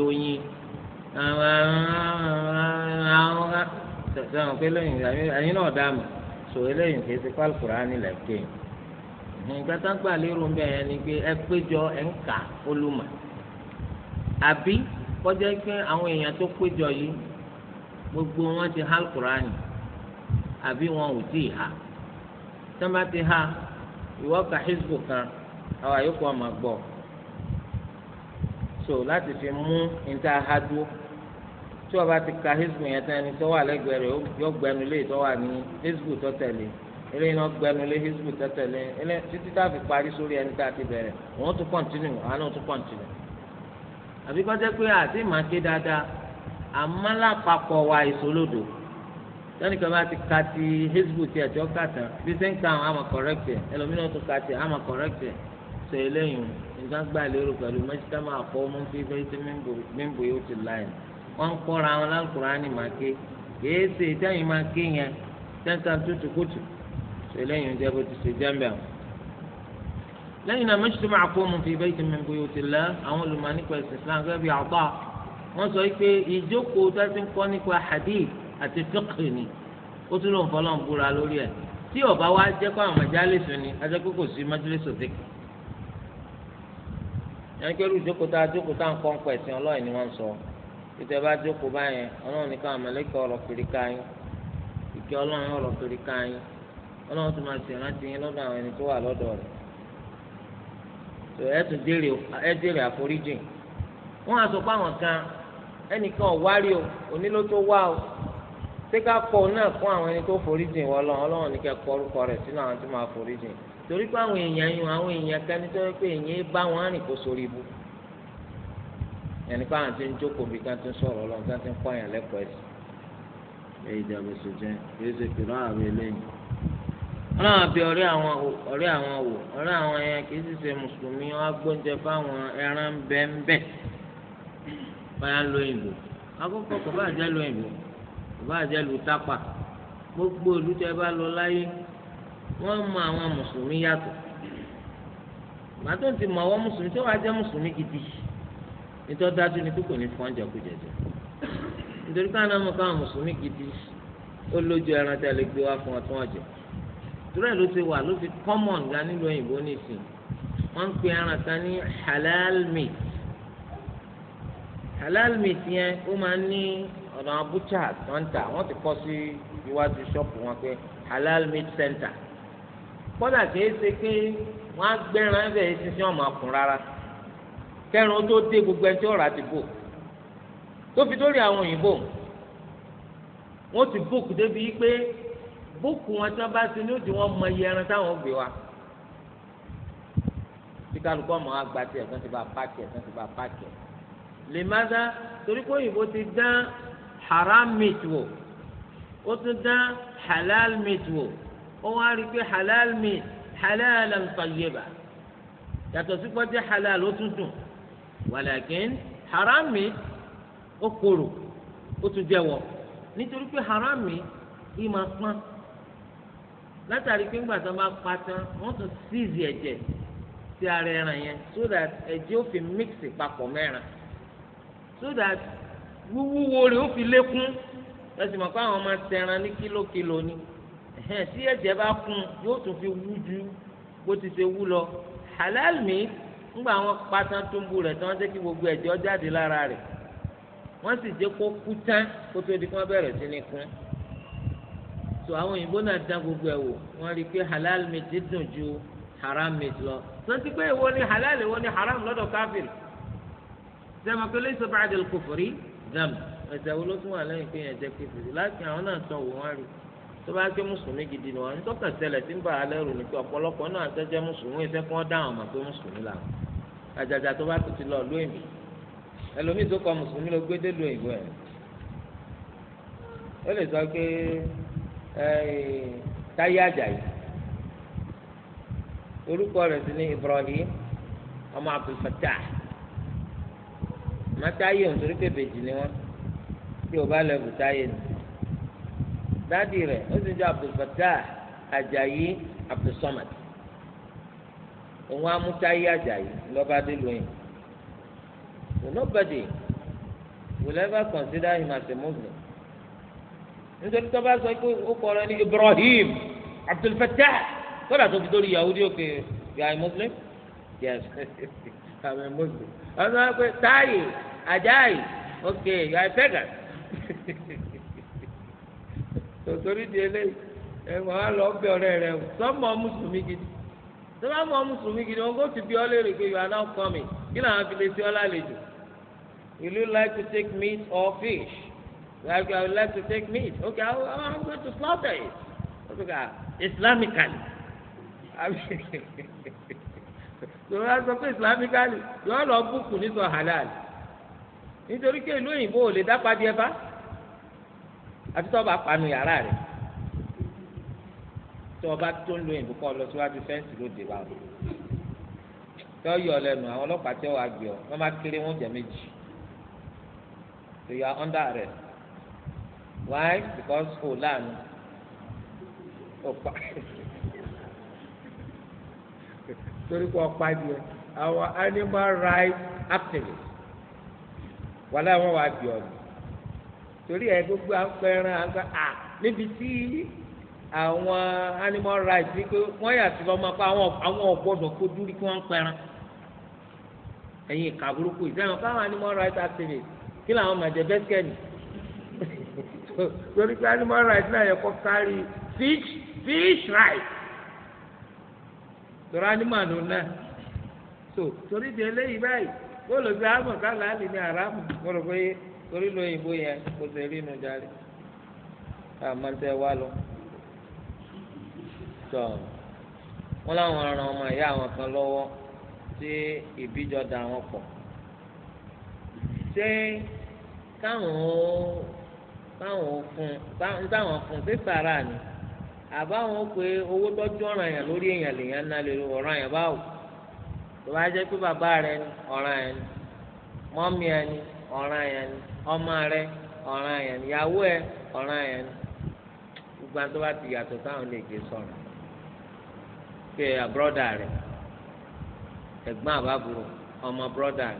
sẹ́wọ̀n pé lẹ́yìn ẹ̀yin náà dá mi sọ eléyìí kì í ti pálí kùránì lẹ́kẹ́ nígbà tá gbà lérò ń bẹ yẹn ni pé ẹ péjọ ẹ ń kà olùmọ̀ àbí kọjá pé àwọn èèyàn tó péjọ yìí gbogbo wọn ti há kùránì àbí wọn ò tí ì há tọ́ba ti há ìwọ ka hizbu kan àwọn àyókù ọmọ gbọ́ so láti fi mú níta há dúró. tí wọ́n bá ti ka hizbu yẹn tán ẹni tó wà lẹ́gbẹ̀ẹ́ yóò gbẹnu lé tó wà ní hizbu tó tẹ̀lé eléyìí náà gbẹnu lé hizbu tó tẹ̀lé eléyìí títí tá a fi parí sórí ẹni a ti bẹ̀rẹ̀ òun tún kọ́ntínú àánú tún kọ́ntínú. àbí kọ́jẹ́ pé àti màá dáadáa wa ka ti hizbu tiẹ̀ tí ó kà tán bí sẹ́ńkà ka sọ eléyìí nǹkan gbà lérò pẹ̀lú yóò ti wọ́n ń kọ́ra wọn lálùkùránì máa ké kìí ṣe ìtẹ́yìn máa ké yẹn tẹ́ńtà tútùkùtù ṣe lẹ́yìn oúnjẹ bó ti ṣe jẹ́ńbẹ̀ wọn. lẹ́yìn náà mẹ́sìtò máa kó mu fi bẹ́ẹ̀ tẹ̀mí bóyá o ti lẹ́ àwọn olùmọ̀ nípa ẹ̀sìn Islam gẹ́gẹ́ bí àgbà wọ́n sọ pé ìjókòó tó ti ń kọ́ nípa hadith àti fiqh ni ó tún ló ń búra lórí ẹ̀ tí ó bá jẹ́ kó àwọn májálísù ni ajẹ́ kó kò sí májálísù fíkì yẹn kí olùjókòó tá a jókòó tá ń kọ́ ń pẹ̀sìn ọlọ́ọ̀ ni wọ́n sọ e bá jókòó báyẹn ọlọ́run nìkan àmàlẹ́kọ̀ ọ̀rọ̀ kiri káyín ìkẹ́ ọlọ́run ọ̀rọ̀ kiri káyín ọlọ́run tó máa ṣèrántí yín lọ́dọ̀ àwọn ẹni tó wà lọ́dọ̀ rẹ̀ tó ẹ tún dèrè àforíjì wọ́n á sọ pé kan ẹnìkan o onílò tó kọ náà fún àwọn ẹni tó foríjì lọ ọlọ́run nìkan kọ orúkọ rẹ̀ sínú àwọn tó máa foríjì torí àwọn èèyàn yun àwọn yẹn nípa àwọn tí ń jókòó bí ká ti ń sọ̀rọ̀ ọlọ́run ká ti ń kọ́ yẹn lẹ́kọ̀ọ́ ẹ̀sìn. èyí ìjà bó ṣe jẹ èyí ṣe pèrò ààrẹ lẹ́yìn. ọlọ́run àbí ọ̀rẹ́ àwọn ọ̀rẹ́ àwọn wò ọ̀rẹ́ àwọn yẹn kì í sì ṣe mùsùlùmí wọn á gbóúnjẹ fáwọn ẹran bẹ́ńbẹ́ báyà lóyìnbó akókò kò bá jẹ́ lóyìnbó kò bá jẹ́ lu tápà gbogbo olùtẹ bá lọ láyé wọ́n mọ àwọn mùsùlùmí yàtọ̀ màtó ti mọ nítorí dájú ni kókò ní fún ọjà kú jẹjẹ nítorí káwọn ọmọ káwọn mùsùlùmí gidi ó lójú ẹran tí a lè gbé wá fún ọtún ọjà ìtura ló ti wà ló fi common ga nílùú òyìnbó nìsín wọn ń pe ẹran kan ní halal meat halal meat yẹn ó máa ń ní ọ̀nà abúchà tó ń wọ́n ti kọ́ sí iwájú ṣọ́ọ̀pù wọn pé halal meat center kódà kìí ṣe pé wọ́n á gbẹ́ran ẹ̀fẹ̀ yìí sí sí ọkùnrin rárá kẹrin tó dé gbogbo ẹni tí ó rà ti bò tó fi dórí àwọn òyìnbó wọn ti bóòkù débi yìí pé bóòkù wọn tí wọn bá ti ní ó di wọn mọ iye ẹran táwọn gbé wa tí kálukú ọmọ wa gba tiẹ̀ tán ti bá pàkì ẹ̀ tán ti bá pàkì ẹ̀ lè má dá torí pé òyìnbó ti dán haram meat wò ó tún dán halal meat wò ó wá rí i pé halal meat halal ń sọ yé ba yàtọ̀ sí pé ó jẹ́ halal ó tún dùn wàlàkín harami ó korò ó tún jẹ́wọ́ nítorí pé harami yìí máa pọ́n látàrí pé ńgbà tó bá pa tán wọ́n tún síìzì ẹ̀jẹ̀ sí ara ẹran yẹn so that ẹ̀jẹ̀ ó fi mix papọ̀ mẹ́ran so that wíwúwo rẹ̀ ó fi lékún lọ́sìn mọ̀ pé àwọn máa tẹran ní kílókìló ni tí ẹ̀jẹ̀ bá kún yóò tún fi wú ju bó ti ṣe wú lọ halal mi ńgbà wọn pátán túnbù rẹ̀ tí wọ́n jẹ́ kí gbogbo ẹ̀jẹ̀ jáde lára rẹ̀ wọ́n sì jẹ́ kó kú tán kó tó di kí wọ́n bẹ̀rẹ̀ sí ní kún so àwọn òyìnbó náà dán gbogbo ẹ̀ wò wọ́n rí i pé halal meat dùn ju haram meat lọ sọ́ńtí pé èwo ni halal èwo ni haram lọ́dọ̀ káfíìn sẹ́mi pé lóṣù bá àdìl kòfòrí dàm ẹ̀sẹ̀ wo ló tún wà lẹ́yìn pé yẹn jẹ́ kéfìrí láti àwọn náà tọ̀ wò wọ́n rí i tó bá gbé mùsùlùmí gidi ni wọn ní tọ́kàn ṣẹlẹ̀ tí ń bà á lẹ́rù ni pé ọ̀pọ̀lọpọ̀ náà àtẹ́jẹ́ mùsùlùmí iṣẹ́ kí wọ́n dáhùn mọ̀ pé mùsùlùmí làwọn àjàjà tó bá tó ti lọ lóyìnbí ẹlòmíì tó kọ mùsùlùmí ló gbé dé lóyìnbó ẹ̀ ó lè sọ pé táyé àjàyí orúkọ rẹ̀ sí ní Ibrahim ọmọ Abdulfatah mọ́táyé òǹtorí pèbèjì ni wọ́n tí o bá lẹ́bù táyé ni dáàdi rẹ̀ ó sì ń jẹ́ abdulfatah ajayi abdulsamad òun amútáyé ajayi lọ́ba adéluyin so nobody will ever consider him as a muslim nítorí tó bá sọ pé ó kọrọ ní ibrahim abdulfatah kódà tó fi dórí yahudi ó pé you are a muslim yes i am a muslim ọ̀sán pé táyì ajayi okay you are a pagan. tòtòrí di eléyìí ẹ̀wọ̀n á lọ bẹ ọ̀rẹ́ rẹ o sọ́mọ mùsùlùmí gidi sọ́mọ mọ́ mùsùlùmí gidi wọn kò ti bí ọlẹ́rìí pé you are now coming kí làwọn fi lè ṣe ọ́ lálejò will you like to take meat or fish like I would like to take meat okay I, I, I'm going to slaughter it okay Islamically sọ̀rọ̀ sọ pé Islamically yọ̀ọ́ lọ bùkún ní sọ halal nítorí pé ìlú òyìnbó ò lè dápadì ẹ bá àti tọ́ba panu yàrá rẹ̀ tọ́ba tó ń lo òyìnbó kọ́ lọ síwájú fẹ́ǹsì lóde wa o tọ́ yọ lẹ́nu àwọn ọlọ́pàá tẹ́ wàá gbé ọ wọ́n máa kéré wọn jẹ méjì so you are under arrest why because o láàánú o pa torí kò ọ̀pá di ẹ àwọn animal rights activists wàhálà wọn wàá gbé ọ ni torí ẹ gbogbo àpẹẹrẹ àgbà à níbi tí àwọn animal rights ní pé wọ́n yàtí lọ́mọ pé àwọn ọ̀gbọ́dọ̀ kó dúró kí wọ́n pẹran ẹ̀yin ìka burúkú ìsẹ́yìn káwọn animal rights activists kí làwọn mẹ̀jẹ̀ bẹ́sẹ̀ nì torí pé animal rights náà yẹ kó kárí fish fish rights torí animal ló náà so torí di eléyìí báyìí bó ló fi àmọ̀ ká làálì ní àràmù mo rò pé torí lo òyìnbó yẹn kò sì rí inú jáde àmọ́ tẹ wá lọ tọ wọn làwọn ran ọmọ ìyá àwọn kan lọ́wọ́ tí ìbíjọ da wọn pọ̀ ṣé káwọn ó káwọn fún táwọn fún sí sàrà ni àbáwọn pé owó tọ́jú ọ̀ràn yẹn lórí èèyàn lèèyàn ná lè ọ̀ràn yẹn báwò tó bá jẹ́ pé bàbá rẹ ni ọ̀ràn yẹn ni mọ́mí yẹn ni ọ̀ràn yẹn ni ọmọ rẹ ọ̀ràn yẹn ìyàwó ẹ ọ̀ràn yẹn gbogbo àti wá ti yàtọ̀ táwọn lè gbé pé ọmọ búrọ̀dà rẹ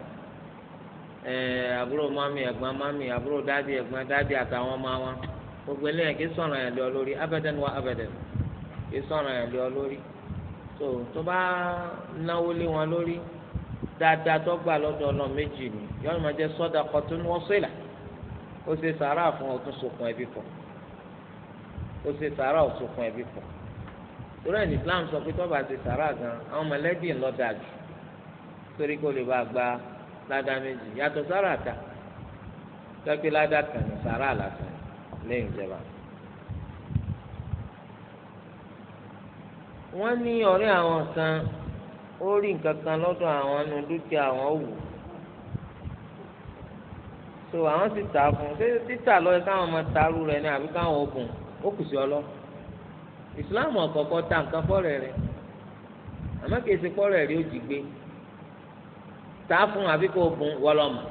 ẹ̀ẹ́ àbúrò mami ẹ̀gbọ́n mami àbúrò dádì ẹ̀gbọ́n àtàwọn ọmọ wọn gbogbo eléyàn kì í ọlọrị, lé ọ lórí kì í lé ọ lórí tó tó Dada tó gbà lọ́dọ̀ ọlọ́run méjì ni yọ́nù máa jẹ́ sọ́dà kọ́tún wọ́n sílà ó ṣe sàárà fún ọtún sokùn ẹbí pọ̀ ó ṣe sàárà ọ̀sokùn ẹbí pọ̀ torí ẹni Islam sọ pé tọ́ba ṣe sàárà gan àwọn mọ̀lẹ́bí ńlọ dáa jù torí kó lè bá gba ládà méjì yàtọ̀ sàárà ta tọ́pẹ́ ládà kan ní sàárà lásán lẹ́yìn ìjẹba. wọ́n ní ọ̀rẹ́ àwọn kan ó rí nǹkan kan lọ́dọ̀ àwọn nu dúkìá àwọn wù so àwọn ti tà fún ṣé títà lọ́yẹ káwọn máa taru rẹ̀ ni àbí káwọn oògùn ó kù sí ọlọ́ ìsìláàmù ọ̀kọ̀ọ̀kan ta nǹkan fọ́rẹ̀ rẹ̀ àmọ́ kìí ṣe fọ́rẹ̀ rí ó jì gbé tà fún àbí kó oògùn wọlọ́mù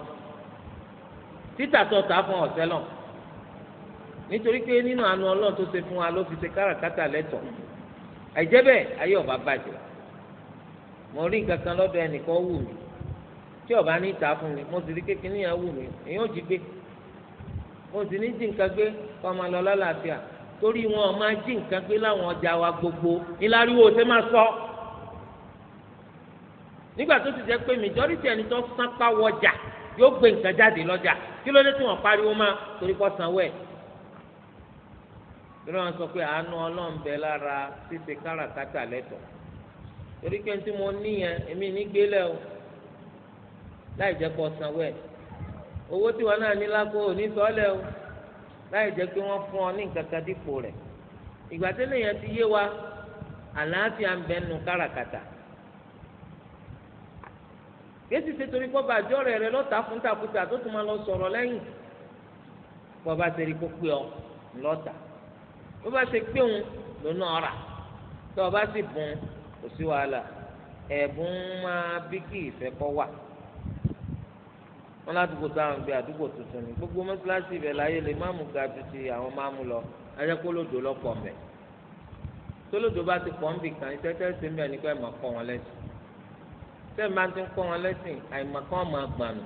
títà tó tà fún ọ̀sẹ́ lọ nítorí pé nínú àánú ọlọ́run tó ṣe fún wa ló fi ṣe káràkátà lẹ́tọ̀ọ́ àìjẹ́ bẹ́ẹ̀ ayé ọba bàjẹ́ mo rí nǹkan kan lọ́dọ̀ ẹnìkan wù mí tí ọba ní ìta fún mi mo sì rí kékeré yẹn wù mí èyí ò jí gbé mo sì ní jí nǹkan gbé kó máa lọ lálàáfíà torí wọn máa jí nǹkan gbé láwọn ọjà wa gbogbo ìlàríwò ṣe máa sọ nígbà tó ti jẹ́ pé majority ẹni tó sápá wọjà yóò gbé nǹkan jáde lọ́jà kí ló dé tí wọ́n pariwo máa torí kó sanwó ẹ̀ lọ́wọ́n sọ pé àánú ọlọ́run lára ṣíṣe káràkátà lẹ́tọ̀ọ́ torí pé tí mo níyàn èmi nígbélé o láì jẹ́ pé ọ̀sán wẹ̀ owó tí wọn náà ní lákò ò ní sọ́lẹ̀ o láì jẹ́ pé wọ́n fún ọ ní nǹkan kan dípò rẹ̀ ìgbà tí lèèyàn ti yé wa àlàáfíà ń bẹ nù káràkátà kéésì ṣe torí pọ́ bàjọ́ rẹ̀ rẹ lọ́ta fún tàkùtà tó tún máa lọ sọ̀rọ̀ lẹ́yìn bọ́ bá ṣe rí kó pé ọ lọ́ta bó bá ṣe pé òun lónà ọ̀rà tó o bá sì bùn kò sí wàhálà ẹ̀bùn máa bí kí ìfẹ́ kọ́ wà wọn ládùúgbò táwọn gbé àdúgbò tuntun ni gbogbo mọ́sálásí ibẹ̀ láyé lè má mú ga ju ti àwọn má mú lọ ayẹ́kọ́lódò lọ́pọ̀ mẹ́ tólódò bá ti pọ̀ nbì kan iṣẹ́ tẹ́sí mẹ́rin nípa ẹ̀mọ̀ kọ́ wọn lẹ́sìn tẹ́ẹ̀ máa ti ń kọ́ wọn lẹ́sìn àìmọ̀ kan máa gbànú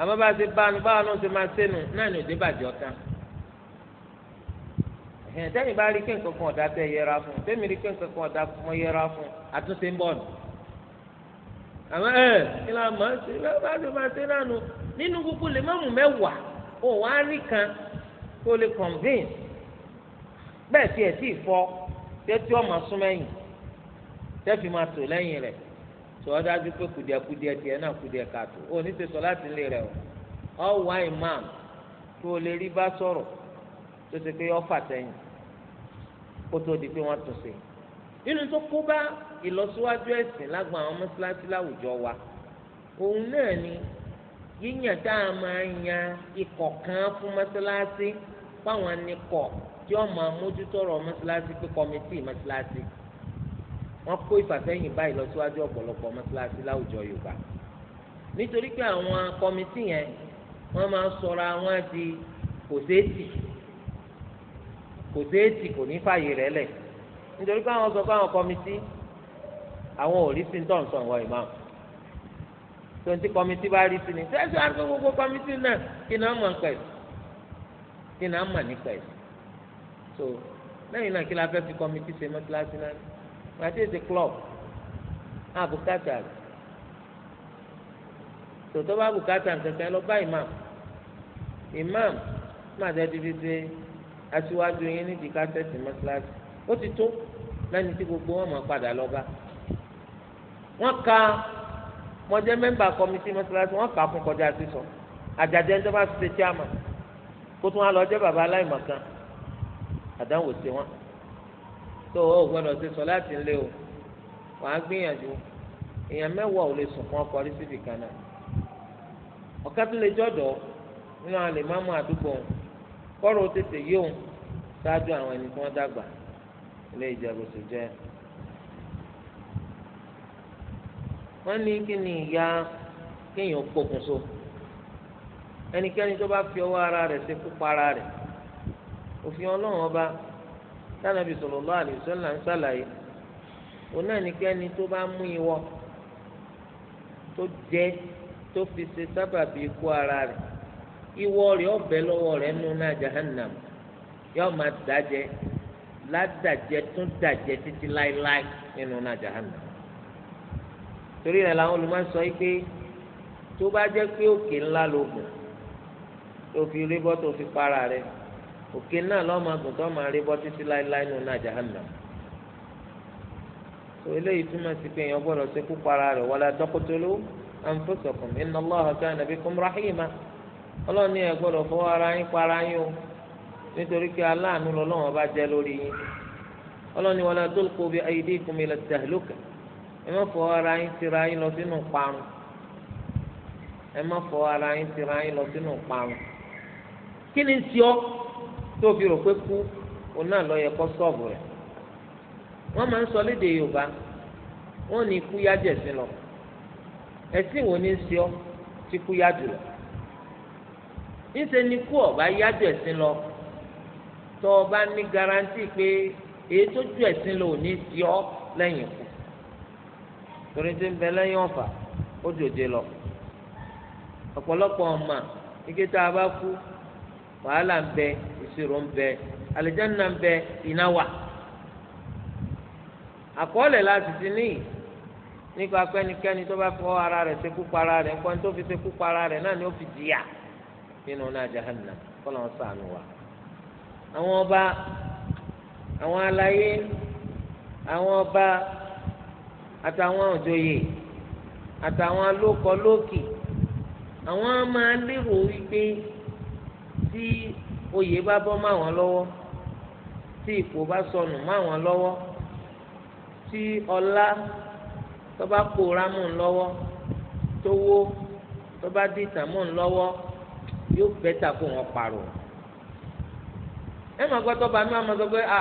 àmọ́ bá ti bánu báwọn náà ti máa sẹ́nu náà ní òde bàjẹ́ ọ̀tá ẹ̀hìn tẹ́yìn bá rí kéǹkan kan ọ̀dà tẹ́ yẹra fún tẹ́mi rí kéǹkan kan ọ̀dà mọ́ yẹra fún àtúnṣe ń bọ̀ nù. àmọ́ ẹ̀ kí la mọ̀ ṣe bá ṣe máa ṣe náà nù nínú gbogbo lè má mú mẹ́wàá ò wá rí kan tó lè convince bẹ́ẹ̀ tí ẹ̀ tí ì fọ́ tẹ́tí ọmọ súnmẹ́yìn tẹ́fì máa tò lẹ́yìn rẹ̀ tó ọ dájú pé kùdìẹ̀kùdìẹ̀ tiẹ̀ náà kùdìẹ̀ kàtó ò ní tó ṣe pé ọfà sẹ́yìn kó tó di pé wọ́n tún ṣe nínú tó kó bá ìlọsíwájú ẹ̀sìn lágbọn àwọn mọ́ṣáláṣí láwùjọ wa òun náà ni yíyàn tá a máa yan ikọ̀ kan fún mọ́ṣáláṣí fáwọn nikọ̀ tí wọ́n máa mójútó ọ̀rọ̀ mọ́ṣáláṣí pé kọ́mítì mọ́ṣáláṣí wọ́n kó ìfàsẹ́yìn bá ìlọsíwájú ọ̀pọ̀lọpọ̀ mọ́ṣáláṣí láwùjọ Yorùbá nítorí pé àwọn kọ́mítì yẹn wọ́n máa sọra wọn di kò kò séètì kò ní fààyè rẹ̀ lẹ̀ nítorí pé àwọn sọ pé àwọn kọ́mítì àwọn ò rí sí tó ń sọ ìwọ ìmọ̀ tó ń tí kọ́mítì bá rí sí ni sẹ́sì àti gbogbo kọ́mítì náà kí náà mọ̀ nípa ẹ̀sìn kí náà mọ̀ nípa ẹ̀sìn so lẹ́yìn náà kí la fẹ́ fi kọ́mítì ṣe mọ́ kíláàsì náà àti èsì club náà bùkátà rẹ̀ tòótọ́ bá bùkátà nǹkan kan lọ bá ìmáàmù ìmáàmù má aṣíwájú yín nídìí ká tẹ̀sí mọ́ṣáláṣí ó ti tó lẹ́ni tí gbogbo wọn máa padà lọ bá wọ́n ka mo jẹ́ mẹ́mbà kọ́mítì mọ́ṣáláṣí wọ́n kà á fún kọjá sísọ àjàjẹ́ ń tọ́ba ṣe chíàmà kó tún wá lọ jẹ́ bàbá aláìmọ̀ kan àdánwò ṣe wọ́n tó o gbọ́dọ̀ ṣe sọ láti ń lé o wàá gbìyànjú èèyàn mẹ́wàá ò lè sùn fún ọkọ̀ rí síbì kan náà ọ̀kátólẹ́jọ́dọ̀ nínú àlè máàmù àdúgbò wọn kọ́rọ̀ tètè yóò ṣáájú àwọn ẹni tí wọ́n dàgbà ilé ìjẹ̀bù sì jẹ́. wọ́n ní kí ni ìyá kéèyàn pokùn so ẹnikẹ́ni tó bá fi ọwọ́ ara rẹ̀ ṣekú para rẹ̀ òfin ọlọ́run ọba tánàbí sallallahu alaihi wasallam ń ṣàlàyé òun náà nìkẹ́ni tó bá mú ìwọ tó jẹ́ tó fi ṣe sábàbí ikú ara rẹ̀ iwọ rẹ̀ ọbẹ̀ lọ́wọ́ rẹ̀ nù náà jahannam yóò ma daje ládàjẹ́ tún dàjẹ́ títí láéláé nínú náà jahannam torí làwọn sọ yìí pé tó bá oke pé òkè ńlá ló gùn tó fi rí bọ́ tó fi para rẹ òkè náà lọ́mọ tó máa rí bọ́ títí láéláé nínú náà jahannam tó eléyìí túmọ̀ sí pé èèyàn gbọ́dọ̀ para ọlọ́run ní ẹ fọwọ́ ara yín para yín o nítorí pé aláàánú lọ́lọ́run ọba jẹ lórí yín ọlọ́run ní wala tulqu bi aydikum ila tahluka ẹ má fọwọ́ ara yín tira yín lọ sínú parun ẹ má fọwọ́ ara yín tira yín lọ sínú parun kí ni tí ọ tó fi rò pé kú òun náà lọ yẹ kó sọ́ọ̀bù rẹ̀ wọ́n máa ń sọ Yorùbá wọ́n ní yájẹ̀ sí lọ ẹ̀sìn wo ni ń ọ kú ńṣe ni kú ọba yájú ẹ̀sìn lọ tó o bá ní garanti pé èyí tó ju ẹ̀sìn lọ ò ní sí ọ lẹ́yìn ikú torí tí ń bẹ lẹ́yìn ọ̀fà ó dòde lọ ọ̀pọ̀lọpọ̀ ọ̀mà ike tá a bá kú wàhálà ń bẹ ìṣirò ń bẹ àlùjánnà ń bẹ iná wà àkọọ́lẹ̀ láti ti ní nípa pẹ́nikẹ́ni tó bá fọ ara rẹ̀ ṣekú para rẹ̀ nǹkan tó fi ṣekú para rẹ̀ náà ni ó fi jìyà nínú náà jahannam kọ́lọ́ ń sànù wa. àwọn ọba àwọn aláyé àwọn ọba àtàwọn òjòyè àtàwọn alókọ lókì àwọn máa lérò wípé tí oyè bá bọ́ mọ́ àwọn lọ́wọ́ tí ipò bá sọnù mọ́ àwọn lọ́wọ́ tí ọlá tó bá pòórá mọ́ ń lọ́wọ́ tówó tó bá dìtà mọ́ ń lọ́wọ́ yóò bẹ́tà kó wọn parọ́ ẹ máa gbọ́ tọ́ba mi máa sọ pé à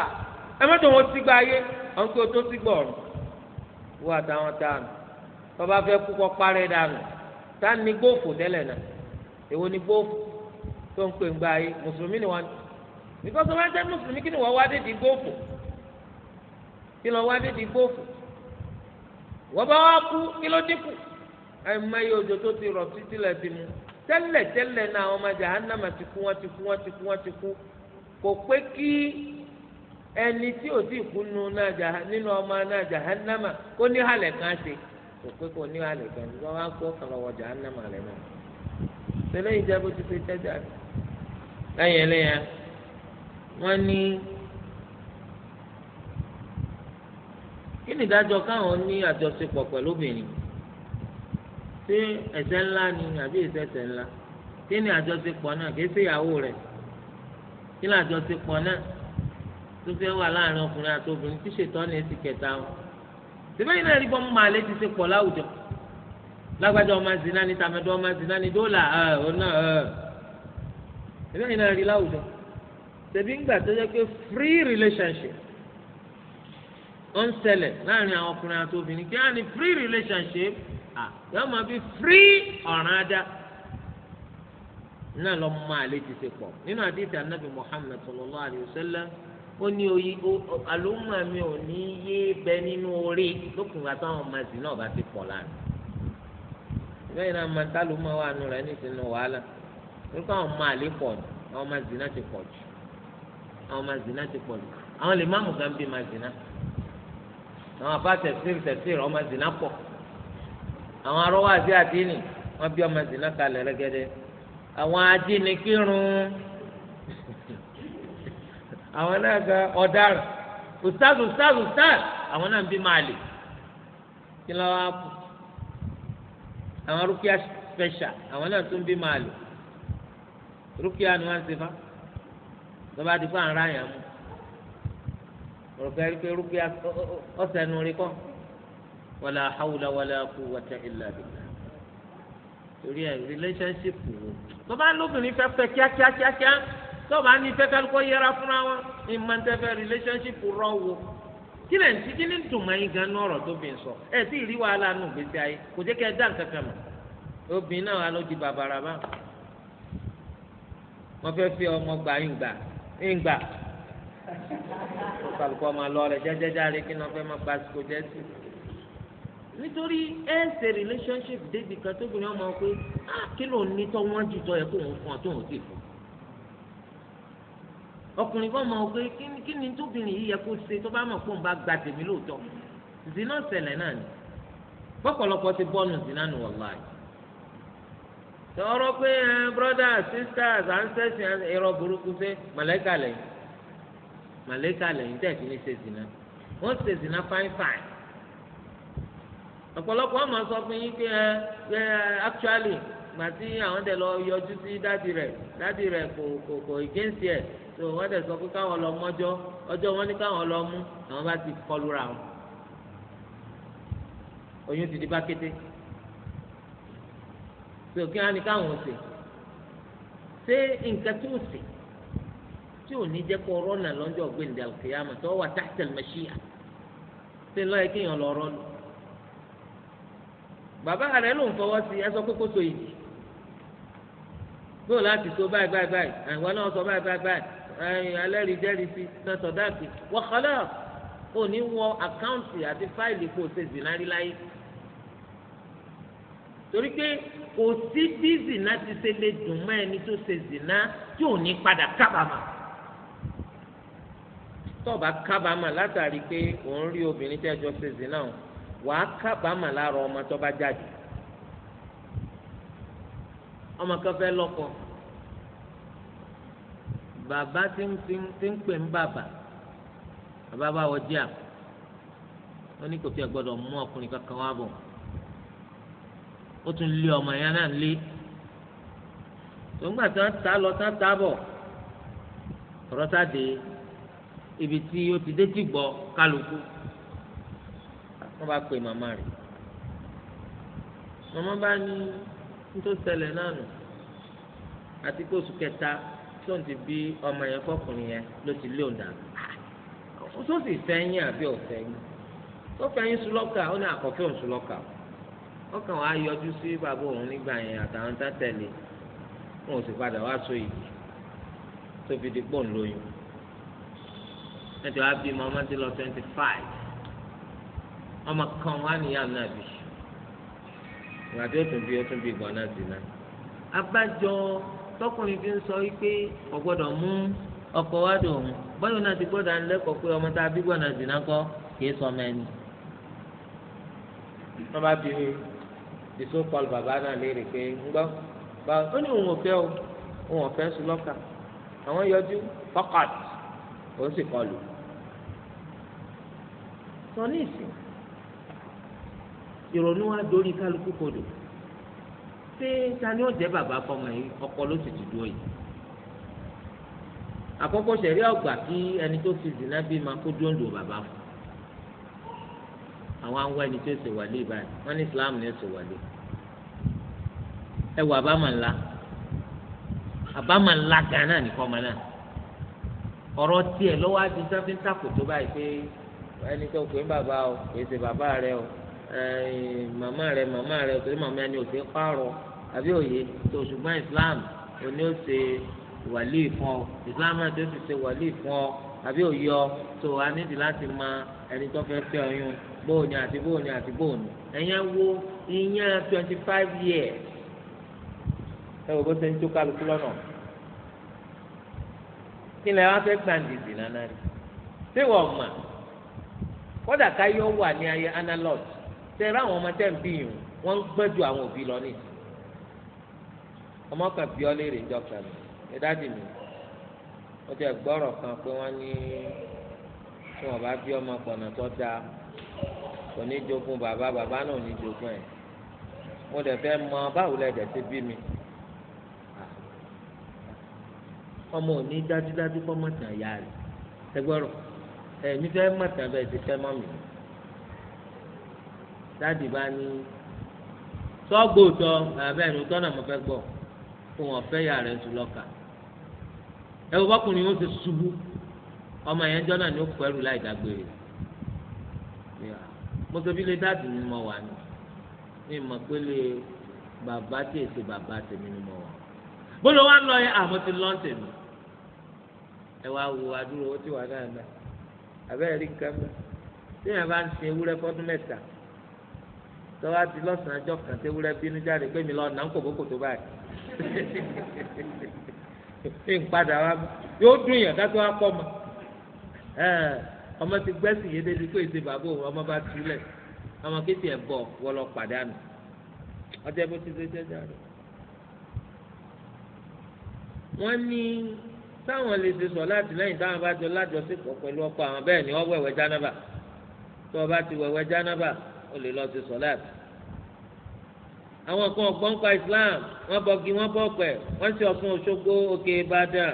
ẹ má tó wọn sígbà ayé àwọn kí o tó sígbà ọ̀run wọ́n àtàwọn dànù tọ́ba fẹ́ kú kọ́ parẹ́ dànù tá ní gbóòfò tẹ́lẹ̀ náà èwo ni gbóòfò tó ń pè ń gba ayé mùsùlùmí ni wọ́n ní bíkọ́sọ́ wọn jẹ́ mùsùlùmí kí ni wọ́n wá dé di gbóòfò kí lọ́ọ́ wá dé di gbóòfò wọ́n bá wá kú kí ló dínkù ẹ̀ mọ iye òjò tó ti rọ̀ títí lẹ́ ti mú tẹ́lẹ̀ tẹ́lẹ̀ na àwọn ọmọ jahannama ti kú wọ́n ti kú wọ́n ti kú wọ́n ti kú kò pé kí ẹni tí ò tí kú nínú ọmọ náà jahannama kó ní halẹ̀ kan ṣe kò pé kò ní halẹ̀ kan ṣe wọ́n wá kó jahannama náà yìí ti ní kí ni ìdájọ́ káwọn ní ṣé ẹ̀ṣẹ̀ ńlá ni àbí ìṣẹ̀ṣẹ̀ ńlá kí ni àjọṣepọ̀ náà kì í ṣe ìyàwó rẹ̀ kí ni àjọṣepọ̀ náà tó fẹ́ wà láàrin ọkùnrin àti obìnrin tí ṣètọ́ ní èsì kẹta wọn. síbẹ̀ iná rí bọ́mú màálé ti ṣe pọ̀ láwùjọ lágbájá ọmọ zina ni tàmẹ́dọ́ ọmọ zina ni dọ́là ẹ̀ ọ̀nà ẹ̀ síbẹ̀ iná rí láwùjọ. tẹ̀bí ń tó yẹ pé free relationship ó ń ṣẹlẹ̀ láàrin àwọn ọkùnrin àti obìnrin kí á ní free relationship yọ ọmọ bíi free ọ̀ràn ajá náà lọ mọ àlè ti ṣe pọ̀ nínú àdìsí anábì Muhammad sallallahu alayhi wa sallam ó ní oyi àlùmọ́ mi ò ní yé bẹ nínú orí lókun àti àwọn ọmọ ẹ̀sìn náà bá ti pọ̀ lánàá bẹ́ẹ̀ náà máa tá àlùmọ́ wà nù rẹ̀ nísìnyí wàhálà nípa àwọn ọmọ àlè pọ̀ jù àwọn ọmọ ẹ̀sìn náà ti pọ̀ jù àwọn ọmọ ẹ̀sìn náà ti pọ̀ jù àwọn lè má mú gan bí ọmọ náà àwọn àbá tẹ̀síìrì tẹ̀síìrì ọmọ ẹ̀sìn náà pọ̀ àwọn arọ́wọ́ àti àdínì wọ́n bí ọmọ zina kalẹ̀ rẹ́gẹ́dẹ́ àwọn àdínì kírun àwọn náà gba ọ̀daràn ustaz ustaz ustaz àwọn náà ń bí máa lè kí ló wá kù àwọn rúkìá special àwọn náà tún bí máa lè rúkìá ni wọ́n ń ṣe fa lọ́ba àdìpọ̀ àrùn ráyà mú rọ̀kẹ́ rúkìá ọ̀sẹ̀ nù rí kọ́ wàlà hawla wàlà quwwata illa billah torí ẹ relationship wo tó bá lóbìnrin fẹ́ fẹ́ kíákíákíá tó bá ní fẹ́ kálukọ yẹra fúnra wọn ní mọtẹfẹ relationship rọ wo kí lẹ́yìn tí kí ni dùnmọ́ yín gan ní ọ̀rọ̀ tó fi ń sọ ẹ sì rí wàhálà nù gbèsè ayé kò jẹ́ kẹ́ ẹ dá nǹkan kan mọ̀ obìnrin náà wà ló di bàbàrà bá wọn fẹ́ fi ọmọ gbà yín gbà yín gbà kálukọ máa lọ rẹ jẹ́jẹ́jẹ́ àrẹ kí ni wọ́n fẹ́ máa gba àsìkò jẹ́ sí nítorí ẹ ń ṣe relationship débi kan tóbìnrin ọmọ pé ah, kí ló ní tọ́ wọ́n jù tọ́ yẹ kó òun fún ọ tó òun sì fún ọkùnrin kan mọ̀ pé kí ni tóbìnrin yìí yẹ kó ṣe tó bá mọ̀ pé òun bá gba tèmi lóòótọ́ zina ṣẹlẹ̀ náà ni pọ̀pọ̀lọpọ̀ ti bọ́ọ̀nù zina nù wọ̀lá yìí tọrọ pé eh, brothers sisters ancestors ẹ̀rọ burúkú ṣe màlẹ́kà lẹ́yìn màlẹ́kà lẹ́yìn tẹ̀ fi ní ṣe zina wọ́n ṣe zina fine fine ọ̀pọ̀lọpọ̀ ọmọ sọ fún yín pé ẹ actually gbàtí àwọn tẹ lọ yọjú sí dádì rẹ̀ dádì rẹ̀ kò kò kò against ẹ̀ tó wọ́n tẹ sọ pé káwọn lọ mọ́jọ́ ọjọ́ wọn ní káwọn lọ mú àwọn bá ti kọlu ra wọn oyún ti di bá kété tó kí wọn ní káwọn ṣe ṣé nǹkan tí ò ṣe tí ò ní jẹ́ kó rọ́nà lọ́jọ́ gbẹ̀ndẹ̀ àlùkìyàmọ̀ tó wà táìtẹ̀lì mẹ́ṣíà ṣé lọ́yẹ̀ kéèyàn lọ rọ́nù bàbá rẹ ló ń fọwọ́ sí ẹ sọ pé kó so ìdì bóò láti so báyìí báyìí báyìí àwọn náà sọ báyìí báyìí báyìí ẹyìn alẹ́rìí jẹ́rìí sí sọ̀tọ̀ dàbí wọ́kọ́lá ò ní wọ àkáǹtì àti fáìlì kò ṣe zìnnárí láyé torí pé kò sí bí zìnná ti ṣe lè dùn mọ́ ẹni tó ṣe zìnná tí ò ní padà kábàámà tó bá kábàámà látàrí pé òun rí obìnrin tẹ́jọ́ ṣe zìnná o wàá kábàámà lára ọmọ tó bá jáde ọmọ kan fẹ́ lọ́kọ bàbá tí ń tí ń pè ń bàbà bàbá bá wọ díà wọn ní kò tí ẹ mú ọkùnrin kankan wá bọ̀ ó tún lé ọmọ yẹn náà lé tòǹgbà tí wọn ta lọ tí wọn ta bọ̀ ọ̀rọ̀ sáde ibi tí ó ti dé ti gbọ́ kálukú wọ́n bá pe màmá rẹ̀ màmá bá ní nítorí ṣẹlẹ̀ náà nù àti pé oṣù kẹta tó ń ti bí ọmọ yẹn fọkùnrin yẹn ló ti lé òǹdà tó sì fẹ́ yín àbí ọ̀fẹ́ yín tó fẹ́ yín sùlọ́kà ó ní àkọ́fẹ́ òun sùlọ́kà ọkàn wa yọjú sí bàbá òun nígbà yẹn àtàwọn tá tẹ̀lé wọn ò sì padà wá sọ ìdí tó fi di pọ́ùn lóyún ẹ̀tọ́ á bí ọmọ ti lọ twenty five ọmọ kan wà níyà náà bì ìgbà tí ó tún bí ó tún bí gbọ́n náà sí náà. abájọ tọkùnrin fi ń sọ wípé kò gbọ́dọ̀ mú ọkọ wá dùn òun báyọ̀ náà ti gbọ́dọ̀ alẹ́kọ̀ọ́ pé ọmọ tá a bí gbọ́n náà sí náà kọ́ kìí sọ ọmọ ẹni. wọ́n bá bí the so bàbá náà léèrè pé ń gbọ́ báwo ó ní òun ò fẹ́ o òun ò fẹ́ sùn lọ́kà àwọn yọjú fọkàt òun sì kọlù. sọ ní ìsìn ìrònú wa dórí kálukú kodò ṣé ta ni ó jẹ́ bàbá fọmọ yìí ọkọ ló sì ti dúró yìí àkọ́kọ́ sẹ̀rí ọgbà kí ẹni tó fi zina bí ma kó dóńdó bàbá fún àwọn àwọn ẹni tó ṣe wàlé báyìí wọ́n ní Islam ní ṣe wàlé ẹ wọ àbámọ̀ ńlá àbámọ̀ ńlá gan náà nìkan ọmọ náà ọ̀rọ̀ tiẹ̀ lọ́wọ́ á di sáfíńtà kò tó báyìí pé ẹni tó pè ń bàbá o kò ṣe bàbá rẹ o màmá rẹ màmá rẹ torí màmá ẹni ò sí pààrọ̀ àbí òye tó ṣùgbọ́n Islam òní ó ṣe wàlí fún Islam náà tó ti ṣe wàlí fún ọ àbí òye ọ tó a nídi láti mọ ẹni tó fẹ́ fẹ́ ọyún bóòní àti bóòní àti bóòní ẹ̀yẹn wo ìyẹn twenty five years ẹ wò bó ṣe ń tó kálukú lọ́nà kí lẹ wá fẹ́ gbàǹdìdì nánà rí ṣé wọ́n mọ̀ kódà káyọ̀ wà ní ayé analog tẹ̀rẹ́ àwọn ọmọ tẹ̀ ń bí yìí wọ́n ń gbọ́n ju àwọn òbí lọ ní ìsìn ọmọ kan bí ọ léèrè ńjọ kan ní ẹ dáàdì mi ó jẹ gbọ́rọ̀ kan pé wọ́n ní tí wọ́n bá bí ọmọ pọ̀nà tó dáa kò ní jogún bàbá bàbá náà ò ní jogún ẹ̀ mo dẹ̀ fẹ́ mọ báwo lẹ dẹ̀ ti bí mi ọmọ ò ní dájúdájú kọ́ mọ̀tàn ìyá rẹ̀ ẹ gbọ́rọ̀ ẹ̀ mi fẹ́ mọ̀tàn bẹ́ẹ̀ ti fẹ́ mọ́ mi dáàdì bá ní sọ́gbó tọ́ abẹ́ ẹ̀nu tọ́nà mo fẹ́ gbọ́ kó wọn fẹ́ yà rẹ̀ sùn lọ́kà ẹ wò bọ́kùnrin yóò ṣe ṣubú ọmọ yẹn jọ́nà ni ó pẹ́rù láì dágbére mo tóbi lé dáàdì ni mo wà ní ní ìmọ̀ pé lè bàbá tí èsì bàbá tèmi ni mo wà bóyá wà lọ yẹ àmọ́ ah, ti lọ́n tèmi ẹ wá wo adúrò ó ti wà náà náà abẹ́rẹ́ rí nǹkan mọ́ tí yẹn bá ń sin ewúrẹ́ fọ́dún mẹ́ta tọ́wá ti lọ́sàn-án ọjọ́ kan tẹ́wúrẹ́ bínú jáde pé mi lọ nà ń kòkókò tó báyìí ṣé n padà wá yóò dún yàn kátó wá kọ́ ma ọmọ ti gbẹ́sì yé débi pé èsì bàbá òun ọmọ bá túlẹ̀ ọmọ kéde ẹ̀ bọ̀ wọlọ pàdánù ọjọ́ bó ti ṣe jẹ́jà rẹ̀. wọ́n ní táwọn lè ṣe sọ láti lẹ́yìn táwọn bá jọ lájọṣepọ̀ pẹ̀lú ọkọ àwọn bẹ́ẹ̀ ni wọ́n wẹ̀wẹ̀ jánábà tó o bá ti wẹ̀wẹ̀ jánábà ó lè lọ sí sọláàtì àwọn kan ọgbọ́n pa islam wọ́n bọ̀gì wọ́n bọ̀pẹ̀ wọ́n sì ọ̀sùn òṣogbo òkè ìbàdàn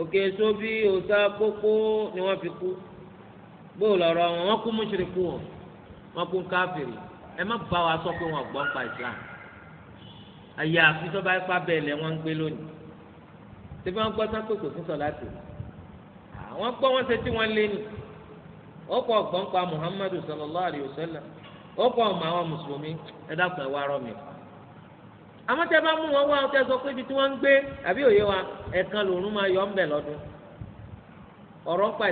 òkè sóbì òsà pópó ni wọ́n fi kú bóò lọ́rọ̀ wọn wọ́n kú mùṣírikù wọn wọ́n kú káfìrì ẹ má bá wa sọ pé wọn ọgbọ́n pa islam àyà àfi tó bá pa bẹ́ẹ̀ lẹ̀ wọ́n ń gbé lónìí tẹ́fẹ́ wọn gbọ́ sápòkò fún sọ̀láàtì àwọn gbọ́ wọn ṣe tí wọ́n lé ni ó kọ́ ọgbọ́n pa muhammadu sallallahu alayhi wa sallam ó kọ́ ọmọ àwọn mùsùlùmí ẹ dákun ẹ wá rọ mi àmọ́ tẹ́ bá mú wọn wá ọtẹ sọ pé ibi tí wọ́n ń gbé àbí òye wa ẹ̀ẹ̀kan lòún máa yọ ọ́nbẹ̀ lọ́dún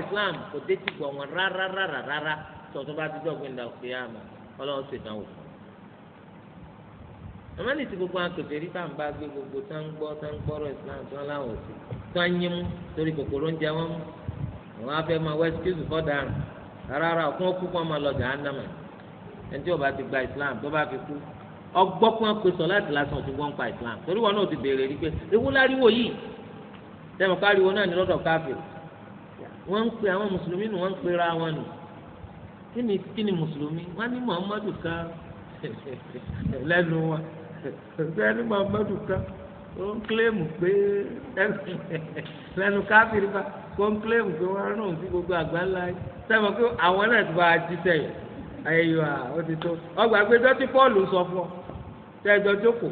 Islam kò dé ti gbọ̀ wọn rárá rárá rárá tọ̀tún bá ti ọlọ́run dánwò. àmọ́ gbogbo rí tá à Islam tí wọ́n láwọn yín mú torí kòkòrò ń jẹ wọ́n mú àwọn afẹ́ máa ẹni tí ó bá ti gba islam tó bá fi kú ọgbọ́pọ́n pé sọ láti lásán ò ti gbọ́n pa islam torí wọn náà ti béèrè rí pé ewu láriwo yìí tẹmọ káriwo náà ní lọ́dọ̀ káfíìn wọ́n ń pe àwọn mùsùlùmí nù wọ́n ń pera wọn nù kí ni kí ni mùsùlùmí wọ́n ní muhammadu ká lẹ́nu wa ṣe ní muhammadu ká ó ń kílèmù pé lẹ́nu káfíìn bá ó ń kílèmù pé wọ́n rán òun sí gbogbo àgbáńlá yìí tẹmọ pé àwọn náà ti bá a jí sẹ́yìn. ayiwa ó ti tó ọgbà gbẹdọ tí Pọ́ọ̀lù sọ fún ọ tẹjọ jókòó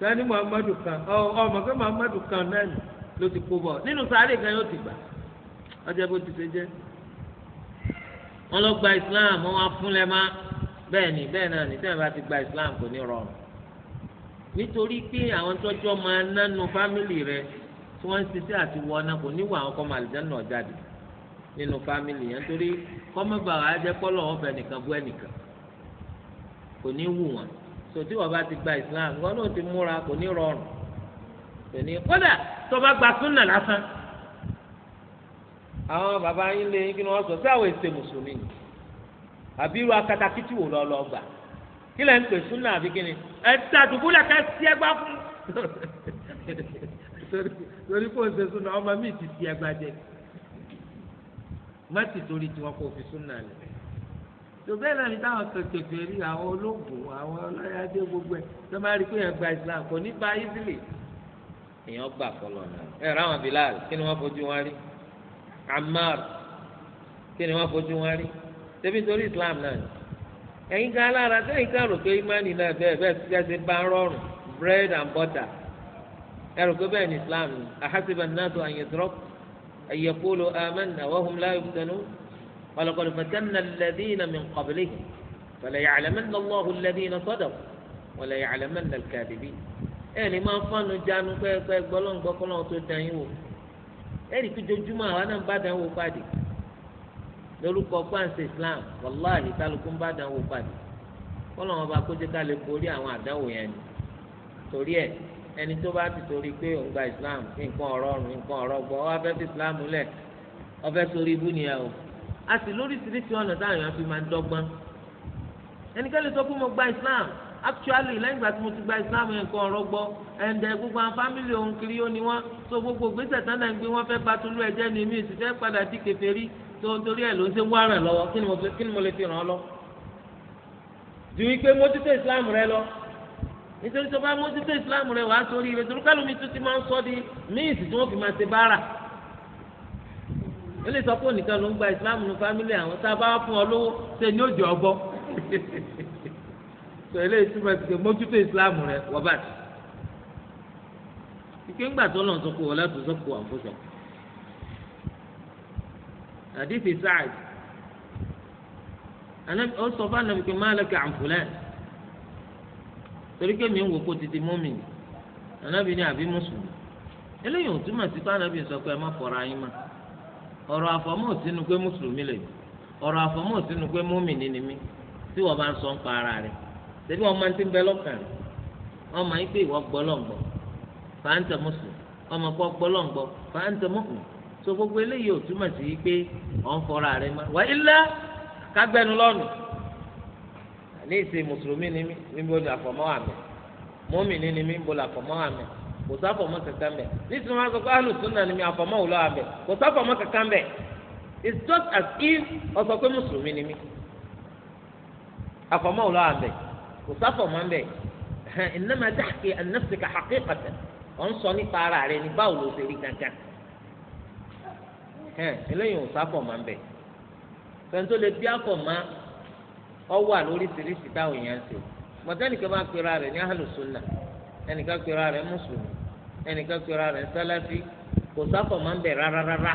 sani Muhammadu kan ọ ọmọ pé Muhammadu kan náà ni ló ti kó bọ nínú sáré kan yóò ti gbà ọjọ́ bó ti ṣe jẹ́ wọn lọ gba Islam wọn wá fúnlẹ má bẹ́ẹ̀ ni bẹ́ẹ̀ náà ni tẹnifà ti gba Islam kò ní rọrùn nítorí pé àwọn tọjọ máa nánu fámìlì rẹ tí wọn ń ṣiṣẹ́ àti wọnà kò níwọ àwọn kọ màlìjẹ náà jáde nínú fámìlì yẹn torí kọ́mọ́bàrà á jẹ́ kọ́lọ̀ wọn fẹ́ nìkan bú ẹnìkan kò ní wù wọn sòtí wọn bá ti gba Islam wọn náà ti múra kò ní rọrùn kò ní kódà tó bá gba súnà lásán àwọn bàbá yín lé kí ni wọn sọ sí àwọn èsè mùsùlùmí àbí irú akatakítí wò lọ́ọ́ gbà kí lẹ́ ń pè súnà àbí kí ni ẹ ta dùbúlẹ̀ ká sí ẹgbà fún torí kò ń ṣe súnà ọmọ mi ti ti ẹgbà jẹ má ti torí tiwọn kó fi súnà lẹ tòbẹ́ náà ní táwọn kẹ̀kẹ́ rí àwọn ológun àwọn ọlọ́yàdé gbogbo ẹ̀ tó máa rí pé èèyàn gba Islam kò ní ba easily èèyàn gbà fọlọ náà ẹ ráwọn Bilal kí ni wọ́n fojú wọn rí Ammar kí ni wọ́n fojú wọn rí tẹ́bí torí Islam náà ni ẹ̀yin kan alára sẹ́yìn kan rò pé imani náà bẹ́ẹ̀ bẹ́ẹ̀ ti ṣe bá rọrùn bread and butter ẹ rò pé bẹ́ẹ̀ ni Islam ahasiba nato ayetoro أن يقولوا آمنا وهم لا يفتنون ولقد فتنا الذين من قبلهم فليعلمن الله الذين صدقوا وليعلمن الكاذبين ẹnì máa fọnù jánu pẹ́ẹ́pẹ́ gbọ́lọ́n gbọ́kọ́lọ́n tó dán yín wò ẹnì tó jojúmọ́ àwọn náà ń bá dán wò pàdé lórúkọ gbàǹsì Islam wàláhì kálukú ń bá dán wò pàdé kọ́lọ́n wọn kó jẹ́ ká lè borí àwọn àdánwò yẹn ni torí ẹ̀ ẹni tó bá ti torí pé òun gba islam nǹkan ọ̀rọ̀ ọ̀run nǹkan ọ̀rọ̀ gbọ́ ọ fẹ́ fi islam lẹ̀ ọ fẹ́ torí ibú nìyẹn o a sì lóríṣiríṣi ọ̀nà táwọn èèyàn fi máa ń dọ́gbọ́n ẹnikẹ́ni tó kú mo gba islam actually lẹ́yìn ìgbà tí mo ti gba islam yẹn nǹkan ọ̀rọ̀ gbọ́ ẹ̀ǹdẹ̀ gbogbo àwọn fámìlì òun kiri ó ní wọ́n so gbogbo gbèsè tánà ń gbé wọ́n fẹ́ patulú ẹ̀jẹ̀ ni mí sì fẹ́ padà di kèfèrí tó ń torí ẹ̀ ló ń ṣe ń wá ràn lọ́wọ́ kí ni mo lè fi ràn ọ́ lọ. ju wípé mo ti tẹ islam rẹ lọ nítorí tó bá mójútó ìsìláàmù rẹ wàá sórí ire torí kálùmí tó ti máa ń sọ di míìsì tí wọ́n fi máa ṣe báárà ó lè sọ pé ònìkan ló ń gba ìsìláàmù ní fámílì àwọn tá a bá fún ọ lówó ṣe ni ó jẹ ọgbọ tó eléyìí túmọ̀ sí pé mójútó ìsìláàmù rẹ wọ́n bá ti ike ńgbà tó lọ́n sọ́kò wọlé tó sọ́kò àǹfọ̀sọ̀ àdìsí sáàdì ó sọ fún ànàbìkì torí kémi ń wò kó ti di mọ́mìnì ànábì àbí mùsùlùmí eléyìí ò túmọ̀ sí pé sọ pé ẹ má fọra yín mọ́ ọ̀rọ̀ àfọ̀mọ́ pé mùsùlùmí lè mi ọ̀rọ̀ àfọ̀mọ́ pé ni mí tí wọ́n bá ń sọ ń pa ara rẹ̀ wọ́n máa ń ti bẹ lọ́kàn rẹ̀ wọ́n máa ń pè ìwọ́ gbọ́lọ́ngbọ́ fàáńtà mùsùlùmí ń ní ìsè mùsùlùmí ni mí níbo ni àfọmọ́ àmì mùmínì ni mí níbo ni àfọmọ́ àmì kò sáfọmọ́ kankan bẹ̀ nísìnyí wọn sọ pé alùsùnà ni mí àfọmọ́ òlò àmì kò sáfọmọ́ kankan bẹ̀ it's just as if ọsọ pé mùsùlùmí ni mí àfọmọ́ òlò àmì kò sáfọmọ́ bẹ̀ innama tahki an nafsika haqiqatan ọ̀ ń sọ nípa ara rẹ ní báwo ló ṣe rí gangan eléyìí ò sáfọmọ́ bẹ̀ fẹ́ntó lè bí àfọmọ́ ọ wà lóríṣiríṣi táwọn èèyàn ṣe mọ̀tẹ́nìkan bá pera rẹ̀ ní àlùsùnà ẹnìkan pera rẹ̀ mùsùlùmí ẹnìkan pera rẹ̀ sálàfí kò sáfọ̀ máa ń bẹ̀ rárá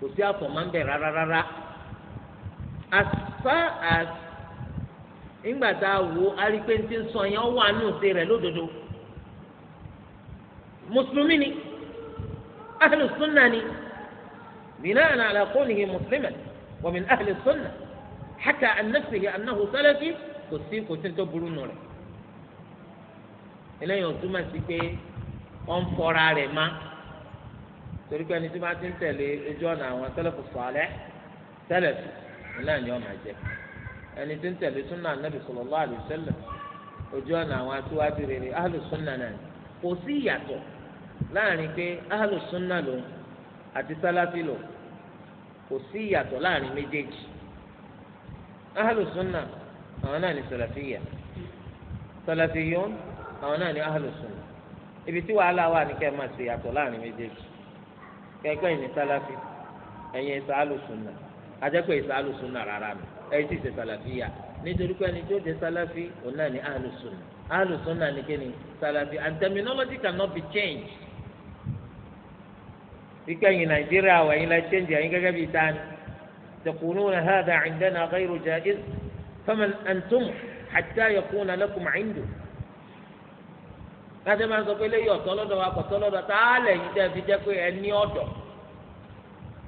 kò sí àfọ̀ máa ń bẹ̀ as tá a wo arípéntì sọ yẹn ọ wà nù rẹ̀ lódodo mùsùlùmí ni àlùsùnà ni bìnnà àlàkùnrin mùsùlùmí حكى عن نفسه أنه سلفي kò sí kò sí tó burú nù rẹ̀ eléyìí ò túmọ̀ sí pé ó ń fọra rẹ̀ má torí pé ẹni tí wọ́n ti ń tẹ̀lé ojú ọ̀nà àwọn sẹ́lẹ̀fù sọ̀alẹ́ sẹ́lẹ̀fù ńlá ni ọ̀nà jẹ ẹni tí ń tẹ̀lé súnà nàbì sallallahu alaihi wasallam ojú ọ̀nà àwọn aṣíwájú rere ahlu súnà náà kò sí ìyàtọ̀ láàrin pé ahlu súnà lòun àti sálàfì lòun kò sí ìyàtọ̀ láàrin méjèèjì ahlu sunna àwọn náà ní sọlàfíyà sọlàfíyún àwọn náà ní ahlu sunna ibi tí wàhálà wà ní kẹ́ máa ṣe yàtọ̀ láàrin méjèèjì kẹ́kọ́ ẹ̀yìn sálàfí ẹ̀yìn ẹ̀sà ahlu sunna ajẹ́pẹ́ ẹ̀sà ahlu sunna rárá mi ẹ̀yìn sì ṣe sọlàfíyà nítorí pé and terminology cannot be changed wípé nigeria nàìjíríà wẹ̀yìn la change ẹ̀yìn gẹ́gẹ́ bi تقولون هذا عندنا غير جائز فمن أنتم حتى يكون لكم عنده láti máa sọ pé eléyìí ọ̀tọ̀ lọ́dọ̀ wa kọ̀tọ̀ lọ́dọ̀ tá a lẹ̀ yìí tẹ́ fi jẹ́ pé ẹni ọ̀dọ̀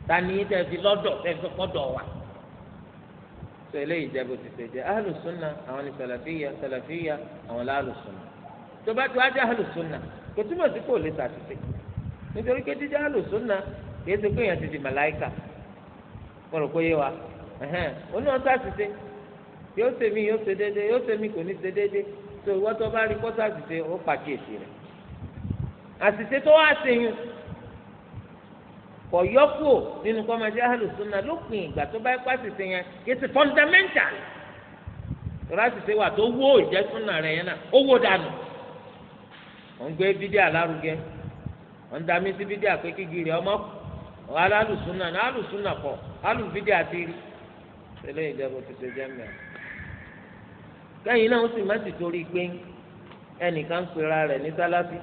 ta ni yìí tẹ́ fi lọ́dọ̀ tẹ́ fi kọ́dọ̀ wa. sọ eléyìí jẹ́ bó ti ṣe jẹ́ ahlùsùnà àwọn ni sàlàfíyà sàlàfíyà àwọn láàlùsùnà tó bá tó ajá ahlùsùnà kò túmọ̀ sí kò lè ṣàtúnṣe nítorí pé jíjẹ́ ahlùsùnà kì í ṣe pé èèyàn ti di màláìkà mo rò pé yé wa oní ọ̀sẹ̀ àṣìṣe yóò ṣe mí yóò ṣe déédéé yóò ṣe mí kò ní ṣe déédéé tó ìwọ́ tó bá rí kọ́sà àṣìṣe ó pàkíyèsí rẹ̀ àṣìṣe tó wá ṣe yún kọ̀ nínú kọ́mọdé àlùsùnà lópin ìgbà tó bá ipá ṣìṣe yẹn kì ṣe ọ tọ́lá sì ṣe wà tó wó ìjẹ́sùnà rẹ̀ yẹn náà ó wó dànù. gbé wọn alálùsùnà ní alùsùnà kọ alùbídé àti rí tẹ́lẹ̀ ìjọba ti ṣe jẹ mẹ. lẹ́yìn náà ó sì má sì torí pé ẹnìkan ń pera rẹ̀ ní sálábí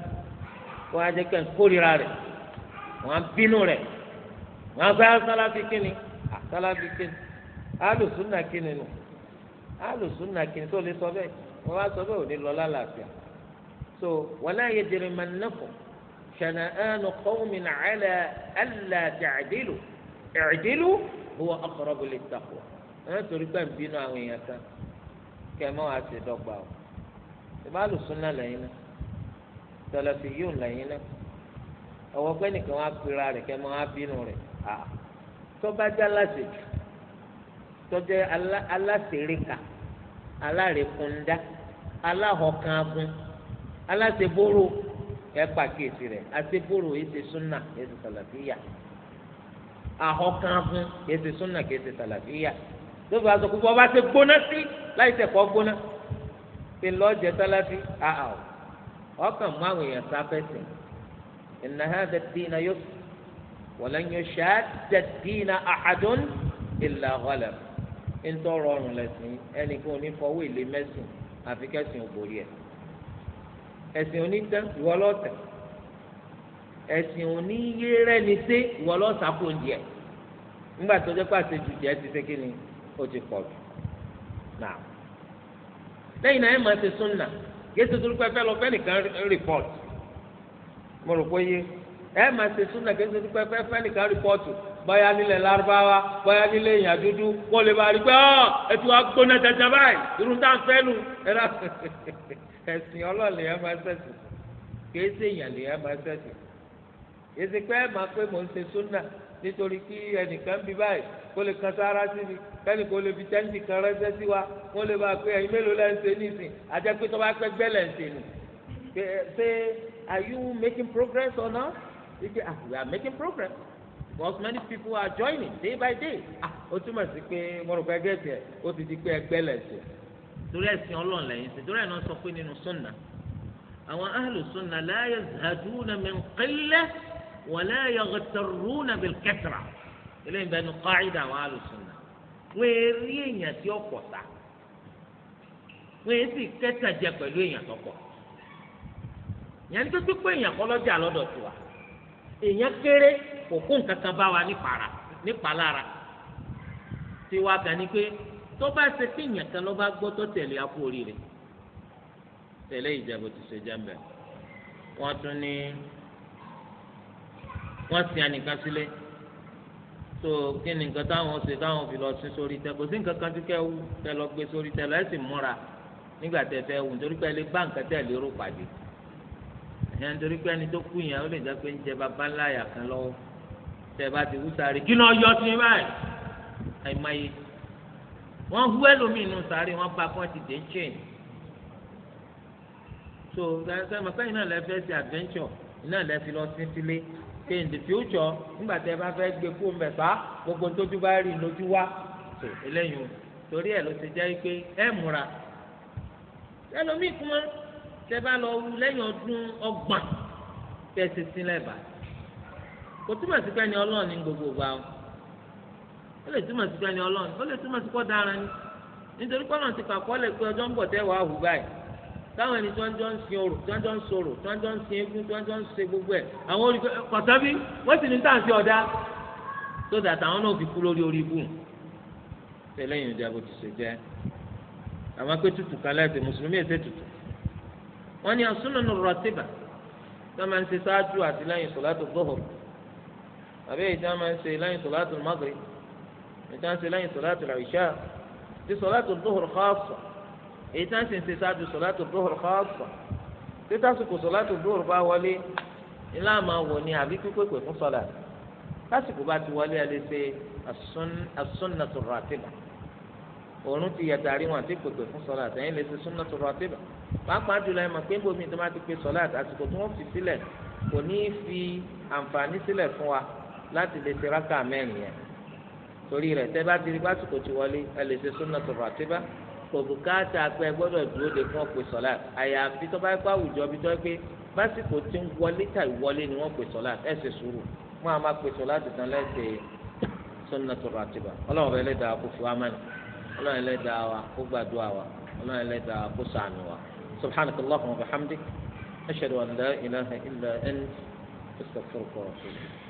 wọn binu jẹ kórira rẹ̀ wọn á bínú rẹ̀ wọn á gbé sálábí kíni sálábí kíni kíni nù kíni tó sọ bẹ́ẹ̀ bá sọ bẹ́ẹ̀ ò ní lọ lálàáfíà so náà yẹ شنآن قوم على ألا تعدلوا اعدلوا هو أقرب للتقوى أنا تريد أن بينا وياك كما أسيدك باو ìbáàlù súnà lẹ́yìn náà tẹlẹsì yóò lẹ́yìn náà ọwọ́ pé nìkan wá pera rẹ̀ kẹ́ mọ́ á bínú rẹ̀ à tọ́ba jẹ́ aláṣejù tọ́jẹ́ aláṣeréka alárekunda aláhọ̀kangun aláṣeboro ẹ pàkíyèsí rẹ̀ aseboro yìí ti súnà yìí ti sàlàfíà ahọ́kànfún yìí ti súnà yìí ti sàlàfíà lóbi aṣọ kúkú ọba ṣe gbóná sí láì tẹ̀ kọ́ gbóná ṣe lọ́ọ̀jẹ̀ sálàfí àhà ọkàn mú àwọn èèyàn sáfẹ́sì inna hadha ad-dina yusr wa lan yushadda ad-dina ahadun illa ghalaba ńtọ́ rọrùn lẹ́sìn ẹnì kan ò ní fọwọ́ ìlé mẹ́sìn àfikẹ́sìn òbòrí ẹ̀ ẹ̀sìn onítẹ̀ ìwọ lọ́tẹ̀ ẹ̀sìn oníyérẹ́ni sé ìwọ lọ́sàkó díẹ̀ nígbà tó jẹ́ pàṣẹ jù jẹ́ ti ṣe kíni ó ti pọ̀ jù náà lẹ́yìn náà ẹ̀ máa ṣe súnà gẹ́sẹ̀ tó dúpẹ́ fẹ́ lọ fẹ́ nìkan rìpọ́t mo rò pé yé ẹ̀ máa ṣe súnà gẹ́sẹ̀ tó dúpẹ́ fẹ́ fẹ́ nìkan rìpọ́tù báyà nílẹ̀ lárúbáwá báyà nílẹ̀ ìyàn dúdú kó lè bá rí pé ẹ ti wá gbóná jẹjẹrẹ báyìí irun tá à fẹ́ nu ẹ rà ẹ̀sìn ọlọ́ọ̀lẹ̀ yẹn máa ṣẹ̀sìn kìí ṣe èèyàn lè yẹn máa ṣẹ̀sìn èsì pé ẹ máa pé mò ń ṣe súnà nítorí kí ẹnìkan bí báyìí kó lè kan sára sí mi kẹ́ni kó lè fi tẹ́ǹtì kan rẹ́sẹ́ sí wa kó lè máa pé ẹ̀yin mélòó lẹ́ ṣe nísìn àjẹ́ pé tó pẹ́ gbẹ́ ń ṣe nù ṣe are you making progress or not? Ah, we are making progress because many people are joining day by day. Ah, ó túmọ̀ sí pé mo rò pé ẹgbẹ́ tiẹ̀ ó ti di pé ẹgbẹ́ lẹ̀ ṣe torí ẹ̀sìn ọlọ́run lẹ́yìn sí torí ẹ̀ náà sọ pé nínú sunna àwọn ahlu sunna la yazhaduna min qillah wa la yaghtarruna bil kathra eléyìí bẹ́ẹ̀ ni qaida àwọn ahlu sunna wọ́n eré èèyàn tí ó pọ̀ ta wọ́n yé sì kẹta jẹ pẹ̀lú èèyàn tó pọ̀ yẹn ní pé èèyàn kọ́ lọ́jà lọ́dọ̀ tiwa èèyàn kéré kò kó nǹkan bá wa nípa lára tiwa kan ni pé tó bá ṣe pé ìyàn kan ló bá gbọ́ tó tẹ̀lé apò oríire tẹ̀lé ìjẹ́bù ti ṣe jẹ́mbẹ̀ wọ́n tún ní wọ́n sin ànìkan sílé tó kí ni nǹkan táwọn ṣe táwọn fi lọ sí sórí tẹ kò sí nǹkan kan tí kẹ́ wú tẹ lọ gbé sórí tẹ lọ ẹ̀ sì múra nígbà tẹ fẹ́ wù nítorí pé ẹ lè bá nǹkan tẹ̀ lérò pàdé ẹ̀yàn nítorí pé ẹni tó kú yẹn ó lè jẹ́ pé ń jẹ bàbá láyà kan lọ́wọ́ tẹ bá ti wú sáré kí ni yọ sí báyìí àìmáyé wọ́n hu ẹlòmíì nù sáré wọ́n bá fún ẹ ti dé ń chain so ṣe mọ sẹ́yìn náà lẹ fẹ́ ṣe adventure náà lẹ fi lọ sí ṣe in the future nígbà tẹ bá fẹ́ gbé fóònù ẹ̀ bá gbogbo tójú bá rí lójú wá tó eléyìí torí ẹ̀ ló ṣe jẹ́ pé ẹ̀ múra ẹlòmíì kúmọ́ tẹ bá lọ wú lẹ́yìn ọdún ọgbọ̀n tẹ ṣe sílẹ̀ bá kò túmọ̀ sí pé ẹni ọlọ́run ní gbogbo gbà ó ó lè túmọ̀ sí pẹ́ni ọlọ́run ó lè túmọ̀ sí pọ́ dára ni nítorí pọ́nà ti kàkọ́ lè pé ọjọ́ ń bọ̀ tẹ́wàá àwù báyìí táwọn ẹni tó ń jọ ń sin orò tó ń jọ ń sorò tó ń jọ ń sin eégún tó ń jọ ń ṣe gbogbo ẹ̀ àwọn olùkọ́ kọ̀tọ́bí wọ́n sì ní tàǹsí ọ̀dá tó dàtà àwọn náà fi kú lórí orí ibù tẹ́lẹ̀ yìí ìjà bó ti ṣe jẹ́ àwọn pé tutù kan lẹ́sẹ̀ mùsùlùmí ẹ̀sẹ̀ tutù wọ́n ní asúnanu rọtíbà tó máa ń ṣe ṣáájú àti lẹ́yìn sọ̀látù ìtàn ṣe lẹ́yìn sọ̀láàtù ìṣá ti sọ̀láàtù dóhùr khaassa èyí tán sì ń ṣe ṣáájú sọ̀láàtù dóhùr khaassa tí tásìkò sọ̀láàtù dóhùr bá wọlé ńlá máa wò ní àbí pípépe fún sọ̀lá tásìkò bá ti wọlé ẹ lè ṣe as-sunnatu ratiba òórùn ti yàtàrí wọn àti pèpè fún sọlá àtẹyìn lè ṣe súnmọ́ tó rọtí bá pàápàá jùlọ ẹ mọ̀ pé bómi tó máa ti pe sọlá àsìkò tó wọ́n fi sílẹ̀ kò ní í fi àǹfààní sílẹ̀ fún wa láti lè ṣe mẹ́rin yẹn torí rẹ̀ tẹ́ bá ti rí pásítọ̀ ti wọlé ẹ lè ṣe súnà tọrọ àtibá kòbùkátà pé ẹ gbọ́dọ̀ dúró de fún ọpẹ sọlá àyàfi tó bá yẹ kó àwùjọ bí tó yẹ pé básìkò tí ń wọlé tà ìwọlé ni wọ́n pè sọlá ẹ ṣe sùúrù mọ àwọn máa pè sọlá tuntun lẹsẹ sunna tó ràtìbà Ọlọ́run Ẹlẹ́dàá kó fi wá mẹni Ọlọ́run Ẹlẹ́dàá wa kó gbàdúrà wa Ọlọ́run Ẹlẹ́dàá kó ṣàánú wa subhanak wa bihamdik wa atubu